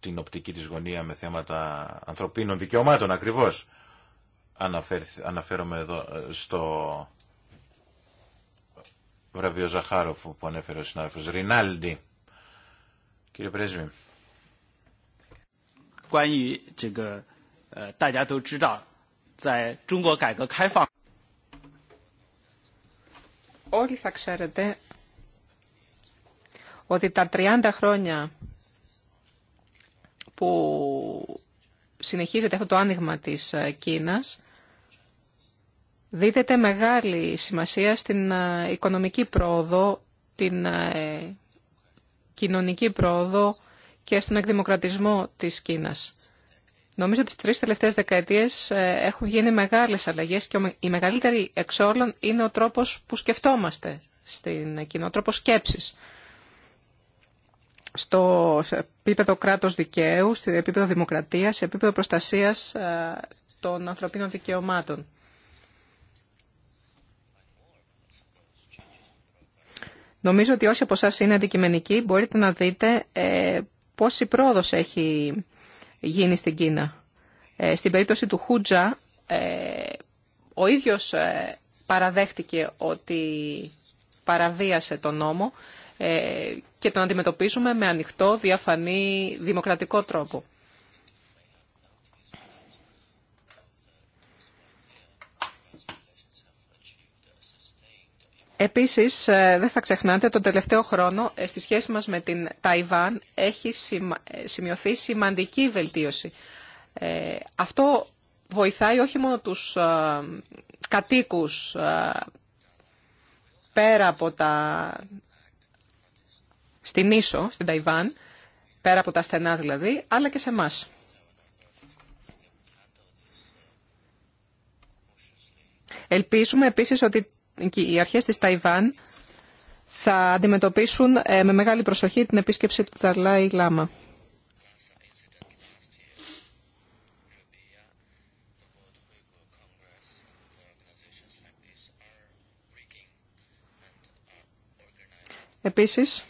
την οπτική της γωνία με θέματα ανθρωπίνων δικαιωμάτων ακριβώς. Αναφέρομαι εδώ στο βραβείο Ζαχάροφ που ανέφερε ο συνάδελφος Ρινάλντι. Κύριε Πρέσβη. Όλοι θα ξέρετε ότι τα 30 χρόνια που συνεχίζεται αυτό το άνοιγμα της ε, Κίνας δίδεται μεγάλη σημασία στην ε, οικονομική πρόοδο, την ε, κοινωνική πρόοδο και στον εκδημοκρατισμό της Κίνας. Νομίζω ότι τις τρεις τελευταίες δεκαετίες ε, έχουν γίνει μεγάλες αλλαγές και η μεγαλύτερη εξ όλων είναι ο τρόπος που σκεφτόμαστε στην κοινό, ο τρόπος σκέψης. Στο επίπεδο κράτος δικαίου, στο επίπεδο δημοκρατίας, σε επίπεδο προστασίας ε, των ανθρωπίνων δικαιωμάτων. Νομίζω ότι όσοι από εσά είναι αντικειμενικοί μπορείτε να δείτε ε, πόση πρόοδος έχει γίνει στην Κίνα. Ε, στην περίπτωση του Χούτζα, ε, ο ίδιος ε, παραδέχτηκε ότι παραβίασε τον νόμο και τον αντιμετωπίζουμε με ανοιχτό, διαφανή, δημοκρατικό τρόπο. Επίσης, ε, δεν θα ξεχνάτε, τον τελευταίο χρόνο ε, στη σχέση μας με την Ταϊβάν έχει ε, σημειωθεί σημαντική βελτίωση. Αυτό βοηθάει όχι μόνο τους κατοίκους πέρα από τα... στην Ίσο, στην Ταϊβάν, πέρα από τα στενά δηλαδή, αλλά και σε μας. Ελπίζουμε επίσης ότι οι αρχές της Ταϊβάν θα αντιμετωπίσουν ε, με μεγάλη προσοχή την επίσκεψη του Δαλάη Λάμα. Επίσης,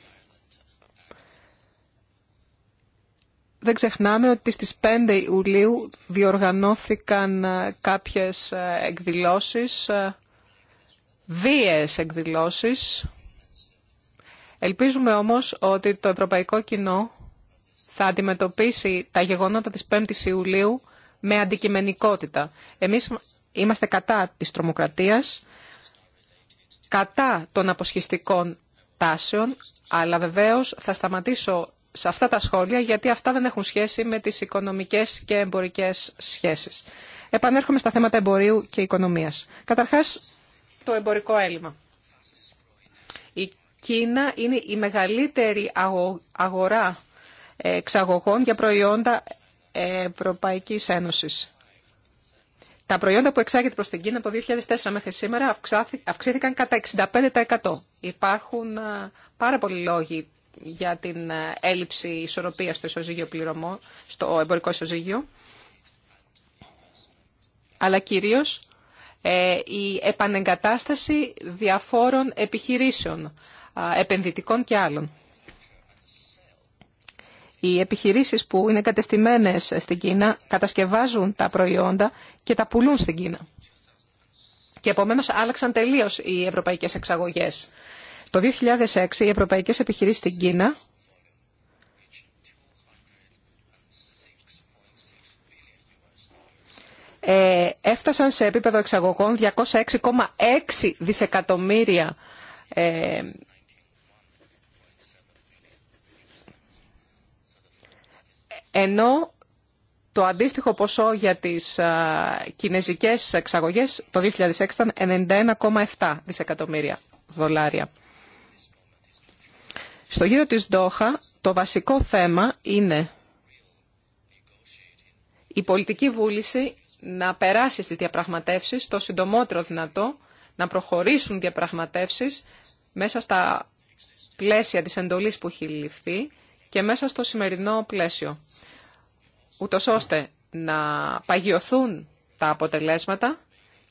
δεν ξεχνάμε ότι στις 5 Ιουλίου διοργανώθηκαν ε, κάποιες ε, εκδηλώσεις βίαιες εκδηλώσεις. Ελπίζουμε όμως ότι το ευρωπαϊκό κοινό θα αντιμετωπίσει τα γεγονότα της 5ης Ιουλίου με αντικειμενικότητα. Εμείς είμαστε κατά της τρομοκρατίας, κατά των αποσχιστικών τάσεων, αλλά βεβαίως θα σταματήσω σε αυτά τα σχόλια γιατί αυτά δεν έχουν σχέση με τις οικονομικές και εμπορικές σχέσεις. Επανέρχομαι στα θέματα εμπορίου και οικονομίας. Καταρχάς, το εμπορικό έλλειμμα. Η Κίνα είναι η μεγαλύτερη αγορά ε, εξαγωγών για προϊόντα Ευρωπαϊκής Ένωσης. Τα προϊόντα που εξάγεται προς την Κίνα από το 2004 μέχρι σήμερα αυξήθηκαν κατά 65%. Υπάρχουν ε, πάρα πολλοί λόγοι για την ε, έλλειψη ισορροπίας στο, ισοζύγιο πληρωμό, στο εμπορικό ισοζύγιο, αλλά κυρίως ε, η επανεγκατάσταση διαφόρων επιχειρήσεων, επενδυτικών και άλλων. Οι επιχειρήσεις που είναι κατεστημένες στην Κίνα κατασκευάζουν τα προϊόντα και τα πουλούν στην Κίνα. Και επομένως άλλαξαν τελείως οι ευρωπαϊκές εξαγωγές. Το 2006 οι ευρωπαϊκές επιχειρήσεις στην Κίνα Ε, έφτασαν σε επίπεδο εξαγωγών 206,6 δισεκατομμύρια ε, ενώ το αντίστοιχο ποσό για τις κινέζικες εξαγωγές το 2006 ήταν 91,7 δισεκατομμύρια δολάρια. Στο γύρο της Ντόχα το βασικό θέμα είναι η πολιτική βούληση να περάσει στις διαπραγματεύσεις το συντομότερο δυνατό, να προχωρήσουν διαπραγματεύσεις μέσα στα πλαίσια της εντολής που έχει ληφθεί και μέσα στο σημερινό πλαίσιο, ούτως ώστε να παγιωθούν τα αποτελέσματα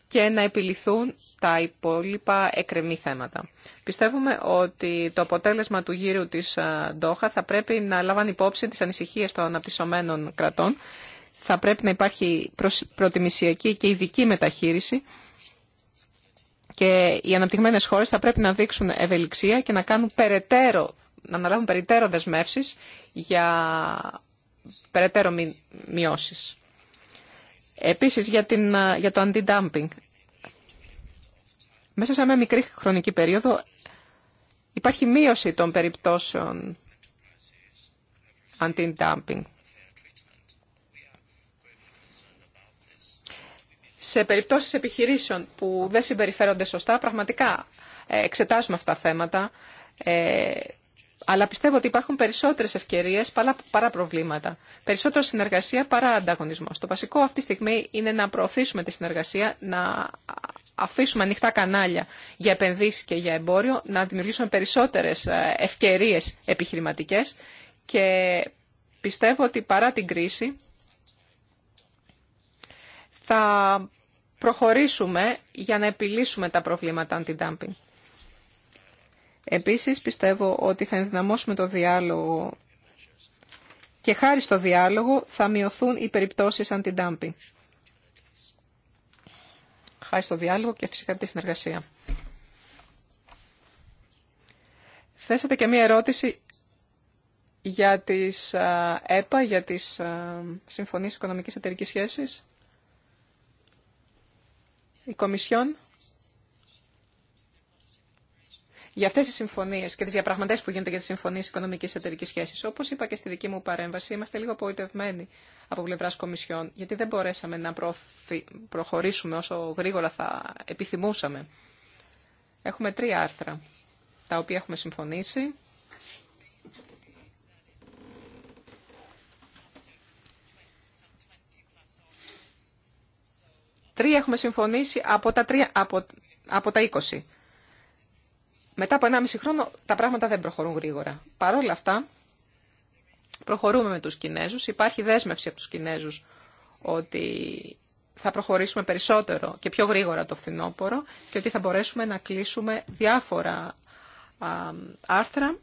και να επιληθούν τα υπόλοιπα εκρεμή θέματα. Πιστεύουμε ότι το αποτέλεσμα του γύρου της ε, Ντόχα θα πρέπει να λάβαν υπόψη τις ανησυχίες των αναπτυσσομένων κρατών θα πρέπει να υπάρχει προτιμησιακή και ειδική μεταχείριση και οι αναπτυγμένες χώρες θα πρέπει να δείξουν ευελιξία και να κάνουν περαιτέρω, να αναλάβουν περαιτέρω δεσμεύσεις για περαιτέρω μειώσεις. Επίσης για, την, για το αντι-dumping. Μέσα σε μια μικρή χρονική περίοδο υπάρχει μείωση των περιπτώσεων σε περιπτώσεις επιχειρήσεων που δεν συμπεριφέρονται σωστά, πραγματικά ε, εξετάζουμε αυτά τα θέματα, ε, αλλά πιστεύω ότι υπάρχουν περισσότερες ευκαιρίες παρά προβλήματα. Περισσότερο συνεργασία παρά ανταγωνισμός. Το βασικό αυτή τη στιγμή είναι να προωθήσουμε τη συνεργασία, να αφήσουμε ανοιχτά κανάλια για επενδύσεις και για εμπόριο, να δημιουργήσουμε περισσότερες ε, ευκαιρίες επιχειρηματικές και πιστεύω ότι παρά την κρίση θα προχωρήσουμε για να επιλύσουμε τα προβλήματα αντι-dumping. Επίσης, πιστεύω ότι θα ενδυναμώσουμε το διάλογο και χάρη στο διάλογο θα μειωθούν οι περιπτώσεις αντι-dumping. Χάρη στο διάλογο και φυσικά τη συνεργασία. Θέσατε και μία ερώτηση για τις ΕΠΑ, για τις Συμφωνίες Οικονομικής Εταιρικής Σχέσης η Κομισιόν για αυτέ τι συμφωνίε και τι διαπραγματεύσει που γίνονται για τις συμφωνίες οικονομικής εταιρική σχέση, όπω είπα και στη δική μου παρέμβαση, είμαστε λίγο απογοητευμένοι από πλευρά Κομισιόν, γιατί δεν μπορέσαμε να προχωρήσουμε όσο γρήγορα θα επιθυμούσαμε. Έχουμε τρία άρθρα, τα οποία έχουμε συμφωνήσει. Τρία έχουμε συμφωνήσει από τα, τρία, από, από τα 20. Μετά από 1,5 χρόνο τα πράγματα δεν προχωρούν γρήγορα. Παρ' όλα αυτά, προχωρούμε με τους Κινέζους. Υπάρχει δέσμευση από τους Κινέζους ότι θα προχωρήσουμε περισσότερο και πιο γρήγορα το φθινόπωρο και ότι θα μπορέσουμε να κλείσουμε διάφορα άρθρα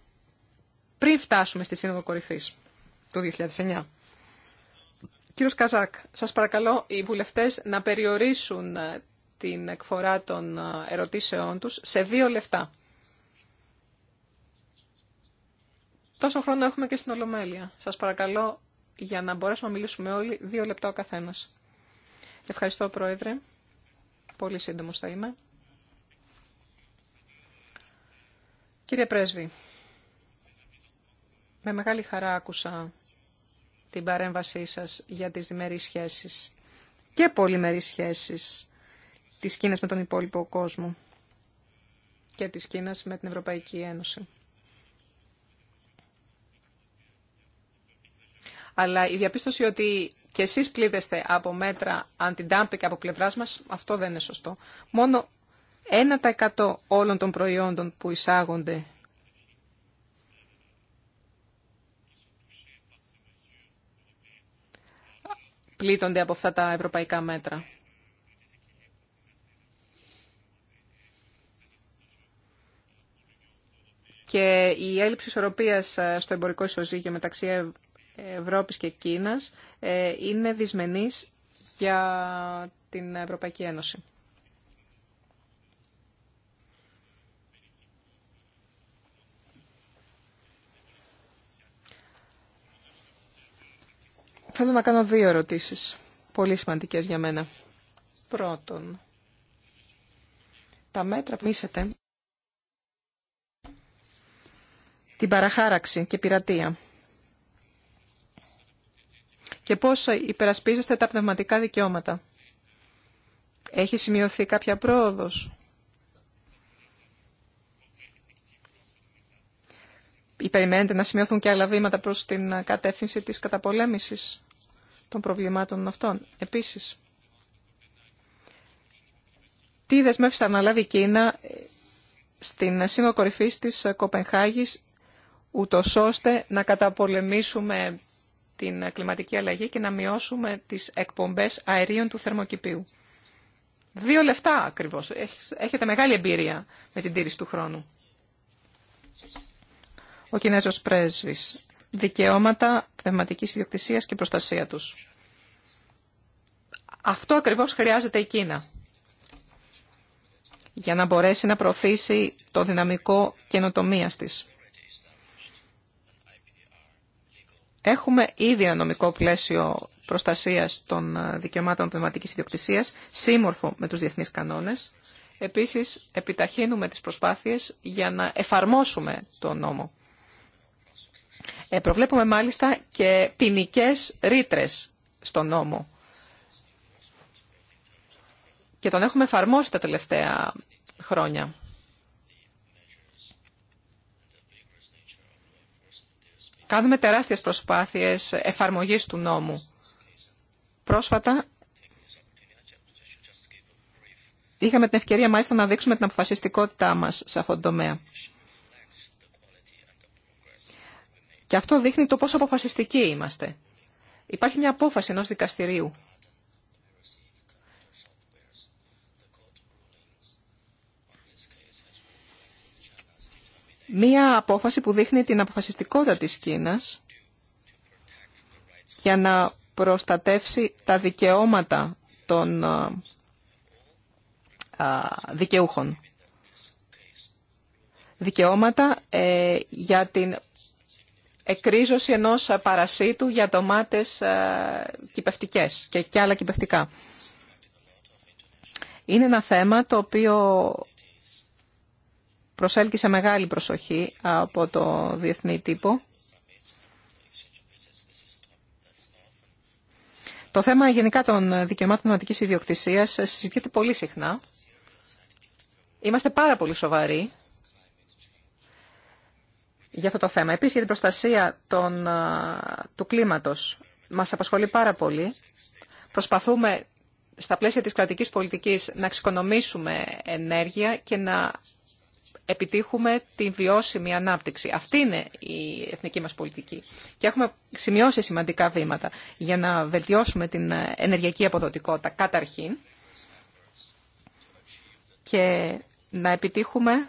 πριν φτάσουμε στη Σύνοδο Κορυφής του 2009. Κύριος Καζάκ, σας παρακαλώ οι βουλευτές να περιορίσουν ε, την εκφορά των ε, ερωτήσεών τους σε δύο λεπτά. Τόσο χρόνο έχουμε και στην Ολομέλεια. Σας παρακαλώ για να μπορέσουμε να μιλήσουμε όλοι δύο λεπτά ο καθένας. Ευχαριστώ Πρόεδρε. Πολύ σύντομο θα είμαι. Κύριε Πρέσβη, με μεγάλη χαρά άκουσα την παρέμβασή σας για τις διμερείς σχέσεις και πολυμερείς σχέσεις της Κίνας με τον υπόλοιπο κόσμο και της Κίνας με την Ευρωπαϊκή Ένωση. Αλλά η διαπίστωση ότι και εσείς πλήδεστε από μέτρα και από πλευράς μας, αυτό δεν είναι σωστό. Μόνο 1% όλων των προϊόντων που εισάγονται πλήττονται από αυτά τα ευρωπαϊκά μέτρα. Και η έλλειψη ισορροπίας ε, στο εμπορικό ισοζύγιο μεταξύ Ευρώπης και Κίνας ε, είναι δυσμενής για την Ευρωπαϊκή Ένωση. Θέλω να κάνω δύο ερωτήσεις, πολύ σημαντικές για μένα. Πρώτον, τα μέτρα που την παραχάραξη και πειρατεία και πώς υπερασπίζεστε τα πνευματικά δικαιώματα. Έχει σημειωθεί κάποια πρόοδος περιμένετε να σημειωθούν και άλλα βήματα προς την κατεύθυνση της καταπολέμησης των προβλημάτων αυτών. Επίσης, τι δεσμεύσει θα αναλάβει η Κίνα ε, στην Σύνοδο κορυφή της Κοπενχάγης, ούτω ώστε να καταπολεμήσουμε την κλιματική αλλαγή και να μειώσουμε τις εκπομπές αερίων του θερμοκηπίου. Δύο λεφτά ακριβώς. Έχετε μεγάλη εμπειρία με την τήρηση του χρόνου ο Κινέζος πρέσβης. Δικαιώματα πνευματικής ιδιοκτησίας και προστασία τους. Αυτό ακριβώς χρειάζεται η Κίνα για να μπορέσει να προωθήσει το δυναμικό καινοτομία της. Έχουμε ήδη ένα νομικό πλαίσιο προστασίας των δικαιωμάτων πνευματικής ιδιοκτησίας, σύμμορφο με τους διεθνείς κανόνες. Επίσης, επιταχύνουμε τις προσπάθειες για να εφαρμόσουμε το νόμο. Ε, προβλέπουμε μάλιστα και ποινικέ ρήτρε στο νόμο. Και τον έχουμε εφαρμόσει τα τελευταία χρόνια. Κάνουμε τεράστιες προσπάθειες εφαρμογής του νόμου. Πρόσφατα είχαμε την ευκαιρία μάλιστα να δείξουμε την αποφασιστικότητά μας σε αυτόν τον τομέα. Και αυτό δείχνει το πόσο αποφασιστικοί είμαστε. Υπάρχει μια απόφαση ενός δικαστηρίου. Μία απόφαση που δείχνει την αποφασιστικότητα της Κίνας για να προστατεύσει τα δικαιώματα των δικαιούχων. Δικαιώματα ε, για την εκρίζωση ενός παρασίτου για ντομάτες κυπευτικές και, και άλλα κυπευτικά. Είναι ένα θέμα το οποίο προσέλκυσε μεγάλη προσοχή από το διεθνή τύπο. Το θέμα γενικά των δικαιωμάτων νοματικής ιδιοκτησίας συζητείται πολύ συχνά. Είμαστε πάρα πολύ σοβαροί για αυτό το θέμα. Επίσης για την προστασία του κλίματος μας απασχολεί πάρα πολύ. Προσπαθούμε στα πλαίσια της κρατικής πολιτικής να εξοικονομήσουμε ενέργεια και να επιτύχουμε την βιώσιμη ανάπτυξη. Αυτή είναι η εθνική μας πολιτική. Και έχουμε σημειώσει σημαντικά βήματα για να βελτιώσουμε την ενεργειακή αποδοτικότητα καταρχήν και να επιτύχουμε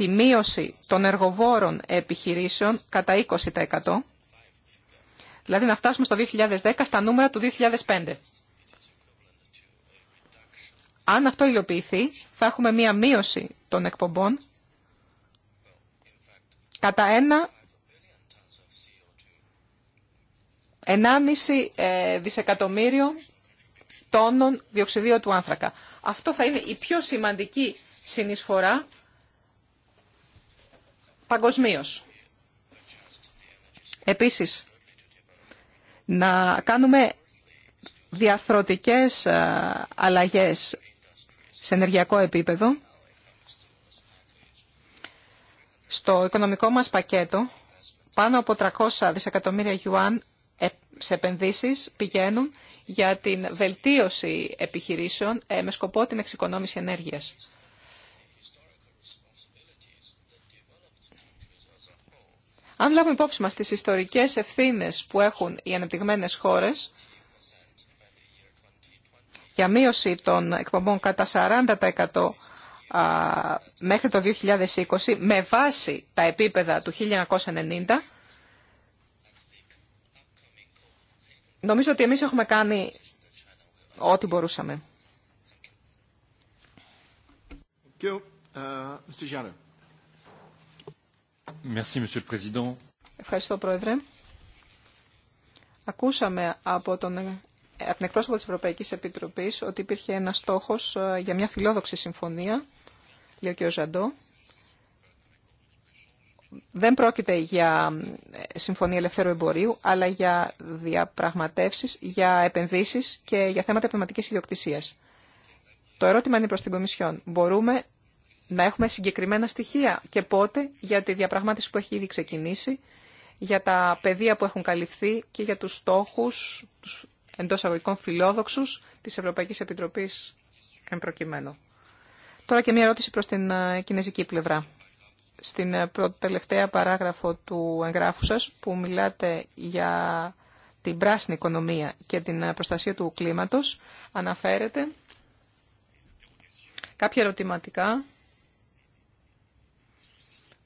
τη μείωση των εργοβόρων επιχειρήσεων κατά 20%, δηλαδή να φτάσουμε στο 2010 στα νούμερα του 2005. Αν αυτό υλοποιηθεί, θα έχουμε μία μείωση των εκπομπών κατά ένα 1,5 ε, δισεκατομμύριο τόνων διοξιδίου του άνθρακα. Αυτό θα είναι η πιο σημαντική συνεισφορά Παγκοσμίως, Επίσης, να κάνουμε διαθρωτικές ε, αλλαγές σε ενεργειακό επίπεδο. Στο οικονομικό μας πακέτο, πάνω από 300 δισεκατομμύρια γιουάν ε, σε επενδύσεις πηγαίνουν για την βελτίωση επιχειρήσεων ε, με σκοπό την εξοικονόμηση ενέργειας. Αν λάβουμε υπόψη μας τις ιστορικές ευθύνες που έχουν οι ανεπτυγμένες χώρες για μείωση των εκπομπών κατά 40% μέχρι το 2020 με βάση τα επίπεδα του 1990, νομίζω ότι εμείς έχουμε κάνει ό,τι μπορούσαμε. Uh, Monsieur Ευχαριστώ, Πρόεδρε. Ακούσαμε από, τον, από την εκπρόσωπο της Ευρωπαϊκής Επιτροπής ότι υπήρχε ένας στόχος ε, για μια φιλόδοξη συμφωνία, λέει ο κ. Ζαντό. Δεν πρόκειται για ε, συμφωνία ελευθέρου εμπορίου, αλλά για διαπραγματεύσεις, για επενδύσεις και για θέματα πνευματικής ιδιοκτησίας. Το ερώτημα είναι προς την Κομισιόν. Μπορούμε να έχουμε συγκεκριμένα στοιχεία και πότε για τη διαπραγμάτευση που έχει ήδη ξεκινήσει, για τα πεδία που έχουν καλυφθεί και για τους στόχους, τους εντός αγωγικών φιλόδοξους της Ευρωπαϊκής Επιτροπής εμπροκειμένου. Τώρα και μια ερώτηση προς την ε, κινέζικη πλευρά. Στην ε, τελευταία παράγραφο του εγγράφου σας που μιλάτε για την πράσινη οικονομία και την ε, προστασία του κλίματος αναφέρεται κάποια ερωτηματικά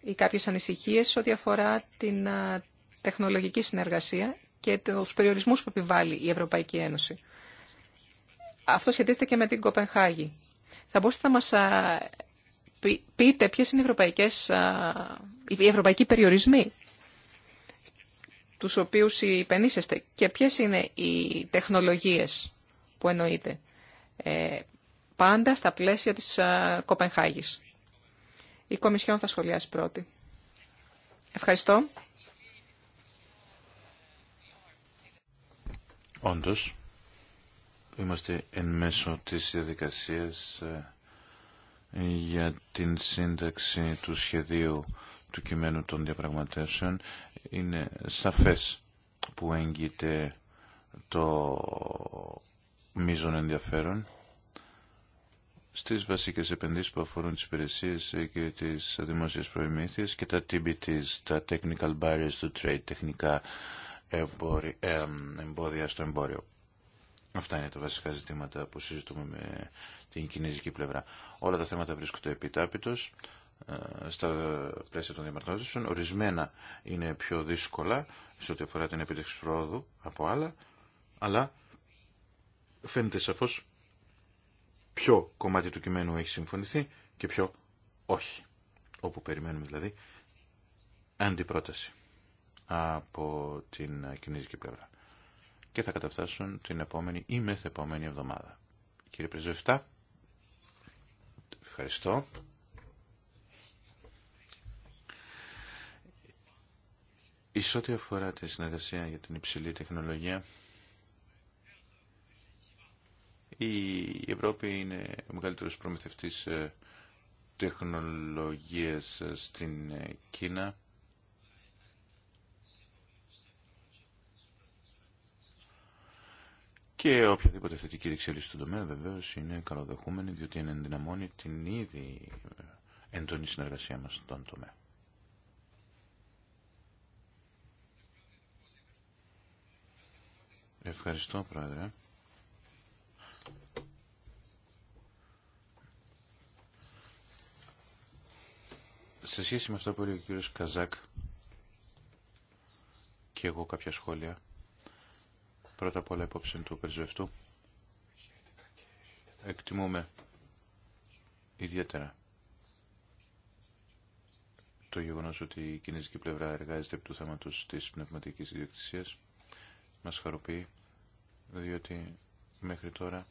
ή κάποιες ανησυχίες ό,τι αφορά την τεχνολογική συνεργασία και τους περιορισμούς που επιβάλλει η Ευρωπαϊκή Ένωση. Αυτό σχετίζεται και με την Κοπενχάγη. Θα μπορούσατε να μας πείτε ποιες είναι οι, ευρωπαϊκές, οι ευρωπαϊκοί περιορισμοί τους οποίους υπενήσεστε και ποιες είναι οι τεχνολογίες που εννοείται. Ε, πάντα στα πλαίσια της Κοπενχάγης. Η Κομισιόν θα σχολιάσει πρώτη. Ευχαριστώ. Όντως, είμαστε εν μέσω της διαδικασίας ε, για την σύνταξη του σχεδίου του κειμένου των διαπραγματεύσεων. Είναι σαφές που έγκυται το μείζον ενδιαφέρον στις βασικές επενδύσεις που αφορούν τις υπηρεσίες ε, και τις δημόσιες προημήθειες και τα TBTs, τα Technical Barriers to Trade, τεχνικά ε, εμπόδια στο εμπόριο. Αυτά είναι τα βασικά ζητήματα που συζητούμε με την κινέζικη πλευρά. Όλα τα θέματα βρίσκονται επιτάπητος ε, στα πλαίσια των διαμαρτυρώσεων. Ορισμένα είναι πιο δύσκολα σε ό,τι αφορά την επίτευξη πρόοδου από άλλα, αλλά φαίνεται σαφώς ποιο κομμάτι του κειμένου έχει συμφωνηθεί και ποιο όχι. Όπου περιμένουμε δηλαδή αντιπρόταση από την κινέζικη πλευρά. Και θα καταφτάσουν την επόμενη ή μεθεπόμενη εβδομάδα. Κύριε Πρεσβευτά, ευχαριστώ. Η ό,τι αφορά τη συνεργασία για την υψηλή τεχνολογία, η Ευρώπη είναι ο μεγαλύτερος προμηθευτής ε, τεχνολογία ε, στην ε, Κίνα. Και οποιαδήποτε θετική δεξιολήση στον τομέα βεβαίω είναι καλοδεχούμενη διότι ενδυναμώνει την ήδη έντονη συνεργασία μας στον τομέα. Ευχαριστώ, Πρόεδρε. Σε σχέση με αυτό που έλεγε ο κύριος Καζάκ και εγώ κάποια σχόλια, πρώτα απ' όλα υπόψη του περισβευτού, εκτιμούμε ιδιαίτερα το γεγονός ότι η κινέζικη πλευρά εργάζεται επί του θέματος της πνευματικής ιδιοκτησίας μας χαροποιεί διότι μέχρι τώρα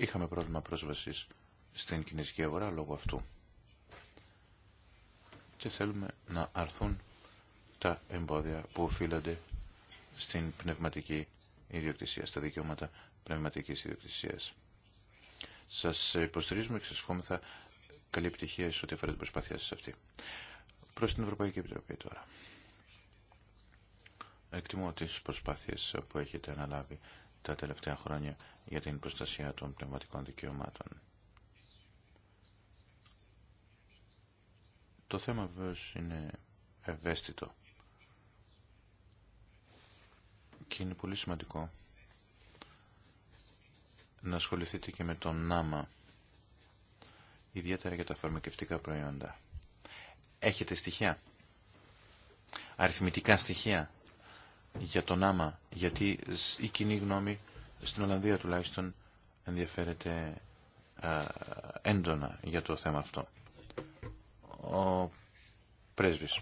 είχαμε πρόβλημα πρόσβασης στην κινέζικη αγορά λόγω αυτού. Και θέλουμε να αρθούν τα εμπόδια που οφείλονται στην πνευματική ιδιοκτησία, στα δικαιώματα πνευματικής ιδιοκτησίας. Σας υποστηρίζουμε και σας ευχόμεθα καλή επιτυχία σε ό,τι αφορά την προσπάθειά σας αυτή. Προς την Ευρωπαϊκή Επιτροπή τώρα. Εκτιμώ τις προσπάθειες που έχετε αναλάβει τα τελευταία χρόνια για την προστασία των πνευματικών δικαιωμάτων. Το θέμα βεβαίω είναι ευαίσθητο και είναι πολύ σημαντικό να ασχοληθείτε και με τον νάμα, ιδιαίτερα για τα φαρμακευτικά προϊόντα. Έχετε στοιχεία, αριθμητικά στοιχεία για τον άμα, γιατί η κοινή γνώμη στην Ολλανδία τουλάχιστον ενδιαφέρεται έντονα για το θέμα αυτό. Ο πρέσβης.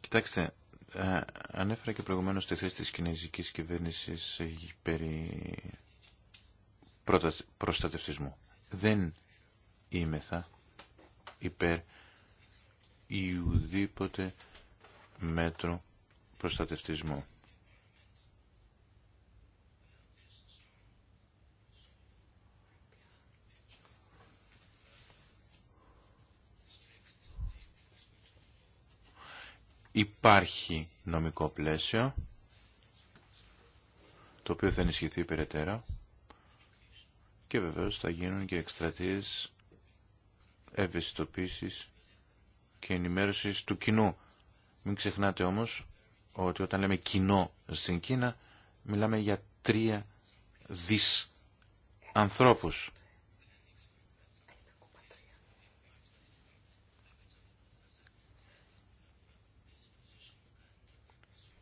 Κοιτάξτε, ανέφερα και προηγουμένως τη θέση της κινέζικης κυβέρνησης ε, περί προστατευτισμού. Δεν θα υπέρ ουδήποτε μέτρο προστατευτισμού. Υπάρχει νομικό πλαίσιο, το οποίο θα ενισχυθεί περαιτέρω και βεβαίως θα γίνουν και εκστρατείες ευαισθητοποίησης και ενημέρωσης του κοινού. Μην ξεχνάτε όμως ότι όταν λέμε κοινό στην Κίνα μιλάμε για τρία δις ανθρώπους.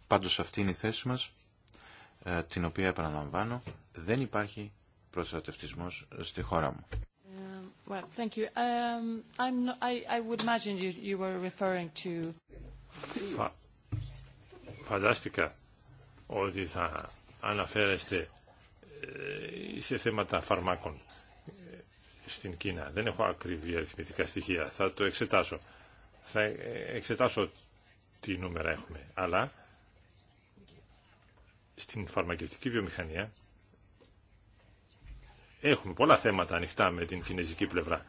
Πάντως αυτή είναι η θέση μας, ε, την οποία επαναλαμβάνω, δεν υπάρχει προστατευτισμός στη χώρα μου. Well, thank you. Φαντάστηκα ότι θα αναφέρεστε ε, σε θέματα φαρμάκων ε, στην Κίνα. Δεν έχω ακριβή αριθμητικά στοιχεία. Θα το εξετάσω. Θα ε, εξετάσω τι νούμερα έχουμε. Αλλά στην φαρμακευτική βιομηχανία Έχουμε πολλά θέματα ανοιχτά με την κινέζικη πλευρά.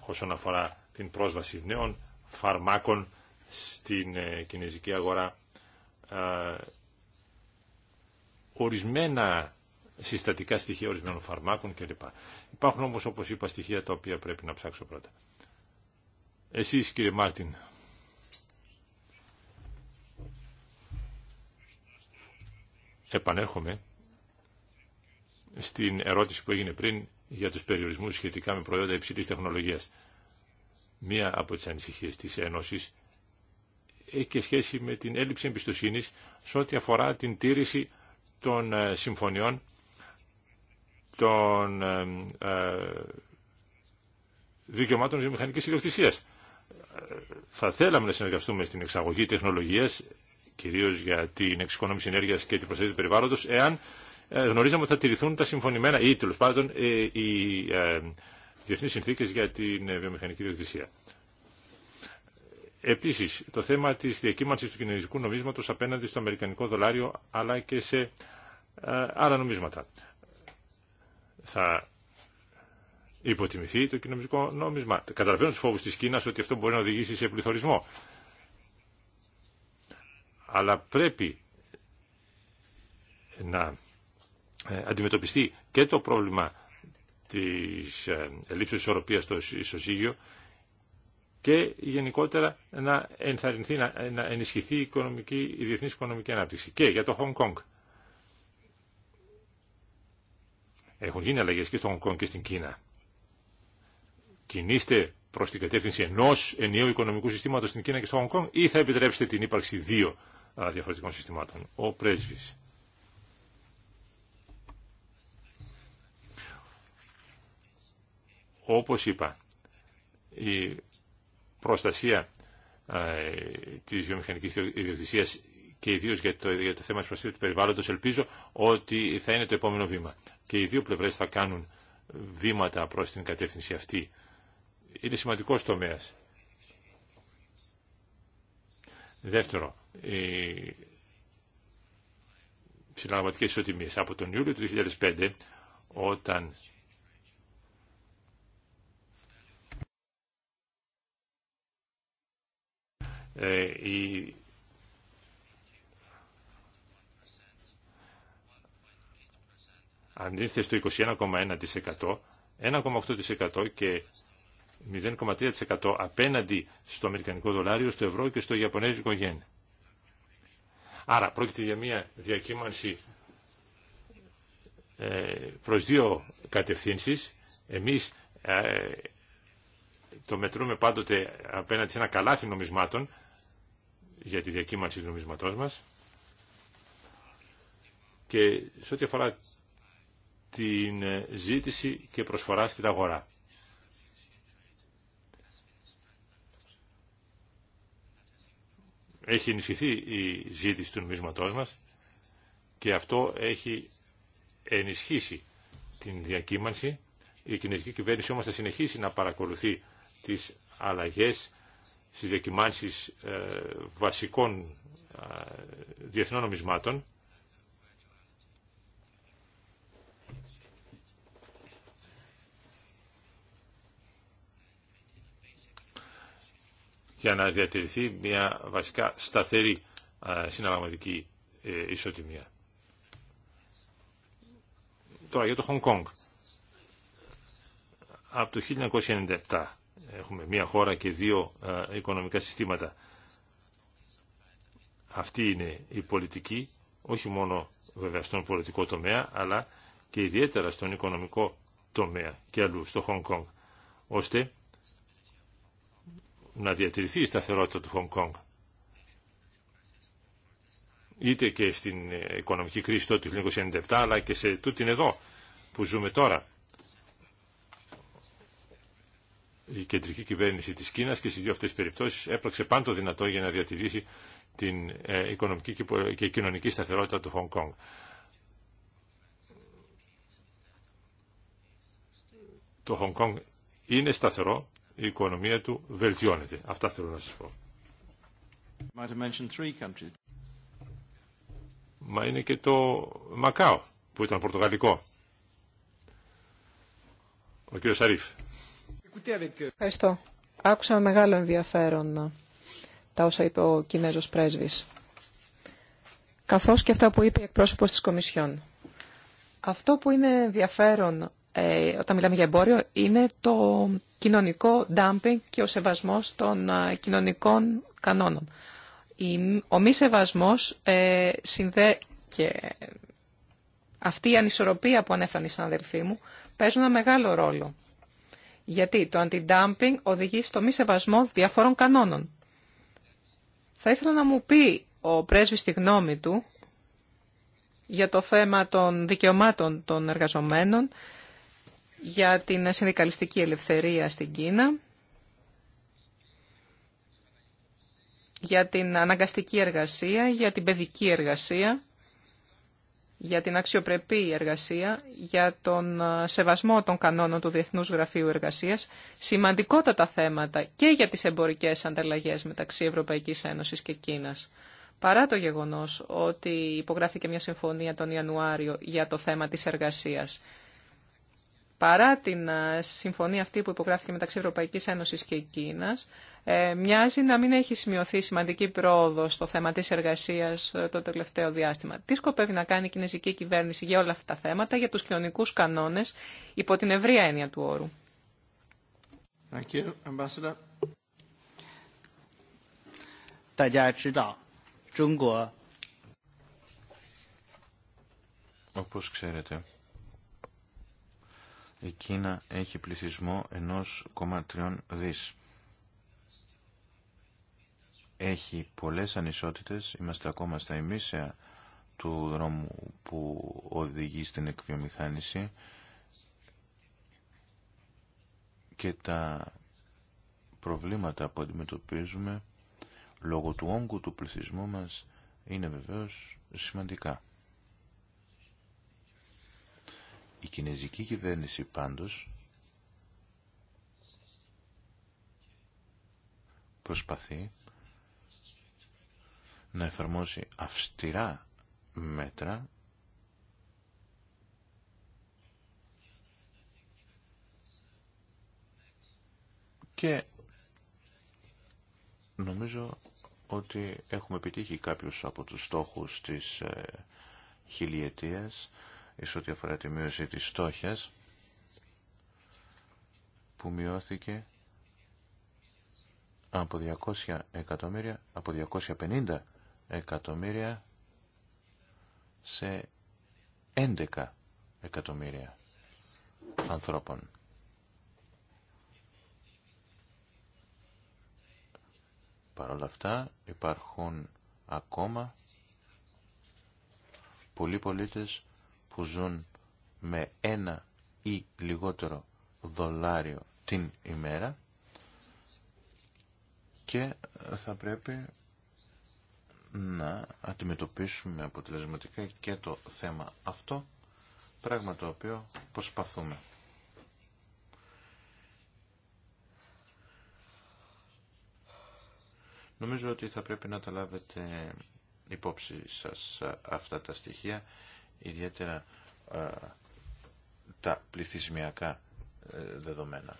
όσον αφορά την πρόσβαση νέων φαρμάκων στην ε, κινέζικη αγορά. Ε, ορισμένα συστατικά στοιχεία ορισμένων φαρμάκων κλπ. Υπάρχουν όμως όπως είπα στοιχεία τα οποία πρέπει να ψάξω πρώτα. Εσείς κύριε Μάρτιν. Επανέρχομαι στην ερώτηση που έγινε πριν για τους περιορισμούς σχετικά με προϊόντα υψηλής τεχνολογίας. Μία από τις ανησυχίες της Ένωσης έχει και σχέση με την έλλειψη εμπιστοσύνης σε ό,τι αφορά την τήρηση των ε, συμφωνιών των ε, ε, δικαιωμάτων μηχανικής ιδιοκτησίας. Θα θέλαμε να συνεργαστούμε στην εξαγωγή τεχνολογίας, κυρίως για την εξοικονόμηση ενέργειας και την προστασία του περιβάλλοντος, εάν ε, γνωρίζαμε ότι θα τηρηθούν τα συμφωνημένα ή τέλο πάντων ε, οι ε, διεθνεί συνθήκε για την βιομηχανική διοκτησία. Επίσης, το θέμα της διακύμανσης του κινέζικου νομίσματος απέναντι στο αμερικανικό δολάριο αλλά και σε άλλα νομίσματα. Θα υποτιμηθεί το κοινωνικό νόμισμα. Καταλαβαίνω τους φόβους της Κίνας ότι αυτό μπορεί να οδηγήσει σε πληθωρισμό. Αλλά πρέπει να ε, αντιμετωπιστεί και το πρόβλημα της ε, ελλείψης ισορροπίας στο ισοζύγιο και γενικότερα να ενθαρρυνθεί, ε, να, ενισχυθεί η, οικονομική, η διεθνής οικονομική ανάπτυξη. Και για το Hong. Kong. Έχουν γίνει αλλαγέ και στο Χογκόνγκ και στην Κίνα. Κινείστε προ την κατεύθυνση ενό ενιαίου οικονομικού συστήματο στην Κίνα και στο Χογκόνγκ ή θα επιτρέψετε την ύπαρξη δύο διαφορετικών συστημάτων. Ο πρέσβης. Όπως είπα, η προστασία ε, της βιομηχανικής ιδιοκτησίας και ιδίω για, το, το θέμα της προστασίας του περιβάλλοντος ελπίζω ότι θα είναι το επόμενο βήμα. Και οι δύο πλευρές θα κάνουν βήματα προς την κατεύθυνση αυτή. Είναι σημαντικός τομέας. Δεύτερο, οι συναλλαγματικές ισοτιμίες. Από τον Ιούλιο του 2005, όταν Ε, η στο 21,1%, 1,8% και 0,3% απέναντι στο αμερικανικό δολάριο, στο ευρώ και στο ιαπωνέζικο γεν. Άρα πρόκειται για μια διακύμανση ε, προς δύο κατευθύνσεις. Εμείς ε, το μετρούμε πάντοτε απέναντι σε ένα καλάθι νομισμάτων για τη διακύμανση του νομισματός μας και σε ό,τι αφορά την ε, ζήτηση και προσφορά στην αγορά. Έχει ενισχυθεί η ζήτηση του νομίσματός μας και αυτό έχει ενισχύσει την διακύμανση. Η κινέζικη κυβέρνηση όμως θα συνεχίσει να παρακολουθεί τις αλλαγές στις δοκιμάνσεις ε, βασικών ε, διεθνών νομισμάτων για να διατηρηθεί μια βασικά σταθερή ε, συναλλαγματική ισοτιμία. Τώρα για το Χονγκ Κόνγκ. Από το 1997 έχουμε μία χώρα και δύο ε, οικονομικά συστήματα. Αυτή είναι η πολιτική, όχι μόνο βέβαια στον πολιτικό τομέα, αλλά και ιδιαίτερα στον οικονομικό τομέα και αλλού, στο Χονγκ Κονγκ, ώστε να διατηρηθεί η σταθερότητα του Χονγκ Κονγκ. Είτε και στην ε, οικονομική κρίση τότε του 1997, αλλά και σε τούτην εδώ που ζούμε τώρα. η κεντρική κυβέρνηση της Κίνας και στις δύο αυτές περιπτώσεις έπραξε πάντο δυνατό για να διατηρήσει την ε, οικονομική και κοινωνική σταθερότητα του Χονγκ Κονγκ. Το Χονγκ Κονγκ είναι σταθερό, η οικονομία του βελτιώνεται. Αυτά θέλω να σας πω. Μα είναι και το Μακάο που ήταν πορτογαλικό. Ο κύριος Σαρίφ. Euh, Ευχαριστώ. Άκουσα με μεγάλο ενδιαφέρον ε, τα όσα είπε ο Κινέζος πρέσβης, καθώς και αυτά που είπε η εκπρόσωπος της Κομισιόν. Αυτό που είναι ενδιαφέρον ε, όταν μιλάμε για εμπόριο είναι το κοινωνικό dumping και ο σεβασμός των ε, κοινωνικών κανόνων. Η, ο μη σεβασμός συνδέει και αυτή η ανισορροπία που ανέφεραν οι συναδελφοί μου παίζουν ένα μεγάλο ρόλο γιατί το αντι-dumping οδηγεί στο μη σεβασμό διαφόρων κανόνων. Θα ήθελα να μου πει ο πρέσβης τη γνώμη του για το θέμα των δικαιωμάτων των εργαζομένων, για την συνδικαλιστική ελευθερία στην Κίνα, για την αναγκαστική εργασία, για την παιδική εργασία για την αξιοπρεπή εργασία, για τον ε, σεβασμό των κανόνων του Διεθνούς Γραφείου Εργασίας, σημαντικότατα θέματα και για τις εμπορικές ανταλλαγές μεταξύ Ευρωπαϊκής Ένωσης και Κίνας. Παρά το γεγονός ότι υπογράφηκε μια συμφωνία τον Ιανουάριο για το θέμα της εργασίας, παρά την ε, συμφωνία αυτή που υπογράφηκε μεταξύ Ευρωπαϊκής Ένωσης και Κίνας, ε, μοιάζει να μην έχει σημειωθεί σημαντική πρόοδο στο θέμα της εργασίας ε, το τελευταίο διάστημα. Τι σκοπεύει να κάνει η κινέζικη κυβέρνηση για όλα αυτά τα θέματα, για τους κοινωνικούς κανόνες, υπό την ευρία έννοια του όρου. Thank ξέρετε, η Κίνα έχει πληθυσμό 1,3 δις έχει πολλές ανισότητες, είμαστε ακόμα στα ημίσια του δρόμου που οδηγεί στην εκβιομηχάνηση και τα προβλήματα που αντιμετωπίζουμε λόγω του όγκου του πληθυσμού μας είναι βεβαίως σημαντικά. Η κινέζικη κυβέρνηση πάντως προσπαθεί να εφαρμόσει αυστηρά μέτρα και νομίζω ότι έχουμε επιτύχει κάποιους από τους στόχους της ε, χιλιετίας εις ό,τι αφορά τη μείωση της στόχιας που μειώθηκε από 200 εκατομμύρια, από 250 εκατομμύρια σε 11 εκατομμύρια ανθρώπων. Παρ' όλα αυτά υπάρχουν ακόμα πολλοί πολίτες που ζουν με ένα ή λιγότερο δολάριο την ημέρα και θα πρέπει να αντιμετωπίσουμε αποτελεσματικά και το θέμα αυτό, πράγμα το οποίο προσπαθούμε. Νομίζω ότι θα πρέπει να τα λάβετε υπόψη σας αυτά τα στοιχεία, ιδιαίτερα τα πληθυσμιακά ε, δεδομένα.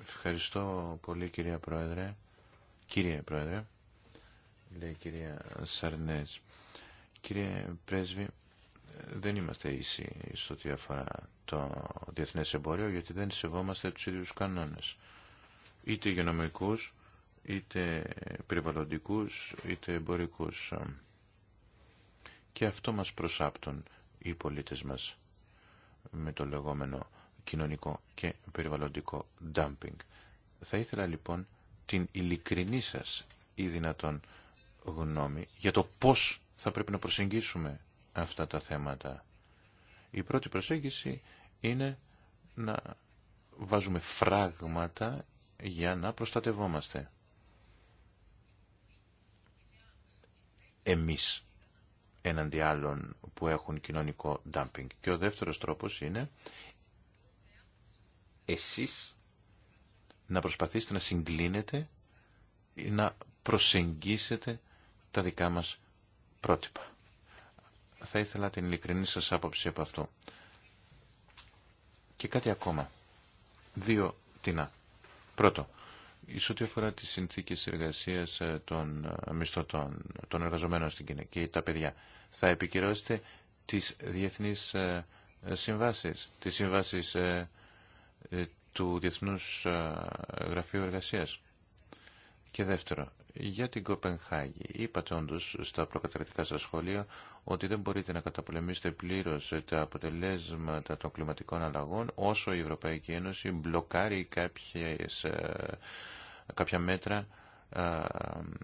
Ευχαριστώ πολύ κυρία Πρόεδρε. Κύριε Πρόεδρε λέει η κυρία Σαρνές. Κύριε Πρέσβη, δεν είμαστε ίσοι στο ό,τι αφορά το διεθνές εμπόριο, γιατί δεν σεβόμαστε τους ίδιους κανόνες. Είτε υγειονομικούς, είτε περιβαλλοντικούς, είτε εμπορικούς. Και αυτό μας προσάπτουν οι πολίτες μας με το λεγόμενο κοινωνικό και περιβαλλοντικό dumping. Θα ήθελα λοιπόν την ειλικρινή σας ή δυνατόν για το πώς θα πρέπει να προσεγγίσουμε αυτά τα θέματα. Η πρώτη προσέγγιση είναι να βάζουμε φράγματα για να προστατευόμαστε. Εμείς έναντι άλλων που έχουν κοινωνικό dumping. Και ο δεύτερος τρόπος είναι εσείς να προσπαθήσετε να συγκλίνετε ή να προσεγγίσετε τα δικά μας πρότυπα. Θα ήθελα την ειλικρινή σας άποψη από αυτό. Και κάτι ακόμα. Δύο τινά. Πρώτο, εις ό,τι αφορά τις συνθήκες εργασίας ε, των ε, μισθωτών, των εργαζομένων στην Κίνα και τα παιδιά, θα επικυρώσετε τις διεθνείς ε, συμβάσεις, τις συμβάσεις του Διεθνούς Γραφείου Εργασίας. Και δεύτερο, για την Κοπενχάγη, είπατε όντω στα προκαταρκτικά σα σχόλια ότι δεν μπορείτε να καταπολεμήσετε πλήρως τα αποτελέσματα των κλιματικών αλλαγών όσο η Ευρωπαϊκή Ένωση μπλοκάρει κάποιες, ε, κάποια μέτρα ε,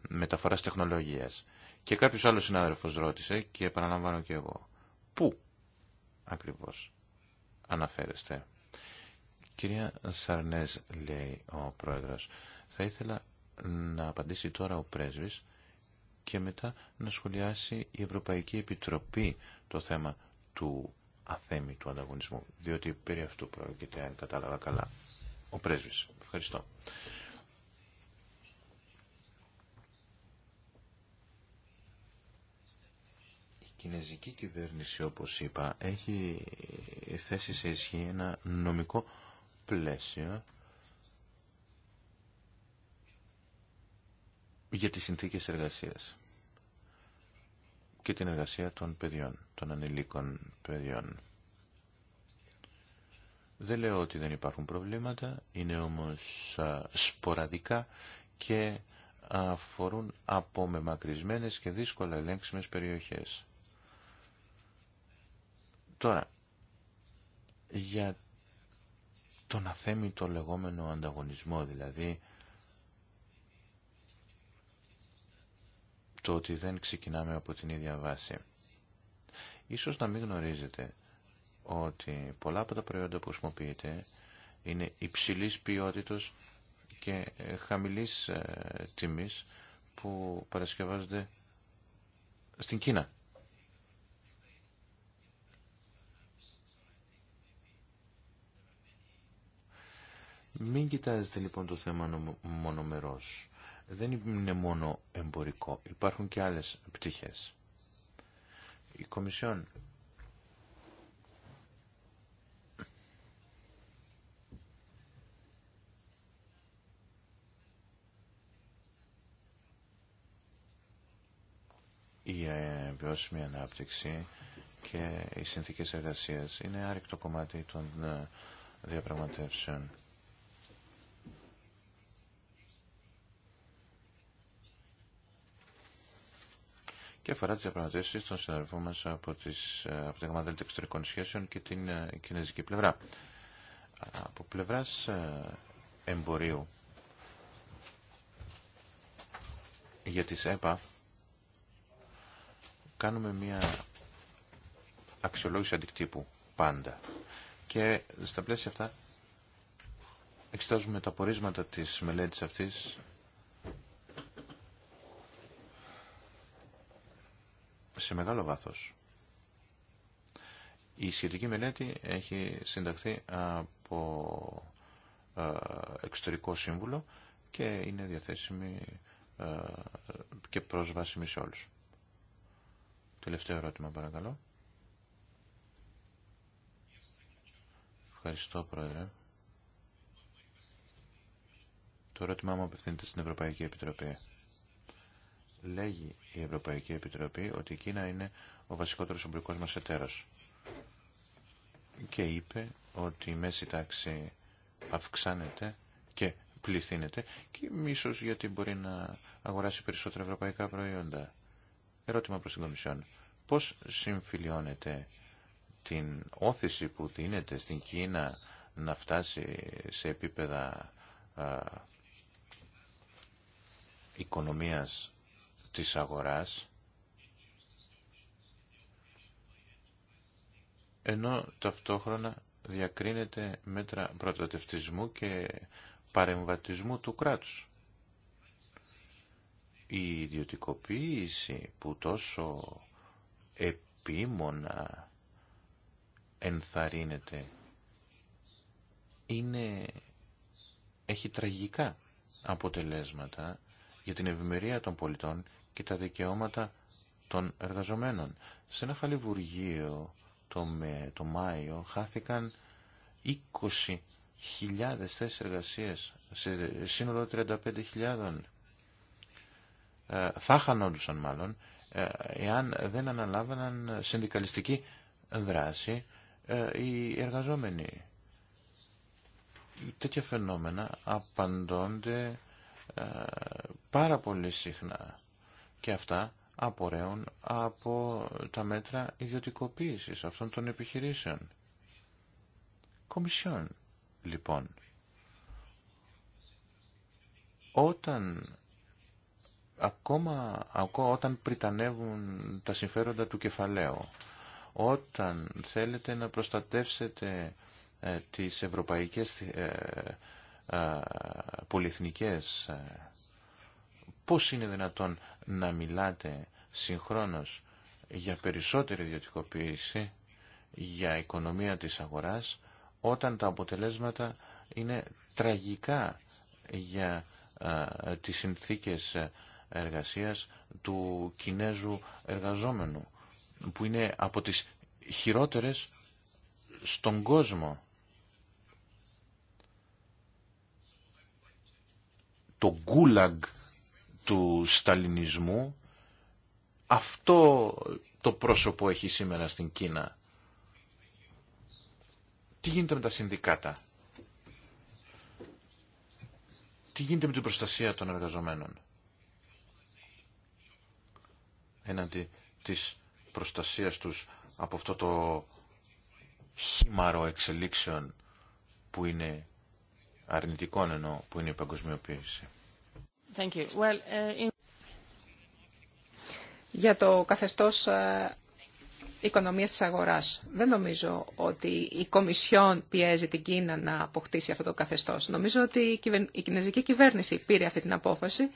μεταφοράς τεχνολογίας. Και κάποιο άλλο συνάδελφο ρώτησε και επαναλαμβάνω και εγώ. Πού ακριβώ αναφέρεστε. Κυρία Σαρνές λέει ο πρόεδρος, θα ήθελα να απαντήσει τώρα ο πρέσβης και μετά να σχολιάσει η Ευρωπαϊκή Επιτροπή το θέμα του αθέμη του ανταγωνισμού, διότι περί αυτού πρόκειται, αν κατάλαβα καλά, ο πρέσβης. Ευχαριστώ. Η κινέζικη κυβέρνηση, όπως είπα, έχει θέσει σε ισχύ ένα νομικό πλαίσιο για τις συνθήκες εργασίας και την εργασία των παιδιών, των ανηλίκων παιδιών. Δεν λέω ότι δεν υπάρχουν προβλήματα, είναι όμως σποραδικά και αφορούν από μεμακρυσμένες και δύσκολα ελέγξιμες περιοχές. Τώρα, για τον αθέμητο λεγόμενο ανταγωνισμό, δηλαδή το ότι δεν ξεκινάμε από την ίδια βάση. Ίσως να μην γνωρίζετε ότι πολλά από τα προϊόντα που χρησιμοποιείτε είναι υψηλής ποιότητος και ε, χαμηλής ε, τιμής που παρασκευάζονται στην Κίνα. Μην κοιτάζετε λοιπόν το θέμα μονομερός δεν είναι μόνο εμπορικό. Υπάρχουν και άλλες πτυχές. Η Κομισιόν η ε, βιώσιμη ανάπτυξη και οι συνθήκες εργασίας είναι άρρηκτο κομμάτι των ε, διαπραγματεύσεων. και αφορά τι διαπραγματεύσει των συναδελφών μα από, τις, ε, από Εξωτερικών Σχέσεων και την ε, κινέζικη πλευρά. Από πλευράς ε, εμπορίου για τις ΕΠΑ κάνουμε μια αξιολόγηση αντικτύπου πάντα και στα πλαίσια αυτά εξετάζουμε τα πορίσματα της μελέτης αυτής σε μεγάλο βάθος. Η σχετική μελέτη έχει συνταχθεί από ε, εξωτερικό σύμβουλο και είναι διαθέσιμη ε, και πρόσβασιμη σε όλους. Τελευταίο ερώτημα παρακαλώ. Ευχαριστώ Πρόεδρε. Το ερώτημά μου απευθύνεται στην Ευρωπαϊκή Επιτροπή λέγει η Ευρωπαϊκή Επιτροπή ότι η Κίνα είναι ο βασικότερος εμπορικός μας εταίρος. Και είπε ότι η μέση τάξη αυξάνεται και πληθύνεται και ίσως γιατί μπορεί να αγοράσει περισσότερα ευρωπαϊκά προϊόντα. Ερώτημα προς την Κομισιόν. Πώς συμφιλιώνεται την όθηση που δίνεται στην Κίνα να φτάσει σε επίπεδα οικονομίας της αγοράς, ενώ ταυτόχρονα διακρίνεται μέτρα πρωτοτευτισμού και παρεμβατισμού του κράτους. Η ιδιωτικοποίηση που τόσο επίμονα ενθαρρύνεται είναι, έχει τραγικά αποτελέσματα για την ευημερία των πολιτών και τα δικαιώματα των εργαζομένων. Σε ένα χαλιβουργείο το, με, το Μάιο χάθηκαν 20.000 θέσεις εργασίας σε σύνολο 35.000. Ε, θα χανόντουσαν μάλλον ε, εάν δεν αναλάβαναν συνδικαλιστική δράση ε, οι εργαζόμενοι. Τέτοια φαινόμενα απαντώνται ε, πάρα πολύ συχνά και αυτά απορρέουν από τα μέτρα ιδιωτικοποίησης αυτών των επιχειρήσεων. Κομισιόν, λοιπόν, όταν ακόμα, ακόμα όταν πριτανεύουν τα συμφέροντα του κεφαλαίου, όταν θέλετε να προστατεύσετε ε, τις ευρωπαϊκές ε, ε, ε Πώς είναι δυνατόν να μιλάτε συγχρόνως για περισσότερη ιδιωτικοποίηση, για οικονομία της αγοράς, όταν τα αποτελέσματα είναι τραγικά για τις συνθήκες εργασίας του Κινέζου εργαζόμενου, που είναι από τις χειρότερες στον κόσμο. Το γκούλαγκ του σταλινισμού. Αυτό το πρόσωπο έχει σήμερα στην Κίνα. Τι γίνεται με τα συνδικάτα. Τι γίνεται με την προστασία των εργαζομένων. Έναντι της προστασίας τους από αυτό το χήμαρο εξελίξεων που είναι αρνητικό ενώ που είναι η παγκοσμιοποίηση. Uh, Για το καθεστώς ε, οικονομίας της αγοράς. Δεν νομίζω ότι η Κομισιόν πιέζει την Κίνα να αποκτήσει αυτό το καθεστώς. Νομίζω ότι η κινέζικη κυβέρνηση πήρε αυτή την απόφαση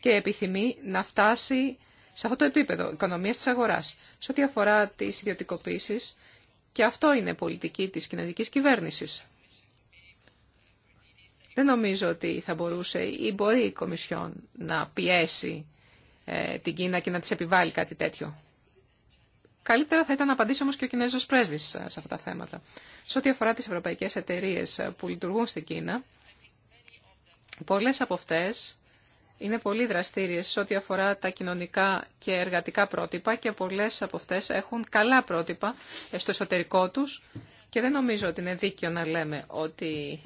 και επιθυμεί να φτάσει σε αυτό το επίπεδο οικονομίας της αγοράς. Σε ό,τι αφορά τις ιδιωτικοποίησεις, και αυτό είναι πολιτική της κινέζικης κυβέρνησης. Δεν νομίζω ότι θα μπορούσε ή μπορεί η Κομισιόν να πιέσει ε, την Κίνα και να της επιβάλλει κάτι τέτοιο. Καλύτερα θα ήταν να απαντήσει όμως και ο Κινέζος πρέσβης ε, σε αυτά τα θέματα. Σε ό,τι αφορά τις ευρωπαϊκές εταιρείες ε, που λειτουργούν στην Κίνα, πολλές από αυτές είναι πολύ δραστήριες σε ό,τι αφορά τα κοινωνικά και εργατικά πρότυπα και πολλές από αυτές έχουν καλά πρότυπα στο εσωτερικό τους και δεν νομίζω ότι είναι δίκαιο να λέμε ότι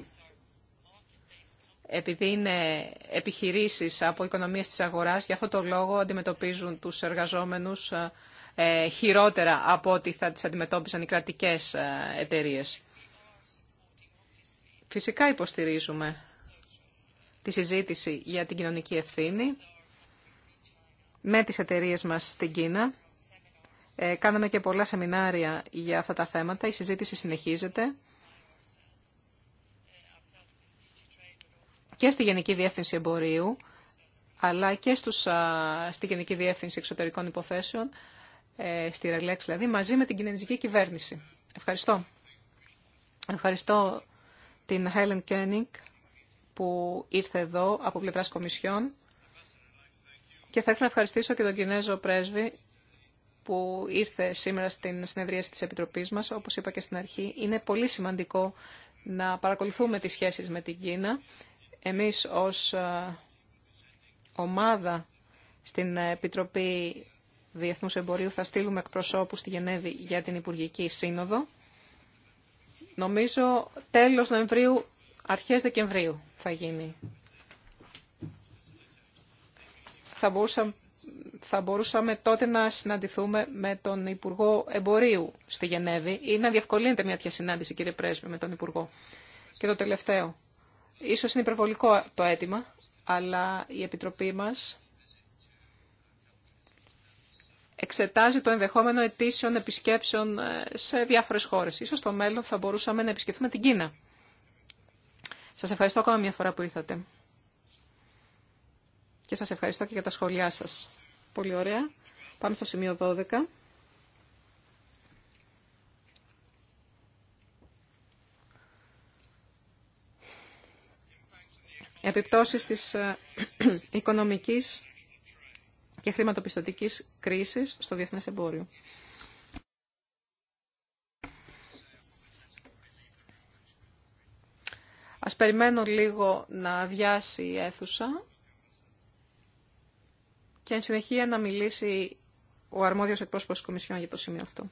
επειδή είναι επιχειρήσεις από οικονομίες της αγοράς, για αυτό το λόγο αντιμετωπίζουν τους εργαζόμενους ε, ε, χειρότερα από ό,τι θα τις αντιμετώπιζαν οι κρατικές ε, εταιρείες. Φυσικά υποστηρίζουμε τη συζήτηση για την κοινωνική ευθύνη με τις εταιρείες μας στην Κίνα. κάναμε και πολλά σεμινάρια για αυτά τα θέματα. Η συζήτηση συνεχίζεται. και στη Γενική Διεύθυνση Εμπορίου, αλλά και στους, στη Γενική Διεύθυνση Εξωτερικών Υποθέσεων, ε, στη Ρελέξ δηλαδή, μαζί με την κινέζικη κυβέρνηση. Ευχαριστώ. Ευχαριστώ την Helen Koenig που ήρθε εδώ από πλευράς Κομισιόν και θα ήθελα να ευχαριστήσω και τον Κινέζο πρέσβη που ήρθε σήμερα στην συνεδρίαση της Επιτροπής μας. Όπως είπα και στην αρχή, είναι πολύ σημαντικό να παρακολουθούμε τις σχέσεις με την Κίνα εμείς ως ε, ομάδα στην Επιτροπή Διεθνούς Εμπορίου θα στείλουμε εκπροσώπους στη Γενέβη για την Υπουργική Σύνοδο. Νομίζω τέλος Νοεμβρίου, αρχές Δεκεμβρίου θα γίνει. Θα μπορούσαμε, θα μπορούσαμε τότε να συναντηθούμε με τον Υπουργό Εμπορίου στη Γενέβη ή να διευκολύνεται μια τέτοια συνάντηση, κύριε Πρέσβη, με τον Υπουργό. Και το τελευταίο. Ίσως είναι υπερβολικό το αίτημα, αλλά η Επιτροπή μας εξετάζει το ενδεχόμενο αιτήσεων επισκέψεων ε, σε διάφορες χώρες. Ίσως στο μέλλον θα μπορούσαμε να επισκεφθούμε την Κίνα. Σας ευχαριστώ ακόμα μια φορά που ήρθατε. Και σας ευχαριστώ και για τα σχόλιά σας. Πολύ ωραία. Πάμε στο σημείο 12. επιπτώσεις της ε, οικονομικής και χρηματοπιστωτικής κρίσης στο διεθνές εμπόριο. Ας περιμένω λίγο να αδειάσει η αίθουσα και εν συνεχεία να μιλήσει ο αρμόδιος εκπρόσωπος της Κομισιόν για το σημείο αυτό.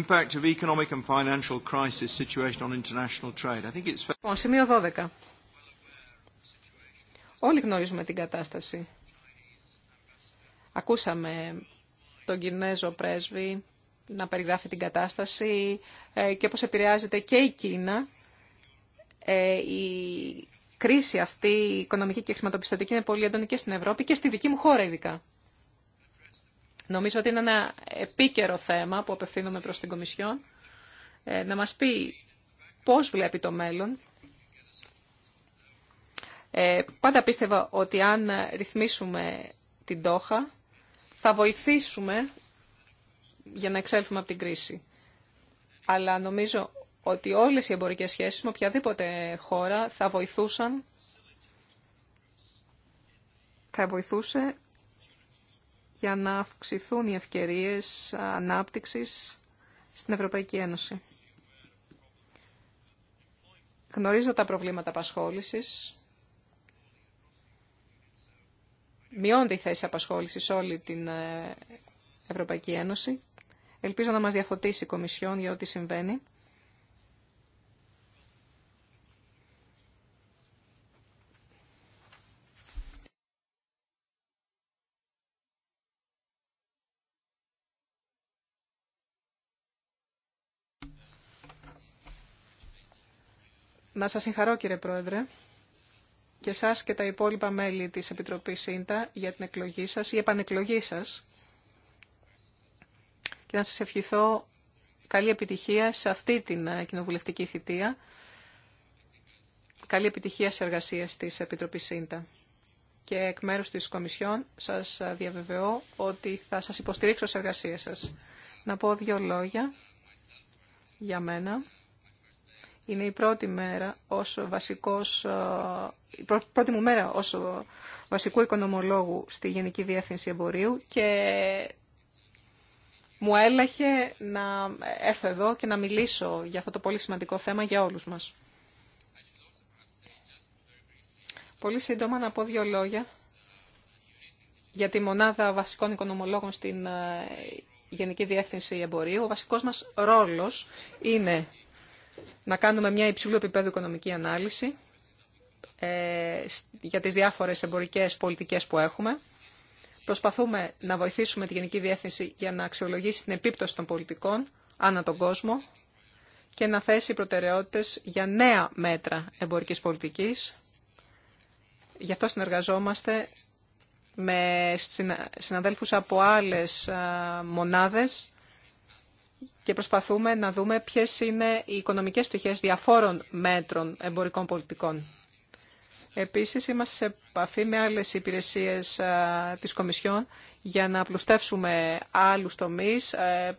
Impact of economic and financial crisis situation on international trade. I think it's... Λοιπόν, σημείο 12. Όλοι γνωρίζουμε την κατάσταση. Ακούσαμε τον Κινέζο πρέσβη να περιγράφει την κατάσταση ε, και πώς επηρεάζεται και η Κίνα. Ε, η κρίση αυτή, η οικονομική και χρηματοπιστωτική, είναι πολύ έντονη και στην Ευρώπη και στη δική μου χώρα ειδικά. Νομίζω ότι είναι ένα επίκαιρο θέμα που απευθύνομαι προς την Κομισιόν ε, να μας πει πώς βλέπει το μέλλον. Ε, πάντα πίστευα ότι αν ρυθμίσουμε την τόχα θα βοηθήσουμε για να εξέλθουμε από την κρίση. Αλλά νομίζω ότι όλες οι εμπορικές σχέσεις με οποιαδήποτε χώρα θα βοηθούσαν θα βοηθούσε για να αυξηθούν οι ευκαιρίες ανάπτυξης στην Ευρωπαϊκή Ένωση. Γνωρίζω τα προβλήματα απασχόλησης. Μειώνται η θέση απασχόλησης όλη την ε, Ευρωπαϊκή Ένωση. Ελπίζω να μας διαφωτίσει η Κομισιόν για ό,τι συμβαίνει. Να σας συγχαρώ κύριε Πρόεδρε και σας και τα υπόλοιπα μέλη της Επιτροπής ΣΥΝΤΑ για την εκλογή σας ή επανεκλογή σας και να σας ευχηθώ καλή επιτυχία σε αυτή την ε, κοινοβουλευτική θητεία, καλή επιτυχία σε εργασίες της Επιτροπής ΣΥΝΤΑ. Και εκ μέρους της Κομισιόν σας ε, διαβεβαιώ ότι θα σας υποστηρίξω σε εργασίες σας. Να πω δύο λόγια για μένα. Είναι η πρώτη μέρα ως βασικός, ε, πρώτη μου μέρα ως βασικού οικονομολόγου στη Γενική Διεύθυνση Εμπορίου και μου έλαχε να έρθω εδώ και να μιλήσω για αυτό το πολύ σημαντικό θέμα για όλους μας. Πολύ σύντομα να πω δύο λόγια για τη μονάδα βασικών οικονομολόγων στην ε, Γενική Διεύθυνση Εμπορίου. Ο βασικός μας ρόλος είναι να κάνουμε μια υψηλού επίπεδου οικονομική ανάλυση ε, για τις διάφορες εμπορικές πολιτικές που έχουμε. Προσπαθούμε να βοηθήσουμε τη Γενική Διεύθυνση για να αξιολογήσει την επίπτωση των πολιτικών ανά τον κόσμο και να θέσει προτεραιότητες για νέα μέτρα εμπορικής πολιτικής. Γι' αυτό συνεργαζόμαστε με συναδέλφους από άλλες μονάδες και προσπαθούμε να δούμε ποιες είναι οι οικονομικές πτυχές διαφόρων μέτρων εμπορικών πολιτικών. Επίσης, είμαστε σε επαφή με άλλες υπηρεσίες της Κομισιόν για να απλουστεύσουμε άλλους τομείς.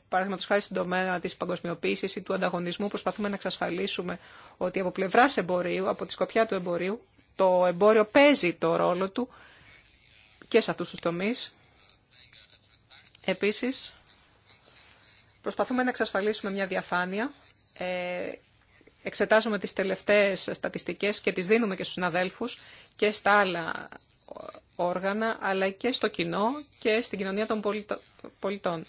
Παραδείγματος χάρη στην τομέα της παγκοσμιοποίησης ή του ανταγωνισμού προσπαθούμε να εξασφαλίσουμε ότι από πλευράς εμπορίου, από τη σκοπιά του εμπορίου, το εμπόριο παίζει το ρόλο του και σε αυτούς τους τομείς. Επίσης, Προσπαθούμε να εξασφαλίσουμε μια διαφάνεια. Ε, εξετάζουμε τις τελευταίες στατιστικές και τις δίνουμε και στους συναδέλφους και στα άλλα όργανα, αλλά και στο κοινό και στην κοινωνία των πολιτών.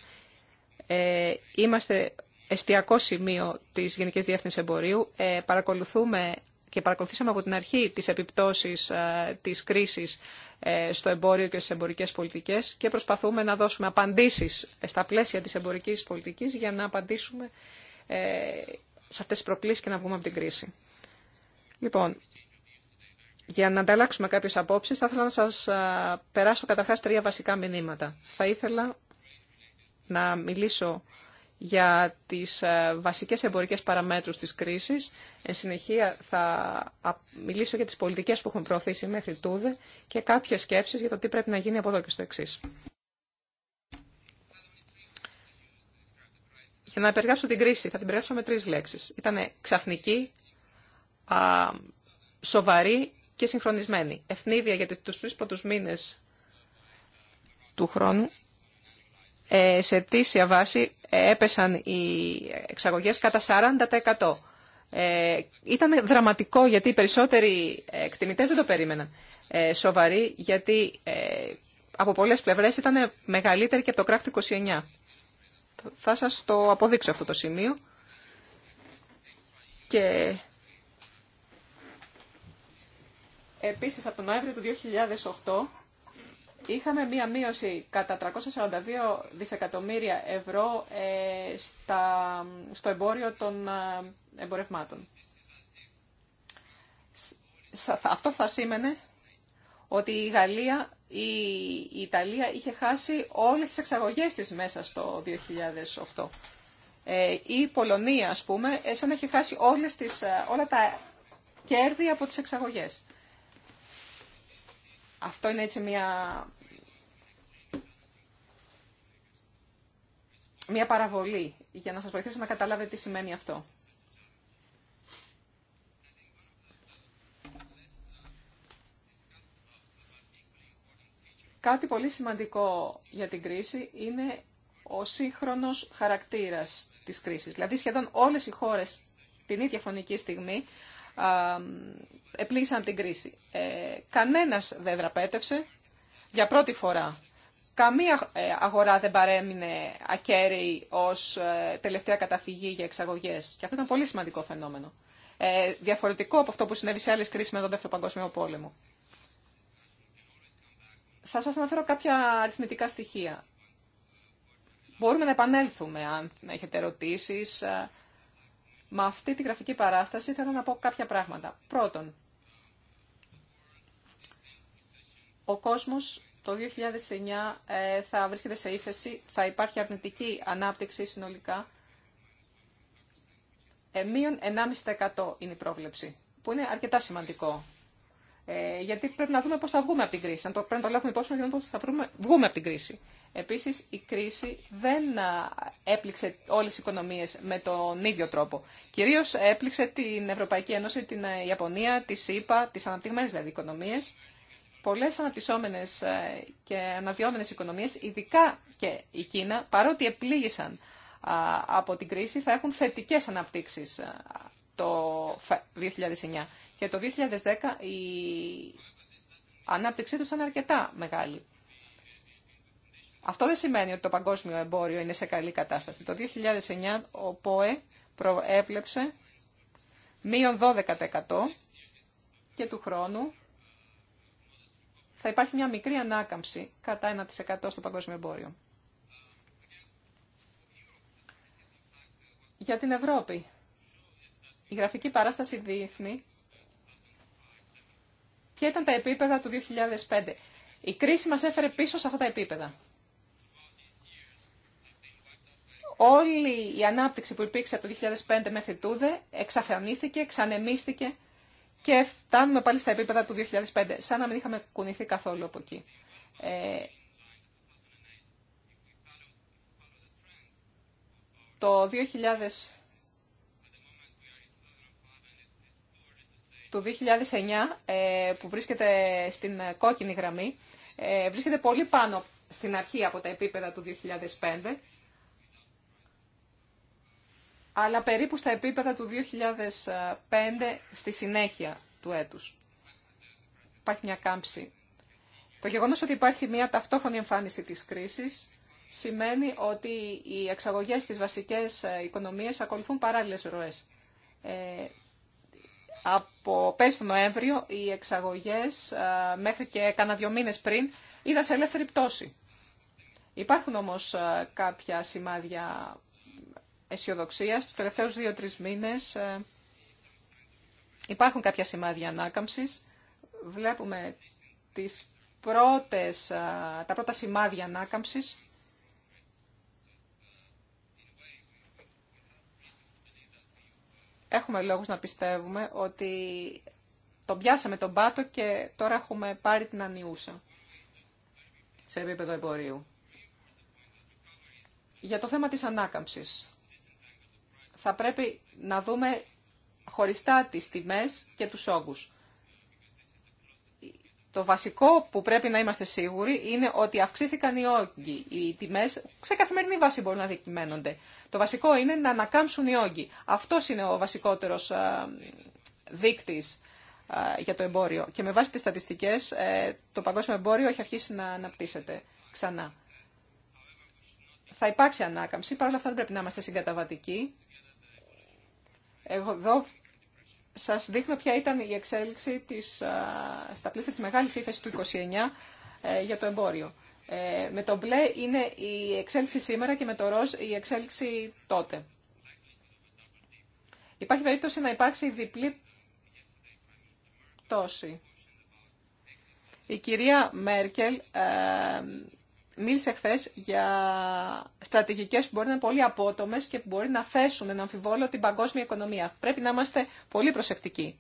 Ε, είμαστε εστιακό σημείο της Γενικής Διεύθυνσης Εμπορίου. Ε, παρακολουθούμε και παρακολουθήσαμε από την αρχή τις επιπτώσεις ε, της κρίσης ε, στο εμπόριο και στις εμπορικές πολιτικές και προσπαθούμε να δώσουμε απαντήσεις στα πλαίσια της εμπορικής πολιτικής για να απαντήσουμε ε, σε αυτές τις προκλήσεις και να βγούμε από την κρίση. Λοιπόν, για να ανταλλάξουμε κάποιες απόψεις, θα ήθελα να σας περάσω καταρχάς τρία βασικά μηνύματα. Θα ήθελα να μιλήσω για τις ε, βασικές εμπορικές παραμέτρους της κρίσης. Εν συνεχεία θα μιλήσω για τις πολιτικές που έχουμε προωθήσει μέχρι τούδε και κάποιες σκέψεις για το τι πρέπει να γίνει από εδώ και στο εξής. Για να περιγράψω την κρίση θα την περιγράψω με τρεις λέξεις. Ήταν ξαφνική, α, σοβαρή και συγχρονισμένη. Ευνίδια γιατί τους τρεις πρώτους μήνες του χρόνου ε, σε τήσια βάση ε, έπεσαν οι εξαγωγές κατά 40%. Ε, ήταν δραματικό γιατί οι περισσότεροι ε, εκτιμητές δεν το περίμεναν. Ε, γιατί ε, από πολλές πλευρές ήταν μεγαλύτερη και από το κράκτη 29. Θα σας το αποδείξω αυτό το σημείο. Και επίσης από τον Νοέμβριο του 2008 Είχαμε μία μείωση κατά 342 δισεκατομμύρια ευρώ ε, στα, στο εμπόριο των ε, εμπορευμάτων. Αυτό θα σήμαινε ότι η Γαλλία, η, Ιταλία είχε χάσει όλες τις εξαγωγές της μέσα στο 2008. Ε, η Πολωνία, ας πούμε, σαν να έχει χάσει όλες τις, ε, όλα τα κέρδη από τις εξαγωγές. Αυτό είναι έτσι μια μια παραβολή για να σας βοηθήσω να καταλάβετε τι σημαίνει αυτό. Κάτι πολύ σημαντικό για την κρίση είναι ο σύγχρονος χαρακτήρας της κρίσης. Δηλαδή σχεδόν όλες οι χώρες την ίδια χρονική στιγμή επλήγησαν την κρίση. Ε, κανένας δεν δραπέτευσε για πρώτη φορά Καμία ε, αγορά δεν παρέμεινε ακέραιη ως ε, τελευταία καταφυγή για εξαγωγές. Και αυτό ήταν πολύ σημαντικό φαινόμενο. Ε, διαφορετικό από αυτό που συνέβη σε άλλες κρίσεις με τον Δεύτερο Παγκόσμιο Πόλεμο. Θα σας αναφέρω κάποια αριθμητικά στοιχεία. Μπορούμε να επανέλθουμε αν έχετε ερωτήσεις. Με αυτή τη γραφική παράσταση θέλω να πω κάποια πράγματα. Πρώτον, ο κόσμος το 2009 ε, θα βρίσκεται σε ύφεση, θα υπάρχει αρνητική ανάπτυξη συνολικά. Ε, μείον 1,5% είναι η πρόβλεψη, που είναι αρκετά σημαντικό. Ε, γιατί πρέπει να δούμε πώς θα βγούμε από την κρίση. Αν το, πρέπει να το λάβουμε υπόψη να δούμε πώς θα βρούμε, βγούμε από την κρίση. Επίσης, η κρίση δεν έπληξε όλες τις οικονομίες με τον ίδιο τρόπο. Κυρίως έπληξε την Ευρωπαϊκή Ένωση, την ε, Ιαπωνία, τη ΣΥΠΑ, τις αναπτυγμένες δηλαδή οικονομίες πολλές αναπτυσσόμενες ε, και αναβιώμενες οικονομίες, ειδικά και η Κίνα, παρότι επλήγησαν από την κρίση, θα έχουν θετικές αναπτύξεις ε, το 2009. Και το 2010 η ανάπτυξή τους ήταν αρκετά μεγάλη. Αυτό δεν σημαίνει ότι το παγκόσμιο εμπόριο είναι σε καλή κατάσταση. Το 2009 ο ΠΟΕ προέβλεψε μείον 12% και του χρόνου θα υπάρχει μια μικρή ανάκαμψη κατά 1% στο παγκόσμιο εμπόριο. Για την Ευρώπη, η γραφική παράσταση δείχνει ποια ήταν τα επίπεδα του 2005. Η κρίση μας έφερε πίσω σε αυτά τα επίπεδα. Όλη η ανάπτυξη που υπήρξε από το 2005 μέχρι τούδε εξαφανίστηκε, ξανεμίστηκε και φτάνουμε πάλι στα επίπεδα του 2005, σαν να μην είχαμε κουνηθεί καθόλου από εκεί. Ε, το 2000, το 2009 που βρίσκεται στην κόκκινη γραμμή, ε, βρίσκεται πολύ πάνω στην αρχή από τα επίπεδα του 2005 αλλά περίπου στα επίπεδα του 2005 στη συνέχεια του έτους. Υπάρχει μια κάμψη. Το γεγονός ότι υπάρχει μια ταυτόχρονη εμφάνιση της κρίσης σημαίνει ότι οι εξαγωγές στις βασικές ε, οικονομίες ακολουθούν παράλληλες ροές. Ε, από τον Νοέμβριο οι εξαγωγές ε, μέχρι και κάνα δύο μήνες πριν είδα σε ελεύθερη πτώση. Υπάρχουν όμως ε, κάποια σημάδια αισιοδοξία. του τελευταίους δύο-τρεις μήνες ε, υπάρχουν κάποια σημάδια ανάκαμψης. Βλέπουμε τις πρώτες, ε, τα πρώτα σημάδια ανάκαμψης. Έχουμε λόγους να πιστεύουμε ότι τον πιάσαμε τον πάτο και τώρα έχουμε πάρει την ανιούσα σε επίπεδο εμπορίου. Για το θέμα της ανάκαμψης θα πρέπει να δούμε χωριστά τις τιμές και τους όγκους. Το βασικό που πρέπει να είμαστε σίγουροι είναι ότι αυξήθηκαν οι όγκοι. Οι τιμές σε καθημερινή βάση μπορούν να δικημένονται. Το βασικό είναι να ανακάμψουν οι όγκοι. Αυτό είναι ο βασικότερος δείκτης για το εμπόριο. Και με βάση τις στατιστικές, ε, το παγκόσμιο εμπόριο έχει αρχίσει να αναπτύσσεται ξανά. Θα υπάρξει ανάκαμψη, παρόλα αυτά δεν πρέπει να είμαστε συγκαταβατικοί. Εγώ εδώ σας δείχνω ποια ήταν η εξέλιξη της, στα πλαίσια της μεγάλης ύφεσης του 29 ε, για το εμπόριο. Ε, με το μπλε είναι η εξέλιξη σήμερα και με το ροζ η εξέλιξη τότε. Υπάρχει περίπτωση να υπάρξει διπλή πτώση. Η κυρία Μέρκελ ε, μίλησε χθε για στρατηγικέ που μπορεί να είναι πολύ απότομε και που μπορεί να θέσουν να αμφιβόλω την παγκόσμια οικονομία. Πρέπει να είμαστε πολύ προσεκτικοί.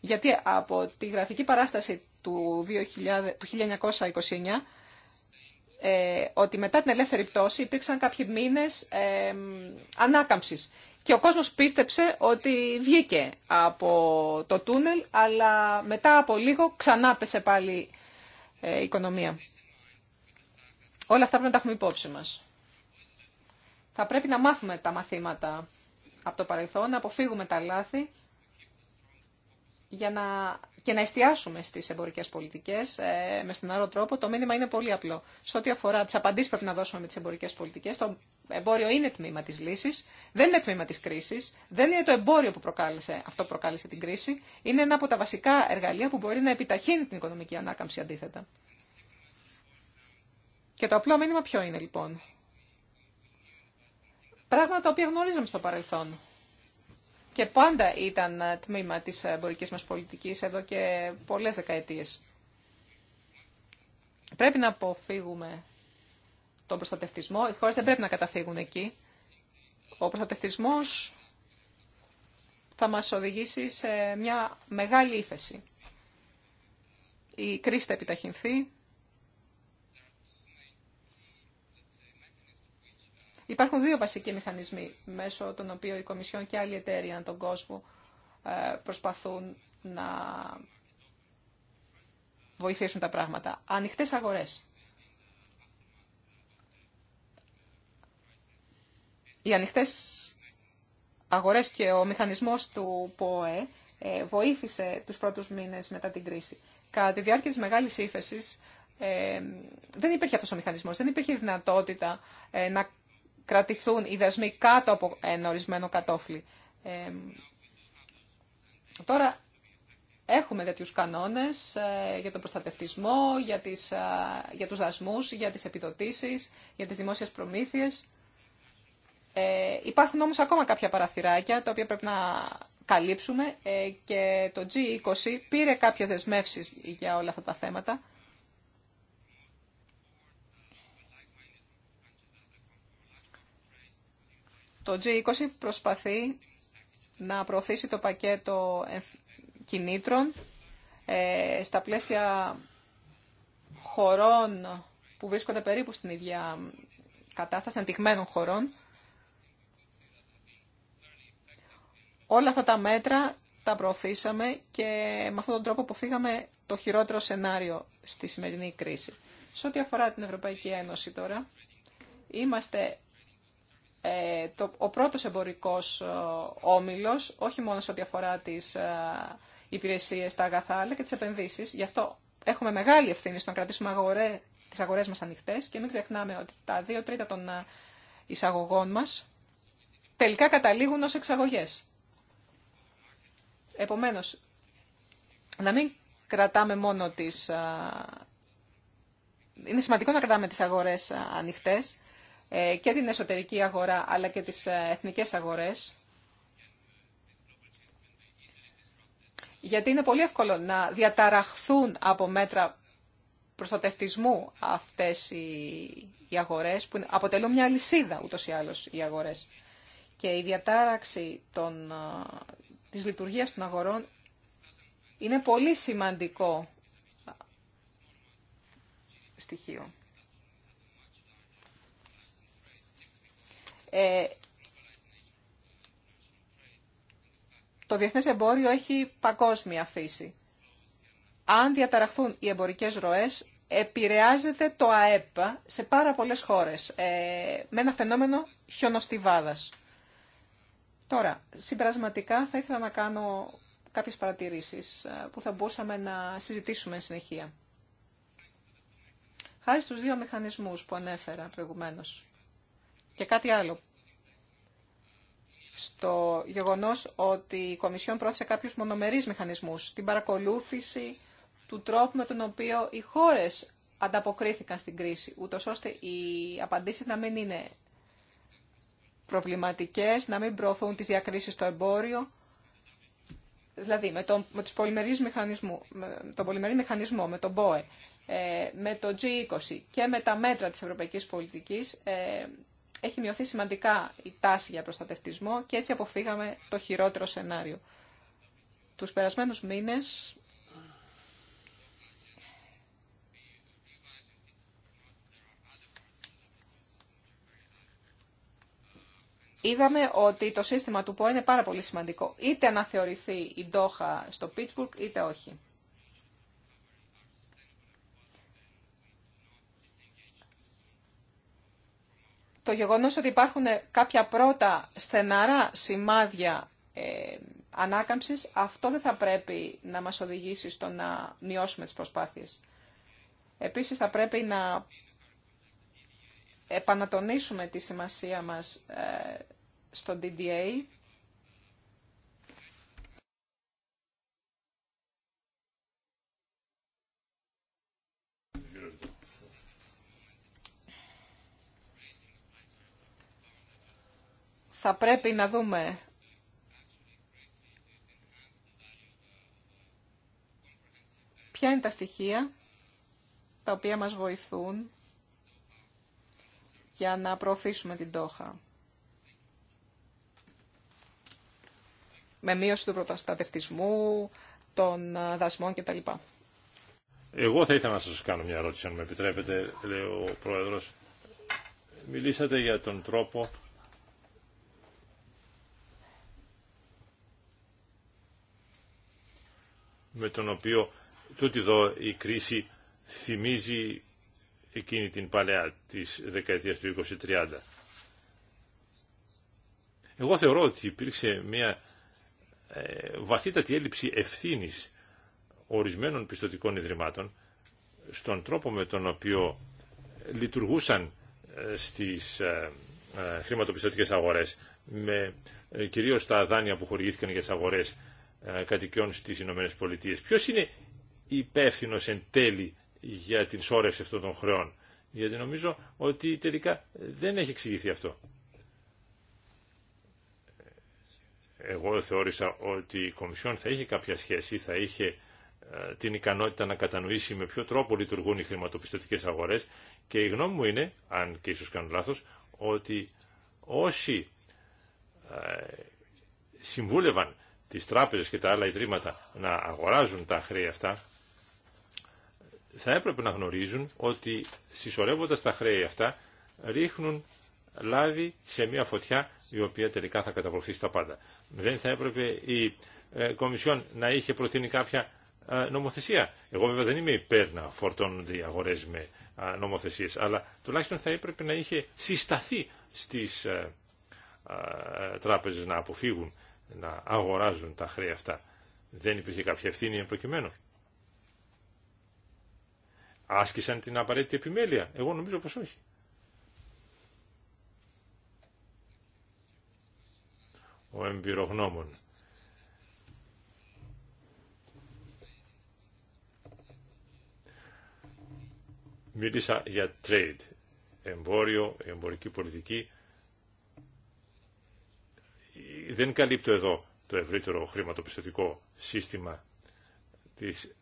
Γιατί από τη γραφική παράσταση του, 2000, 1929, ε, ότι μετά την ελεύθερη πτώση υπήρξαν κάποιοι μήνες ε, ανάκαμψης. Και ο κόσμος πίστεψε ότι βγήκε από το τούνελ, αλλά μετά από λίγο ξανά πέσε πάλι ε, η οικονομία. Όλα αυτά πρέπει να τα έχουμε υπόψη μας. Θα πρέπει να μάθουμε τα μαθήματα από το παρελθόν, να αποφύγουμε τα λάθη για να... και να εστιάσουμε στις εμπορικές πολιτικές ε, με στεναρό τρόπο. Το μήνυμα είναι πολύ απλό. Σε ό,τι αφορά τις απαντήσεις πρέπει να δώσουμε με τις εμπορικές πολιτικές, το εμπόριο είναι τμήμα της λύσης, δεν είναι τμήμα της κρίσης, δεν είναι το εμπόριο που προκάλεσε, αυτό που προκάλεσε την κρίση, είναι ένα από τα βασικά εργαλεία που μπορεί να επιταχύνει την οικονομική ανάκαμψη αντίθετα. Και το απλό μήνυμα ποιο είναι λοιπόν. Πράγματα τα οποία γνωρίζαμε στο παρελθόν. Και πάντα ήταν ε, τμήμα της ε, εμπορική μας πολιτικής εδώ και πολλές δεκαετίες. Πρέπει να αποφύγουμε τον προστατευτισμό. Οι χώρες δεν πρέπει να καταφύγουν εκεί. Ο προστατευτισμός θα μας οδηγήσει σε μια μεγάλη ύφεση. Η κρίση θα επιταχυνθεί, Υπάρχουν δύο βασικοί μηχανισμοί μέσω των οποίων η Κομισιόν και άλλοι εταίροι ανά τον κόσμο ε, προσπαθούν να βοηθήσουν τα πράγματα. Ανοιχτές αγορές. Οι ανοιχτέ αγορές και ο μηχανισμός του ΠΟΕ ε, βοήθησε του πρώτους μήνες μετά την κρίση. Κατά τη διάρκεια τη μεγάλης ύφεση ε, δεν υπήρχε αυτός ο μηχανισμός, δεν υπήρχε δυνατότητα να κρατηθούν οι δασμοί κάτω από ένα ορισμένο κατόφλι. Ε, τώρα έχουμε τέτοιου κανόνες ε, για τον προστατευτισμό, για, τις, ε, για τους δασμούς, για τις επιδοτήσεις, για τις δημόσιες προμήθειες. υπάρχουν όμως ακόμα κάποια παραθυράκια τα οποία πρέπει να καλύψουμε και το G20 πήρε κάποιες δεσμεύσεις για όλα αυτά τα θέματα. Το G20 προσπαθεί να προωθήσει το πακέτο κινήτρων ε, στα πλαίσια χωρών που βρίσκονται περίπου στην ίδια κατάσταση, εντυγμένων χωρών. Όλα αυτά τα μέτρα τα προωθήσαμε και με αυτόν τον τρόπο αποφύγαμε το χειρότερο σενάριο στη σημερινή κρίση. Σε ό,τι αφορά την Ευρωπαϊκή Ένωση τώρα, είμαστε ε, το, ο πρώτος εμπορικός ε, όμιλος, όχι μόνο σε ό,τι αφορά τις ε, υπηρεσίες, τα αγαθά, αλλά και τις επενδύσεις. Γι' αυτό έχουμε μεγάλη ευθύνη στο να κρατήσουμε αγορέ, τις αγορές μας ανοιχτές και μην ξεχνάμε ότι τα δύο τρίτα των εισαγωγών μας τελικά καταλήγουν ως εξαγωγές. Επομένως, να μην κρατάμε μόνο τις... Είναι σημαντικό να κρατάμε τις αγορές ανοιχτές, ε, και την εσωτερική αγορά αλλά και τις ε, εθνικές αγορές. Γιατί είναι πολύ εύκολο να διαταραχθούν από μέτρα προστατευτισμού αυτές οι αγορές που αποτελούν μια λυσίδα ούτως ή άλλως οι αγορές. Και η διατάραξη των, της λειτουργίας των αγορών είναι πολύ σημαντικό στοιχείο. Ε, το διεθνές εμπόριο έχει παγκόσμια φύση. Αν διαταραχθούν οι εμπορικές ροές, επηρεάζεται το ΑΕΠ σε πάρα πολλές χώρες, ε, με ένα φαινόμενο χιονοστιβάδας. Τώρα, συμπερασματικά θα ήθελα να κάνω κάποιες παρατηρήσεις ε, που θα μπορούσαμε να συζητήσουμε εν συνεχεία. Χάρη στους δύο μηχανισμούς που ανέφερα προηγουμένως. Και κάτι άλλο. Στο γεγονός ότι η Κομισιόν πρόθεσε κάποιους μονομερείς μηχανισμούς, την παρακολούθηση του τρόπου με τον οποίο οι χώρες ανταποκρίθηκαν στην κρίση, ούτως ώστε οι απαντήσεις να μην είναι προβληματικές, να μην προωθούν τις διακρίσεις στο εμπόριο. Δηλαδή, με τον, με τους με τον πολυμερή μηχανισμό, με τον ΠΟΕ, ε, με το G20 και με τα μέτρα της ευρωπαϊκής πολιτικής, ε, έχει μειωθεί σημαντικά η τάση για προστατευτισμό και έτσι αποφύγαμε το χειρότερο σενάριο. Τους περασμένους μήνες είδαμε ότι το σύστημα του ΠΟΕ είναι πάρα πολύ σημαντικό. Είτε αναθεωρηθεί η Ντόχα στο Πίτσμπουργκ είτε όχι. το γεγονός ότι υπάρχουν ε, κάποια πρώτα στεναρά σημάδια ε, ανάκαμψης, αυτό δεν θα πρέπει να μας οδηγήσει στο να μειώσουμε τις προσπάθειες. Επίσης θα πρέπει να επανατονίσουμε τη σημασία μας ε, στον DDA, θα πρέπει να δούμε ποια είναι τα στοιχεία τα οποία μας βοηθούν για να προωθήσουμε την τόχα. Με μείωση του προστατευτισμού, των ε, δασμών κτλ. Εγώ θα ήθελα να σας κάνω μια ερώτηση, αν με επιτρέπετε, λέει ο Πρόεδρος. Μιλήσατε για τον τρόπο με τον οποίο τούτη εδώ η κρίση θυμίζει εκείνη την παλαιά της δεκαετίας του 2030. Εγώ θεωρώ ότι υπήρξε μια ε, βαθύτατη έλλειψη ευθύνης ορισμένων πιστοτικών ιδρυμάτων στον τρόπο με τον οποίο λειτουργούσαν ε, στις ε, χρηματοπιστωτικές αγορές με κυρίως τα δάνεια που χορηγήθηκαν για τις αγορές ε, κατοικιών στις Ηνωμένες Πολιτείες. Ποιος είναι υπεύθυνο εν τέλει για την σώρευση αυτών των χρεών. Γιατί νομίζω ότι τελικά δεν έχει εξηγηθεί αυτό. Εγώ θεώρησα ότι η Κομισιόν θα είχε κάποια σχέση, θα είχε ε, την ικανότητα να κατανοήσει με ποιο τρόπο λειτουργούν οι χρηματοπιστωτικές αγορές και η γνώμη μου είναι, αν και ίσως κάνω λάθος, ότι όσοι ε, συμβούλευαν τις τράπεζες και τα άλλα ιδρύματα να αγοράζουν τα χρέη αυτά, θα έπρεπε να γνωρίζουν ότι συσσωρεύοντας τα χρέη αυτά ρίχνουν λάδι σε μια φωτιά η οποία τελικά θα καταβολθεί τα πάντα. Δεν θα έπρεπε η ε, Κομισιόν να είχε προτείνει κάποια ε, νομοθεσία. Εγώ βέβαια δεν είμαι υπέρ να φορτώνονται οι αγορές με ε, νομοθεσίες, αλλά τουλάχιστον θα έπρεπε να είχε συσταθεί στις τράπεζες να αποφύγουν να αγοράζουν τα χρέη αυτά. Δεν υπήρχε κάποια ευθύνη προκειμένου. Άσκησαν την απαραίτητη επιμέλεια. Εγώ νομίζω πως όχι. Ο εμπειρογνώμων. Μίλησα για trade, εμπόριο, εμπορική πολιτική δεν καλύπτω εδώ το ευρύτερο χρηματοπιστωτικό σύστημα της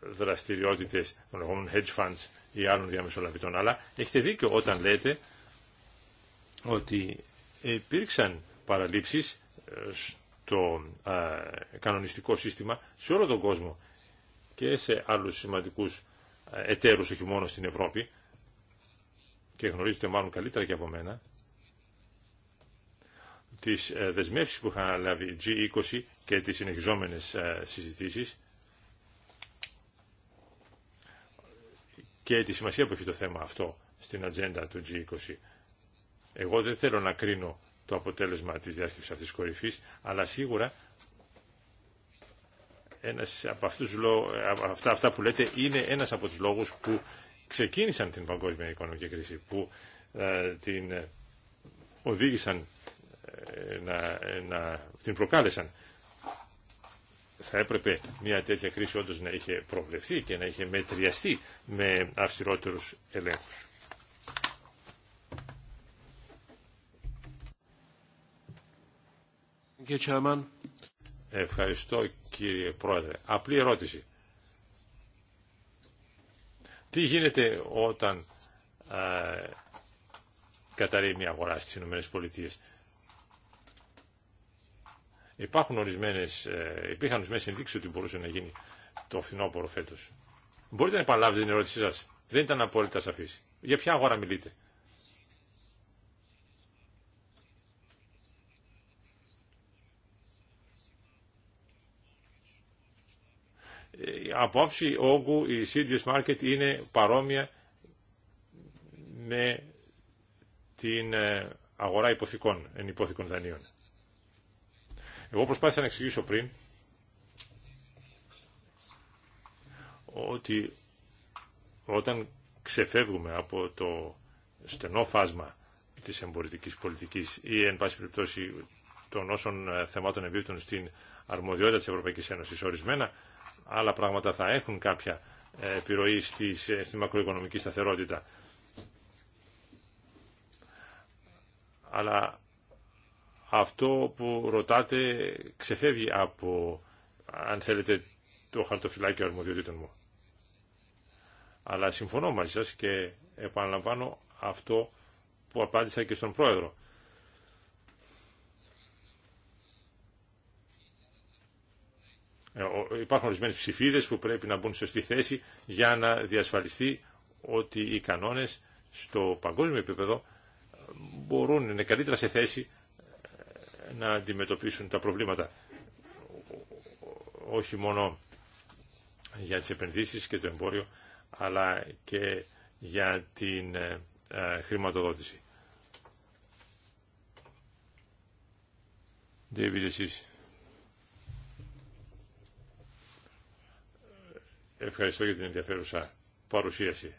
δραστηριότητες των λεγόμενων hedge funds ή άλλων διαμεσολαβητών. Αλλά έχετε δίκιο όταν λέτε ότι υπήρξαν παραλήψεις ε, στο ε, κανονιστικό σύστημα σε όλο τον κόσμο και σε άλλους σημαντικούς ε, εταίρους, όχι μόνο στην Ευρώπη και γνωρίζετε μάλλον καλύτερα και από μένα τις ε, δεσμεύσεις που ειχαν λαβει αναλάβει G20 και τις συνεχιζόμενες ε, συζητήσεις και τη σημασία που έχει το θέμα αυτό στην ατζέντα του G20. Εγώ δεν θέλω να κρίνω το αποτέλεσμα της διάσκεψης αυτής της κορυφής, αλλά σίγουρα ένας από αυτούς, ε, αυτά, αυτά που λέτε είναι ένας από τους λόγους που ξεκίνησαν την παγκόσμια οικονομική κρίση, που την οδήγησαν να, να την προκάλεσαν. Θα έπρεπε μια τέτοια κρίση όντως να είχε προβλεφθεί και να είχε μετριαστεί με αυστηρότερους ελέγχους. Ευχαριστώ κύριε Πρόεδρε. Απλή ερώτηση. Τι γίνεται όταν ε, α, μια αγορά στις ΗΠΑ Υπάρχουν ορισμένες, ε, υπήρχαν ορισμένες ενδείξεις ότι μπορούσε να γίνει το φθινόπωρο φέτος. Μπορείτε να επαναλάβετε την ερώτησή σας. Δεν ήταν απόλυτα σαφής. Για ποια αγορά μιλείτε. Ε, από άψη όγκου η CDS Market είναι παρόμοια με την ε, αγορά υποθηκών, εν υποθηκών δανείων. Εγώ προσπάθησα να εξηγήσω πριν ότι όταν ξεφεύγουμε από το στενό φάσμα της εμπορικής πολιτικής ή εν πάση περιπτώσει των όσων ε, θεμάτων εμπίπτουν στην αρμοδιότητα της Ευρωπαϊκής Ένωσης ορισμένα, άλλα πράγματα θα έχουν κάποια ε, επιρροή στη, ε, στη μακροοικονομική σταθερότητα. Αλλά αυτό που ρωτάτε ξεφεύγει από, αν θέλετε, το χαρτοφυλάκιο αρμοδιοτήτων μου. Αλλά συμφωνώ μαζί σας και επαναλαμβάνω αυτό που απάντησα και στον πρόεδρο. Ε, υπάρχουν ορισμένε ψηφίδες που πρέπει να μπουν σε σωστή θέση για να διασφαλιστεί ότι οι κανόνες στο παγκόσμιο επίπεδο μπορούν, να είναι καλύτερα σε θέση να αντιμετωπίσουν τα προβλήματα όχι μόνο για τις επενδύσεις και το εμπόριο αλλά και για την ε, ε, χρηματοδότηση. David, εσείς. Ευχαριστώ για την ενδιαφέρουσα παρουσίαση.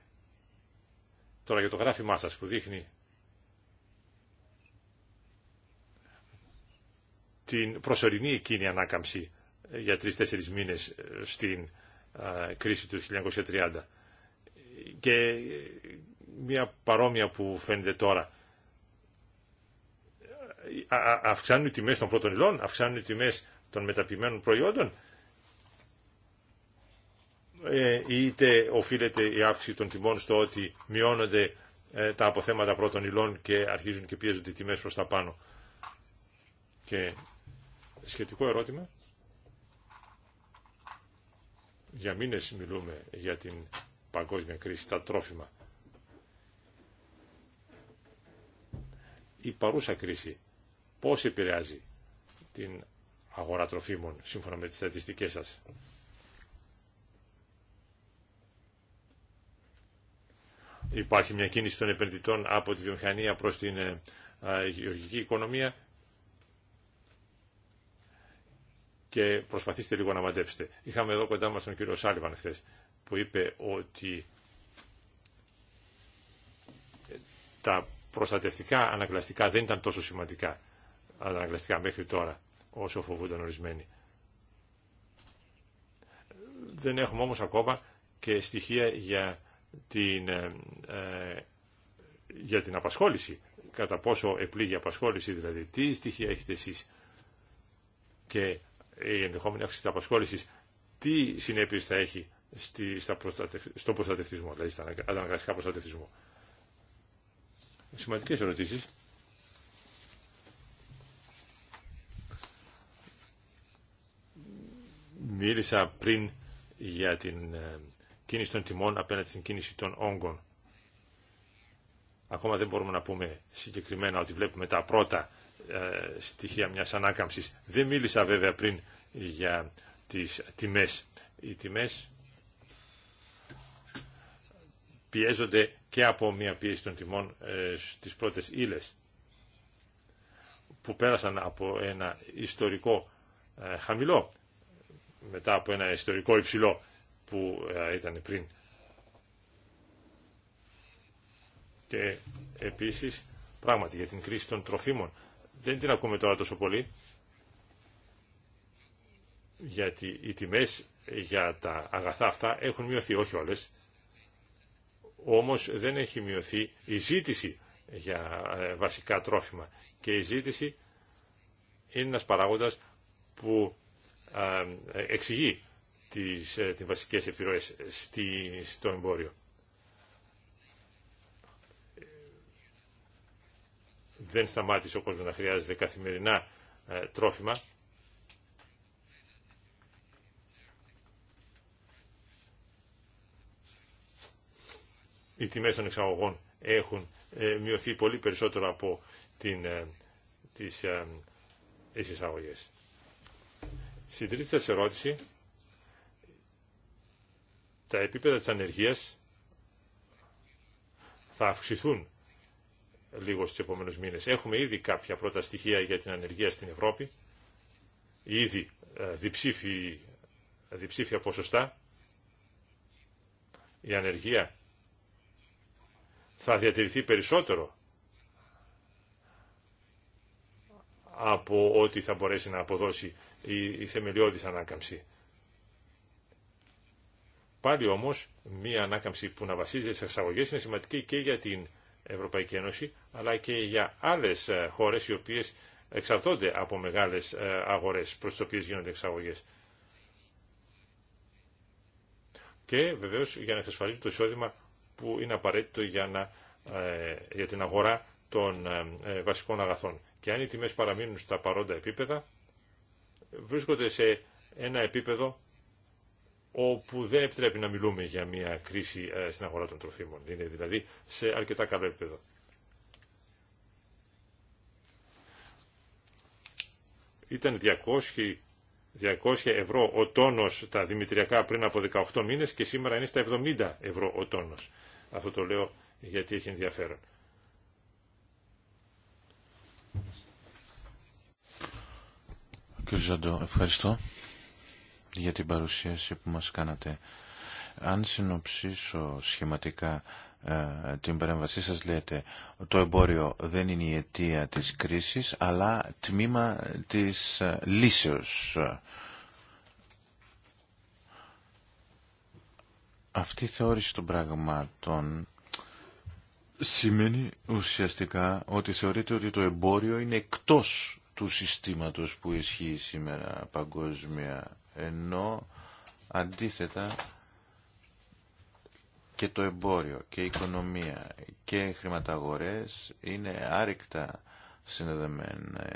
Τώρα για το γράφημά σας που δείχνει την προσωρινή εκείνη ανάκαμψη ε, για τρεις-τέσσερις μήνες ε, στην ε, κρίση του 1930 και μια παρόμοια που φαίνεται τώρα. Αυξάνουν οι τιμές των πρώτων υλών, αυξάνουν οι τιμές των μεταποιημένων προϊόντων είτε οφείλεται η αύξηση των τιμών στο ότι μειώνονται τα αποθέματα πρώτων υλών και αρχίζουν και πιέζονται οι τιμές προς τα πάνω. Και σχετικό ερώτημα. Για μήνες μιλούμε για την παγκόσμια κρίση, τα τρόφιμα. Η παρούσα κρίση πώς επηρεάζει την αγορά τροφίμων σύμφωνα με τις στατιστικές σας. Υπάρχει μια κίνηση των επενδυτών από τη βιομηχανία προς την ε, ε, γεωργική οικονομία και προσπαθήστε λίγο να μαντέψετε. Είχαμε εδώ κοντά μας τον κύριο Σάλιβαν χθε που είπε ότι τα προστατευτικά ανακλαστικά δεν ήταν τόσο σημαντικά ανακλαστικά μέχρι τώρα όσο φοβούνταν ορισμένοι. Δεν έχουμε όμως ακόμα και στοιχεία για την, ε, ε, για την απασχόληση. Κατά πόσο επλήγει η απασχόληση δηλαδή. Τι στοιχεία έχετε εσείς και η ενδεχόμενη αύξηση της απασχόλησης, τι συνέπειες θα έχει στη, στα προστατευ... προστατευτισμό, δηλαδή στα αναγκαστικά προστατευτισμό. Σημαντικές ερωτήσεις. Μίλησα πριν για την ε, κίνηση των τιμών απέναντι στην κίνηση των όγκων. Ακόμα δεν μπορούμε να πούμε συγκεκριμένα ότι βλέπουμε τα πρώτα ε, στοιχεία μιας ανάκαμψης. Δεν μίλησα βέβαια πριν για τις τιμές. Οι τιμές πιέζονται και από μια πίεση των τιμών ε, στις πρώτες ύλες που πέρασαν από ένα ιστορικό ε, χαμηλό μετά από ένα ιστορικό υψηλό που ε, ήταν πριν. Και επίσης πράγματι για την κρίση των τροφίμων δεν την ακούμε τώρα τόσο πολύ γιατί οι τιμές για τα αγαθά αυτά έχουν μειωθεί, όχι όλες, όμως δεν έχει μειωθεί η ζήτηση για ε, βασικά τρόφιμα και η ζήτηση είναι ένας παράγοντας που ε, εξηγεί τις, ε, τις βασικές επιρροές στη, στο εμπόριο. Δεν σταμάτησε ο κόσμος να χρειάζεται καθημερινά τρόφιμα οι τιμές των εξαγωγών έχουν ε, μειωθεί πολύ περισσότερο από την, ε, ε, τις εισαγωγές. Στην τρίτη σας ερώτηση, τα επίπεδα της ανεργίας θα αυξηθούν λίγο στους επόμενους μήνες. Έχουμε ήδη κάποια πρώτα στοιχεία για την ανεργία στην Ευρώπη, ήδη διψήφια ποσοστά. Η ανεργία θα διατηρηθεί περισσότερο από ό,τι θα μπορέσει να αποδώσει η, η θεμελιώδης ανάκαμψη. Πάλι όμως, μία ανάκαμψη που να βασίζεται σε εξαγωγές είναι σημαντική και για την Ευρωπαϊκή Ένωση, αλλά και για άλλες ε, χώρες οι οποίες εξαρτώνται από μεγάλες ε, αγορές προς τις οποίες γίνονται εξαγωγές. Και βεβαίως για να εξασφαλίζουν το εισόδημα που είναι απαραίτητο για, να, ε, για την αγορά των ε, ε, βασικών αγαθών. Και αν οι τιμές παραμείνουν στα παρόντα επίπεδα, βρίσκονται σε ένα επίπεδο όπου δεν επιτρέπει να μιλούμε για μια κρίση στην αγορά των τροφίμων. Είναι δηλαδή σε αρκετά καλό επίπεδο. Ήταν 200, 200 ευρώ ο τόνος τα δημητριακά πριν από 18 μήνες και σήμερα είναι στα 70 ευρώ ο τόνος. Αυτό το λέω γιατί έχει ενδιαφέρον. Κύριε Ζαντώ, ευχαριστώ για την παρουσίαση που μας κάνατε. Αν συνοψίσω σχηματικά ε, την παρέμβασή σας λέτε το εμπόριο δεν είναι η αιτία της κρίσης αλλά τμήμα της ε, λύσεως Αυτή η θεώρηση των πραγμάτων σημαίνει ουσιαστικά ότι θεωρείται ότι το εμπόριο είναι εκτός του συστήματος που ισχύει σήμερα παγκόσμια, ενώ αντίθετα και το εμπόριο και η οικονομία και οι χρηματαγορές είναι άρρηκτα συνδεδεμένα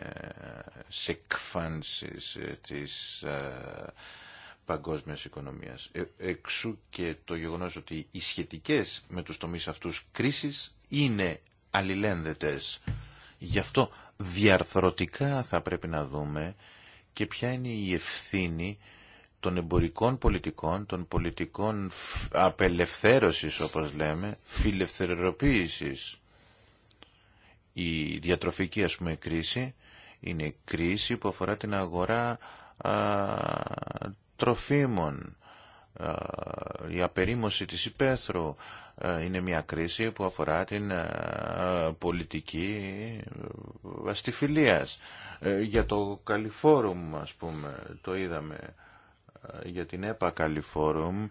σε εκφάνσεις της ε, παγκόσμιας οικονομίας. Ε, εξού και το γεγονός ότι οι σχετικές με τους τομείς αυτούς κρίσεις είναι αλληλένδετες. Γι' αυτό διαρθρωτικά θα πρέπει να δούμε και ποια είναι η ευθύνη των εμπορικών πολιτικών, των πολιτικών απελευθέρωσης όπως λέμε, φιλευθεροποίησης. Η διατροφική ας πούμε κρίση είναι κρίση που αφορά την αγορά α, τροφίμων, ε, η απερίμωση της υπαίθρου ε, είναι μια κρίση που αφορά την ε, πολιτική αστιφιλίας. Για το Καλιφόρουμ, ας πούμε, το είδαμε για την ΕΠΑ Καλιφόρουμ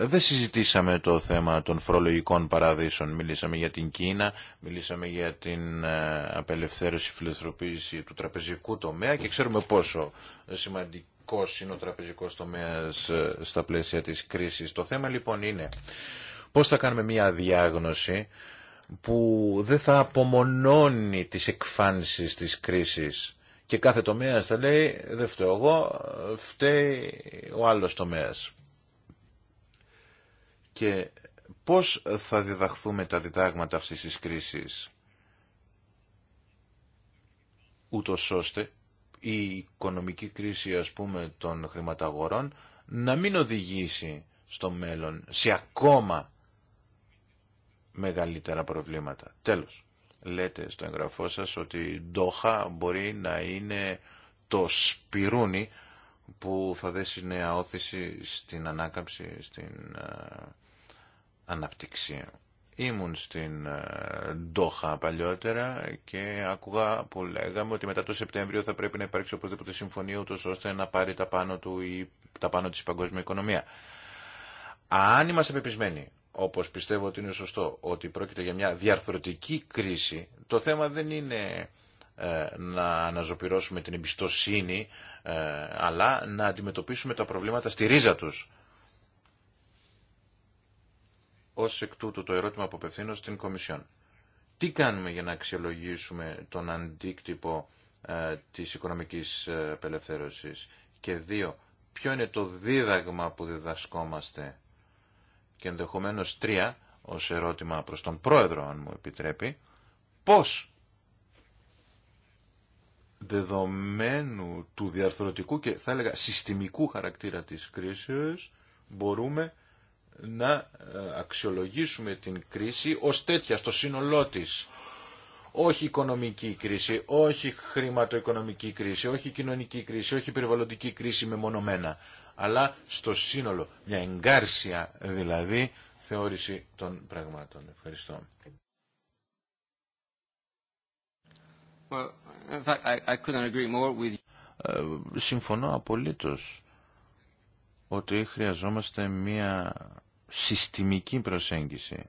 δεν συζητήσαμε το θέμα των φορολογικών παραδείσων. Μιλήσαμε για την Κίνα, μιλήσαμε για την απελευθέρωση φιλοθροποίηση του τραπεζικού τομέα και ξέρουμε πόσο σημαντική σημαντικός είναι ο τομέας ε, στα πλαίσια τη κρίση. Το θέμα λοιπόν είναι πώ θα κάνουμε μια διάγνωση που δεν θα απομονώνει τις εκφάνσεις της κρίσης και κάθε τομέας θα λέει δεν φταίω εγώ, φταίει ο άλλος τομέας. Και πώς θα διδαχθούμε τα διδάγματα αυτής της κρίσης ούτω ώστε η οικονομική κρίση ας πούμε των χρηματαγορών να μην οδηγήσει στο μέλλον σε ακόμα μεγαλύτερα προβλήματα. Τέλος, λέτε στο εγγραφό σας ότι η Ντόχα μπορεί να είναι το σπιρούνι που θα δέσει νέα όθηση στην ανάκαμψη, στην αναπτυξία. Ήμουν στην ε, Ντόχα παλιότερα και άκουγα που λέγαμε ότι μετά το Σεπτέμβριο θα πρέπει να υπάρξει οπωσδήποτε συμφωνία ούτως ώστε να πάρει τα πάνω, του ή τα πάνω της παγκόσμια οικονομία. Αν είμαστε πεπισμένοι, όπως πιστεύω ότι είναι σωστό, ότι πρόκειται για μια διαρθρωτική κρίση, το θέμα δεν είναι ε, να αναζωπυρώσουμε την εμπιστοσύνη, ε, αλλά να αντιμετωπίσουμε τα προβλήματα στη ρίζα τους. Ω εκ τούτου το ερώτημα που απευθύνω στην Κομισιόν. Τι κάνουμε για να αξιολογήσουμε τον αντίκτυπο ε, της οικονομικής ε, απελευθέρωσης και δύο, ποιο είναι το δίδαγμα που διδασκόμαστε και ενδεχομένω τρία ως ερώτημα προς τον Πρόεδρο αν μου επιτρέπει πώς δεδομένου του διαρθρωτικού και θα έλεγα συστημικού χαρακτήρα της κρίσης μπορούμε να ε, αξιολογήσουμε την κρίση ως τέτοια στο σύνολό της. Όχι οικονομική κρίση, όχι χρηματοοικονομική κρίση, όχι κοινωνική κρίση, όχι περιβαλλοντική κρίση μεμονωμένα, αλλά στο σύνολο, μια εγκάρσια δηλαδή θεώρηση των πραγμάτων. Ευχαριστώ. συμφωνώ απολύτως ότι χρειαζόμαστε μια συστημική προσέγγιση.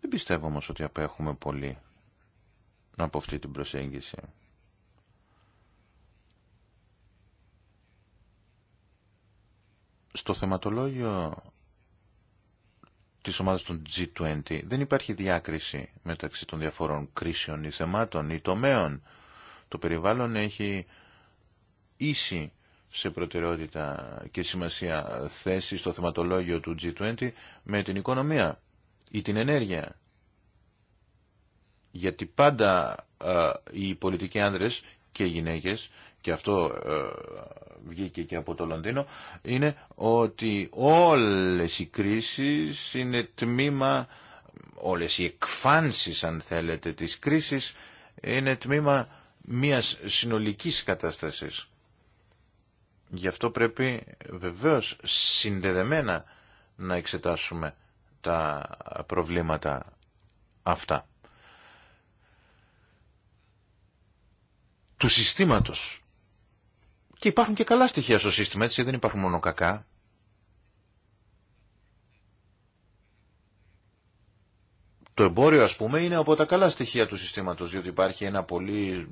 Δεν πιστεύω όμως ότι απέχουμε πολύ από αυτή την προσέγγιση. Στο θεματολόγιο της ομάδας των G20 δεν υπάρχει διάκριση μεταξύ των διαφορών κρίσεων ή θεμάτων ή τομέων. Το περιβάλλον έχει ίση σε προτεραιότητα και σημασία θέση στο θεματολόγιο του G20 με την οικονομία ή την ενέργεια. Γιατί πάντα οι πολιτικοί άνδρες και οι γυναίκες, και αυτό βγήκε και από το Λονδίνο, είναι ότι όλες οι κρίσεις είναι τμήμα, όλες οι εκφάνσεις αν θέλετε της κρίσης, είναι τμήμα μιας συνολικής κατάστασης. Γι' αυτό πρέπει βεβαίως συνδεδεμένα να εξετάσουμε τα προβλήματα αυτά. Του συστήματος. Και υπάρχουν και καλά στοιχεία στο σύστημα, έτσι δεν υπάρχουν μόνο κακά. Το εμπόριο ας πούμε είναι από τα καλά στοιχεία του συστήματος, διότι υπάρχει ένα πολύ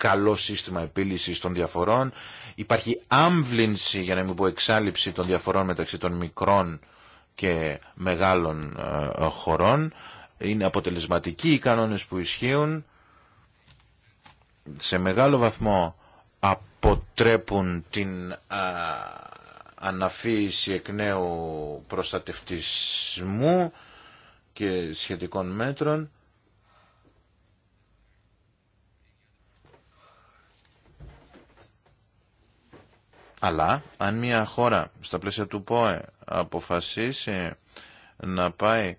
καλό σύστημα επίλυσης των διαφορών. Υπάρχει άμβλυνση, για να μην πω εξάλληψη των διαφορών μεταξύ των μικρών και μεγάλων ε, χωρών. Είναι αποτελεσματικοί οι κανόνες που ισχύουν. Σε μεγάλο βαθμό αποτρέπουν την ε, αναφύηση εκ νέου προστατευτισμού και σχετικών μέτρων Αλλά αν μια χώρα στα πλαίσια του ΠΟΕ αποφασίσει να πάει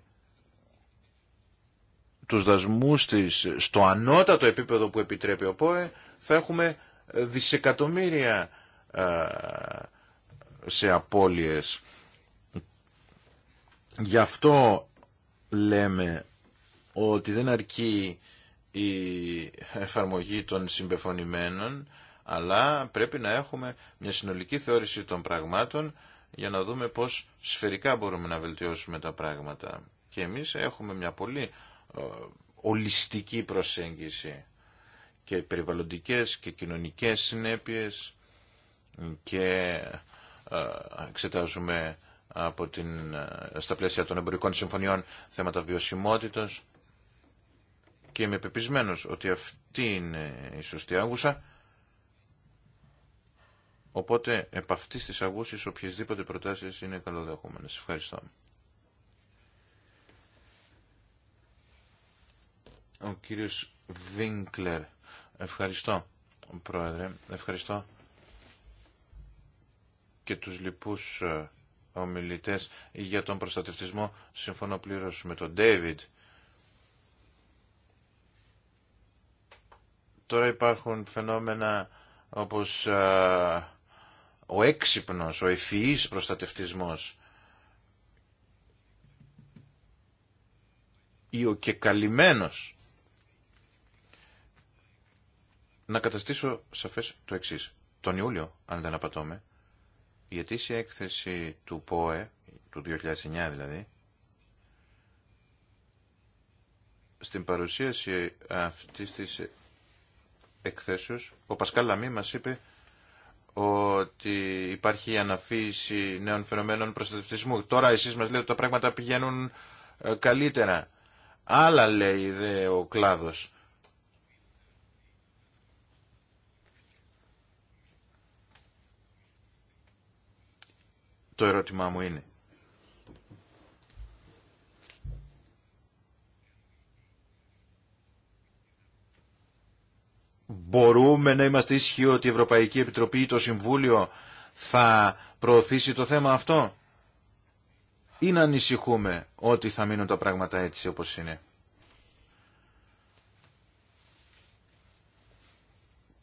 τους δασμούς της στο ανώτατο επίπεδο που επιτρέπει ο ΠΟΕ, θα έχουμε δισεκατομμύρια ε, σε απώλειες. Γι' αυτό λέμε ότι δεν αρκεί η εφαρμογή των συμπεφωνημένων, αλλά πρέπει να έχουμε μια συνολική θεώρηση των πραγμάτων για να δούμε πώς σφαιρικά μπορούμε να βελτιώσουμε τα πράγματα. Και εμείς έχουμε μια πολύ ε, ολιστική προσέγγιση και περιβαλλοντικές και κοινωνικές συνέπειες και ε, εξετάζουμε από την, ε, στα πλαίσια των εμπορικών συμφωνιών θέματα βιωσιμότητας και είμαι πεπισμένος ότι αυτή είναι η σωστή άγουσα Οπότε, επ' αυτή τη αγούση, οποιασδήποτε προτάσεις είναι καλοδεχούμενε. Ευχαριστώ. Ο κύριος Βίνκλερ. Ευχαριστώ, Πρόεδρε. Ευχαριστώ και τους λοιπούς ε, ομιλητές για τον προστατευτισμό. Συμφωνώ πλήρως με τον Ντέιβιντ. Τώρα υπάρχουν φαινόμενα όπως ε, ο έξυπνος, ο ευφυής προστατευτισμός ή ο και καλυμμένος. Να καταστήσω σαφές το εξής. Τον Ιούλιο, αν δεν απατώμε, η ετήσια έκθεση του ΠΟΕ, του 2009 δηλαδή, στην παρουσίαση αυτής της εκθέσεως, ο Πασκάλ Λαμή μας είπε ότι υπάρχει αναφύση νέων φαινομένων προστατευτισμού. Τώρα εσείς μας λέτε ότι τα πράγματα πηγαίνουν ε, καλύτερα. Άλλα λέει δε ο κλάδος. Το ερώτημά μου είναι μπορούμε να είμαστε ίσχυοι ότι η Ευρωπαϊκή Επιτροπή ή το Συμβούλιο θα προωθήσει το θέμα αυτό ή να ανησυχούμε ότι θα μείνουν τα πράγματα έτσι όπως είναι.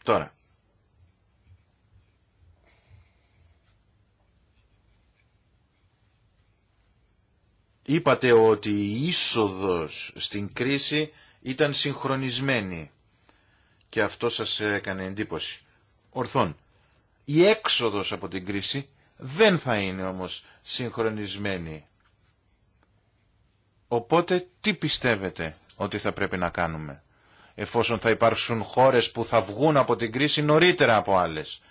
Τώρα. Είπατε ότι η είσοδος στην κρίση ήταν συγχρονισμένη και αυτό σας έκανε εντύπωση. Ορθόν. Η έξοδος από την κρίση δεν θα είναι όμως συγχρονισμένη. Οπότε τι πιστεύετε ότι θα πρέπει να κάνουμε, εφόσον θα υπάρξουν χώρες που θα βγουν από την κρίση νωρίτερα από άλλες.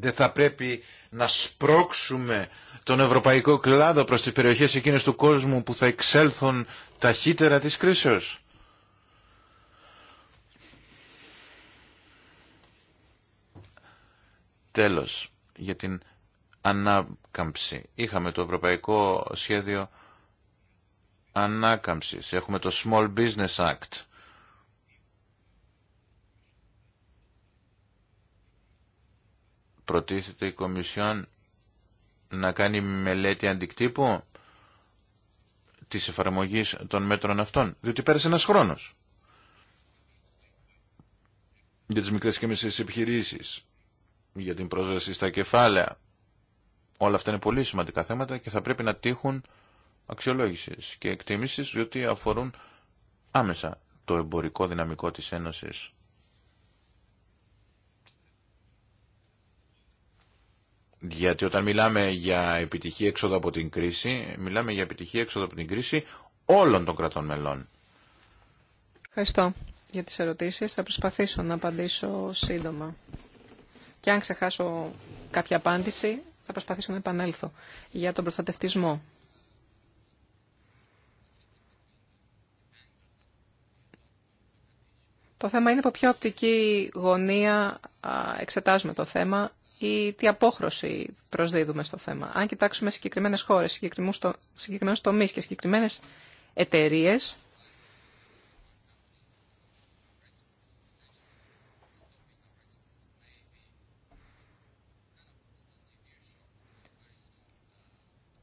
δεν θα πρέπει να σπρώξουμε τον ευρωπαϊκό κλάδο προς τις περιοχές εκείνες του κόσμου που θα εξέλθουν ταχύτερα της κρίσεως. Τέλος, για την ανάκαμψη. Είχαμε το ευρωπαϊκό σχέδιο ανάκαμψης. Έχουμε το Small Business Act προτίθεται η Κομισιόν να κάνει μελέτη αντικτύπου της εφαρμογής των μέτρων αυτών, διότι πέρασε ένας χρόνος για τις μικρές και μεσαίες επιχειρήσεις, για την πρόσβαση στα κεφάλαια. Όλα αυτά είναι πολύ σημαντικά θέματα και θα πρέπει να τύχουν αξιολόγησης και εκτίμησης, διότι αφορούν άμεσα το εμπορικό δυναμικό της Ένωσης. Γιατί όταν μιλάμε για επιτυχή έξοδο από την κρίση, μιλάμε για επιτυχή έξοδο από την κρίση όλων των κρατών μελών. Ευχαριστώ για τις ερωτήσεις. Θα προσπαθήσω να απαντήσω σύντομα. Και αν ξεχάσω κάποια απάντηση, θα προσπαθήσω να επανέλθω. Για τον προστατευτισμό. Το θέμα είναι από ποια οπτική γωνία εξετάζουμε το θέμα ή τι απόχρωση προσδίδουμε στο θέμα. Αν κοιτάξουμε συγκεκριμένες χώρες, συγκεκριμένους τομείς και συγκεκριμένες εταιρείε.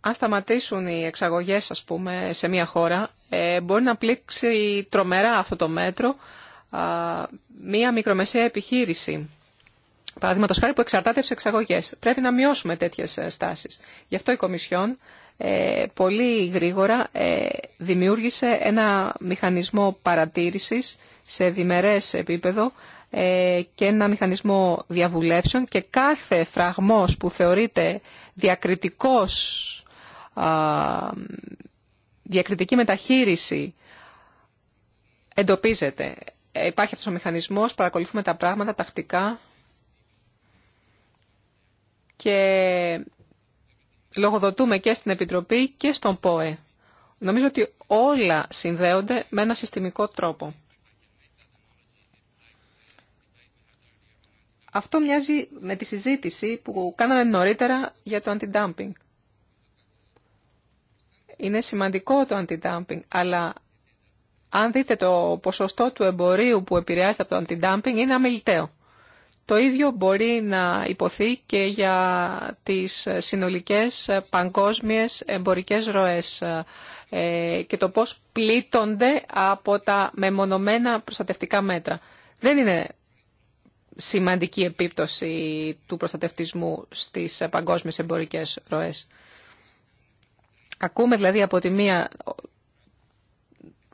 Αν σταματήσουν οι εξαγωγές, ας πούμε, σε μια χώρα, ε, μπορεί να πλήξει τρομερά αυτό το μέτρο μία μικρομεσαία επιχείρηση παραδείγματος χάρη που εξαρτάται από εξαγωγές. Πρέπει να μειώσουμε τέτοιες ε, στάσεις. Γι' αυτό η Κομισιόν ε, πολύ γρήγορα ε, δημιούργησε ένα μηχανισμό παρατήρησης σε διμερές επίπεδο ε, και ένα μηχανισμό διαβουλεύσεων και κάθε φραγμός που θεωρείται διακριτικός, διακριτική μεταχείριση εντοπίζεται. Υπάρχει αυτός ο μηχανισμός, παρακολουθούμε τα πράγματα τακτικά και λογοδοτούμε και στην Επιτροπή και στον ΠΟΕ. Νομίζω ότι όλα συνδέονται με ένα συστημικό τρόπο. Αυτό μοιάζει με τη συζήτηση που κάναμε νωρίτερα για το αντι Είναι σημαντικό το αντι αλλά αν δείτε το ποσοστό του εμπορίου που επηρεάζεται από το αντι-dumping είναι αμεληταίο. Το ίδιο μπορεί να υποθεί και για τις συνολικές παγκόσμιες εμπορικές ροές ε, και το πώς πλήττονται από τα μεμονωμένα προστατευτικά μέτρα. Δεν είναι σημαντική επίπτωση του προστατευτισμού στις παγκόσμιες εμπορικές ροές. Ακούμε δηλαδή από τη μία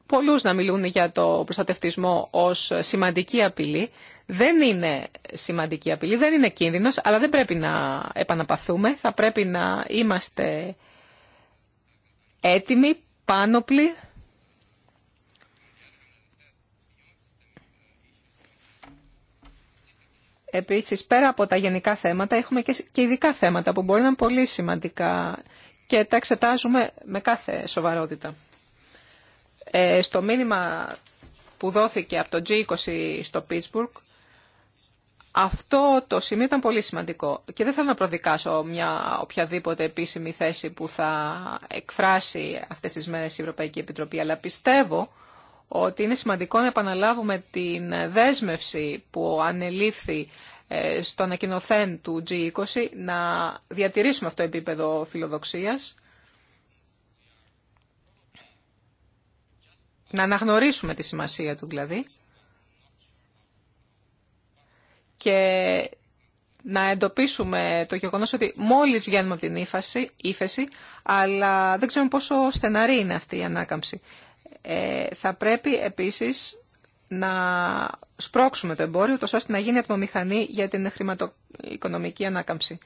πολλούς να μιλούν για το προστατευτισμό ως σημαντική απειλή. Δεν είναι σημαντική απειλή, δεν είναι κίνδυνος, αλλά δεν πρέπει να επαναπαθούμε. Θα πρέπει να είμαστε έτοιμοι, πάνοπλοι. Επίσης, πέρα από τα γενικά θέματα, έχουμε και ειδικά θέματα που μπορεί να είναι πολύ σημαντικά και τα εξετάζουμε με κάθε σοβαρότητα. Ε, στο μήνυμα που δόθηκε από το G20 στο Pittsburgh, αυτό το σημείο ήταν πολύ σημαντικό και δεν θέλω να προδικάσω μια οποιαδήποτε επίσημη θέση που θα εκφράσει αυτές τις μέρες η Ευρωπαϊκή Επιτροπή, αλλά πιστεύω ότι είναι σημαντικό να επαναλάβουμε την δέσμευση που ανελήφθη ε, στο ανακοινοθέν του G20 να διατηρήσουμε αυτό το επίπεδο φιλοδοξίας να αναγνωρίσουμε τη σημασία του δηλαδή και να εντοπίσουμε το γεγονός ότι μόλις βγαίνουμε από την ύφαση, ύφεση αλλά δεν ξέρουμε πόσο στεναρή είναι αυτή η ανάκαμψη. Ε, θα πρέπει επίσης να σπρώξουμε το εμπόριο, τόσο ώστε να γίνει ατμομηχανή για την χρηματοοικονομική ανάκαμψη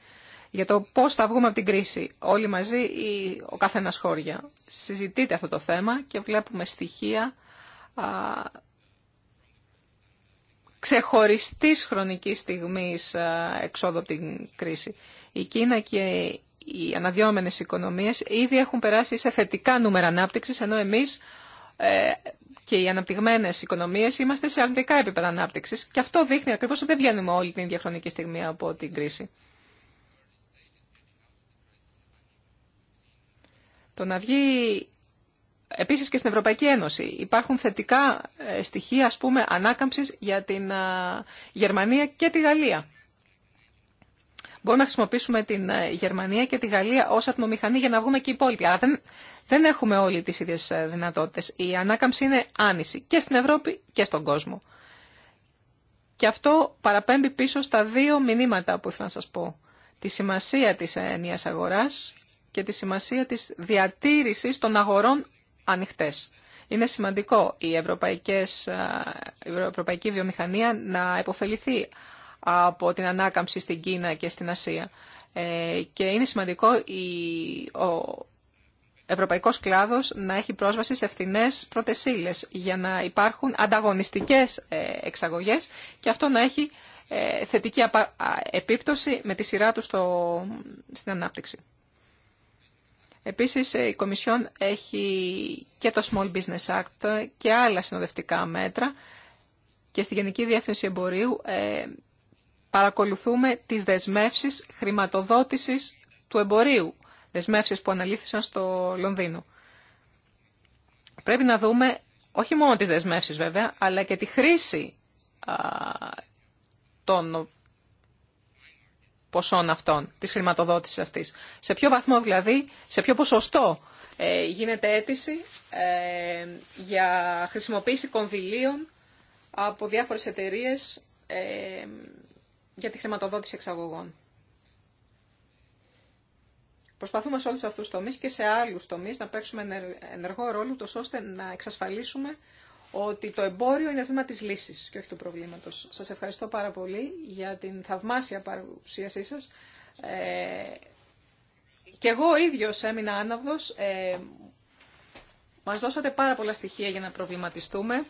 για το πώς θα βγούμε από την κρίση όλοι μαζί ή ο καθένας χώρια. Συζητείτε αυτό το θέμα και βλέπουμε στοιχεία α, ξεχωριστής χρονικής στιγμής α, εξόδου από την κρίση. Η ο καθενας χωρια συζητειτε αυτο το θεμα και βλεπουμε στοιχεια α ξεχωριστης χρονικης στιγμης εξοδου απο την κριση η κινα και οι αναδυόμενες οικονομίες ήδη έχουν περάσει σε θετικά νούμερα ανάπτυξης, ενώ εμείς ε, και οι αναπτυγμένε οικονομίε είμαστε σε αρνητικά επίπεδα ανάπτυξη. Και αυτό δείχνει ακριβώ ότι δεν βγαίνουμε όλη την ίδια χρονική στιγμή από την κρίση. Το να βγει επίσης και στην Ευρωπαϊκή Ένωση υπάρχουν θετικά ε, στοιχεία, ας πούμε, ανάκαμψης για την ε, Γερμανία και τη Γαλλία. Μπορούμε να χρησιμοποιήσουμε την ε, Γερμανία και τη Γαλλία ως ατμομηχανή για να βγούμε και οι υπόλοιποι. Αλλά δεν, έχουμε όλοι τις ίδιες δυνατότητες. Η ανάκαμψη είναι άνηση και στην Ευρώπη και στον κόσμο. Και αυτό παραπέμπει πίσω στα δύο μηνύματα που ήθελα να σας πω. Τη σημασία της ενίας αγοράς και τη σημασία της διατήρησης των αγορών ανοιχτές. Είναι σημαντικό η, ευρωπαϊκή βιομηχανία να επωφεληθεί από την ανάκαμψη στην Κίνα και στην Ασία. Ε, και είναι σημαντικό η, ο ευρωπαϊκός κλάδος να έχει πρόσβαση σε φθηνές πρωτεσίλες για να υπάρχουν ανταγωνιστικές ε, εξαγωγές και αυτό να έχει ε, θετική επίπτωση με τη σειρά του στην ανάπτυξη. Επίσης, ε, η Κομισιόν έχει και το Small Business Act και άλλα συνοδευτικά μέτρα και στη Γενική Διεύθυνση Εμπορίου ε, παρακολουθούμε τις δεσμεύσεις χρηματοδότησης του εμπορίου, δεσμεύσεις που αναλύθησαν στο Λονδίνο. Πρέπει να δούμε όχι μόνο τις δεσμεύσεις βέβαια, αλλά και τη χρήση α, των ποσών αυτών, της χρηματοδότησης αυτής. Σε ποιο βαθμό δηλαδή, σε ποιο ποσοστό ε, γίνεται αίτηση ε, για χρησιμοποίηση κονδυλίων από διάφορες εταιρείε ε, για τη χρηματοδότηση εξαγωγών. Προσπαθούμε σε όλους αυτούς τους τομείς και σε άλλους τομείς να παίξουμε ενεργό ρόλο, ώστε να εξασφαλίσουμε ότι το εμπόριο είναι θέμα της λύσης και όχι του προβλήματος. Σας ευχαριστώ πάρα πολύ για την θαυμάσια παρουσίασή σας. Ε, και εγώ ίδιος έμεινα άναυδος. Ε, μας δώσατε πάρα πολλά στοιχεία για να προβληματιστούμε.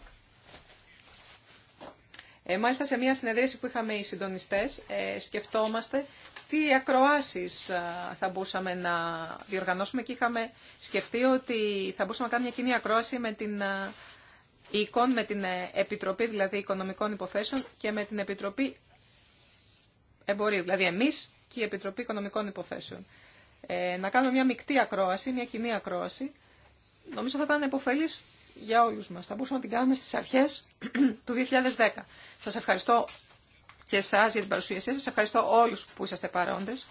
Ε, μάλιστα σε μια συνεδρίαση που είχαμε οι συντονιστές ε, σκεφτόμαστε τι ακροάσεις ε, θα μπορούσαμε να διοργανώσουμε και είχαμε σκεφτεί ότι θα μπορούσαμε να κάνουμε μια κοινή ακρόαση με την ε, οίκων, με την ε, Επιτροπή δηλαδή Οικονομικών Υποθέσεων και με την Επιτροπή Εμπορίου, δηλαδή εμείς και η Επιτροπή Οικονομικών Υποθέσεων. Ε, να κάνουμε μια μεικτή ακρόαση, μια κοινή ακρόαση, νομίζω θα ήταν υποφελής για όλους μας. Θα μπορούσαμε να την κάνουμε στις αρχές του 2010. Σας ευχαριστώ και εσάς για την παρουσία σας. Σας ευχαριστώ όλους που είσαστε παρόντες.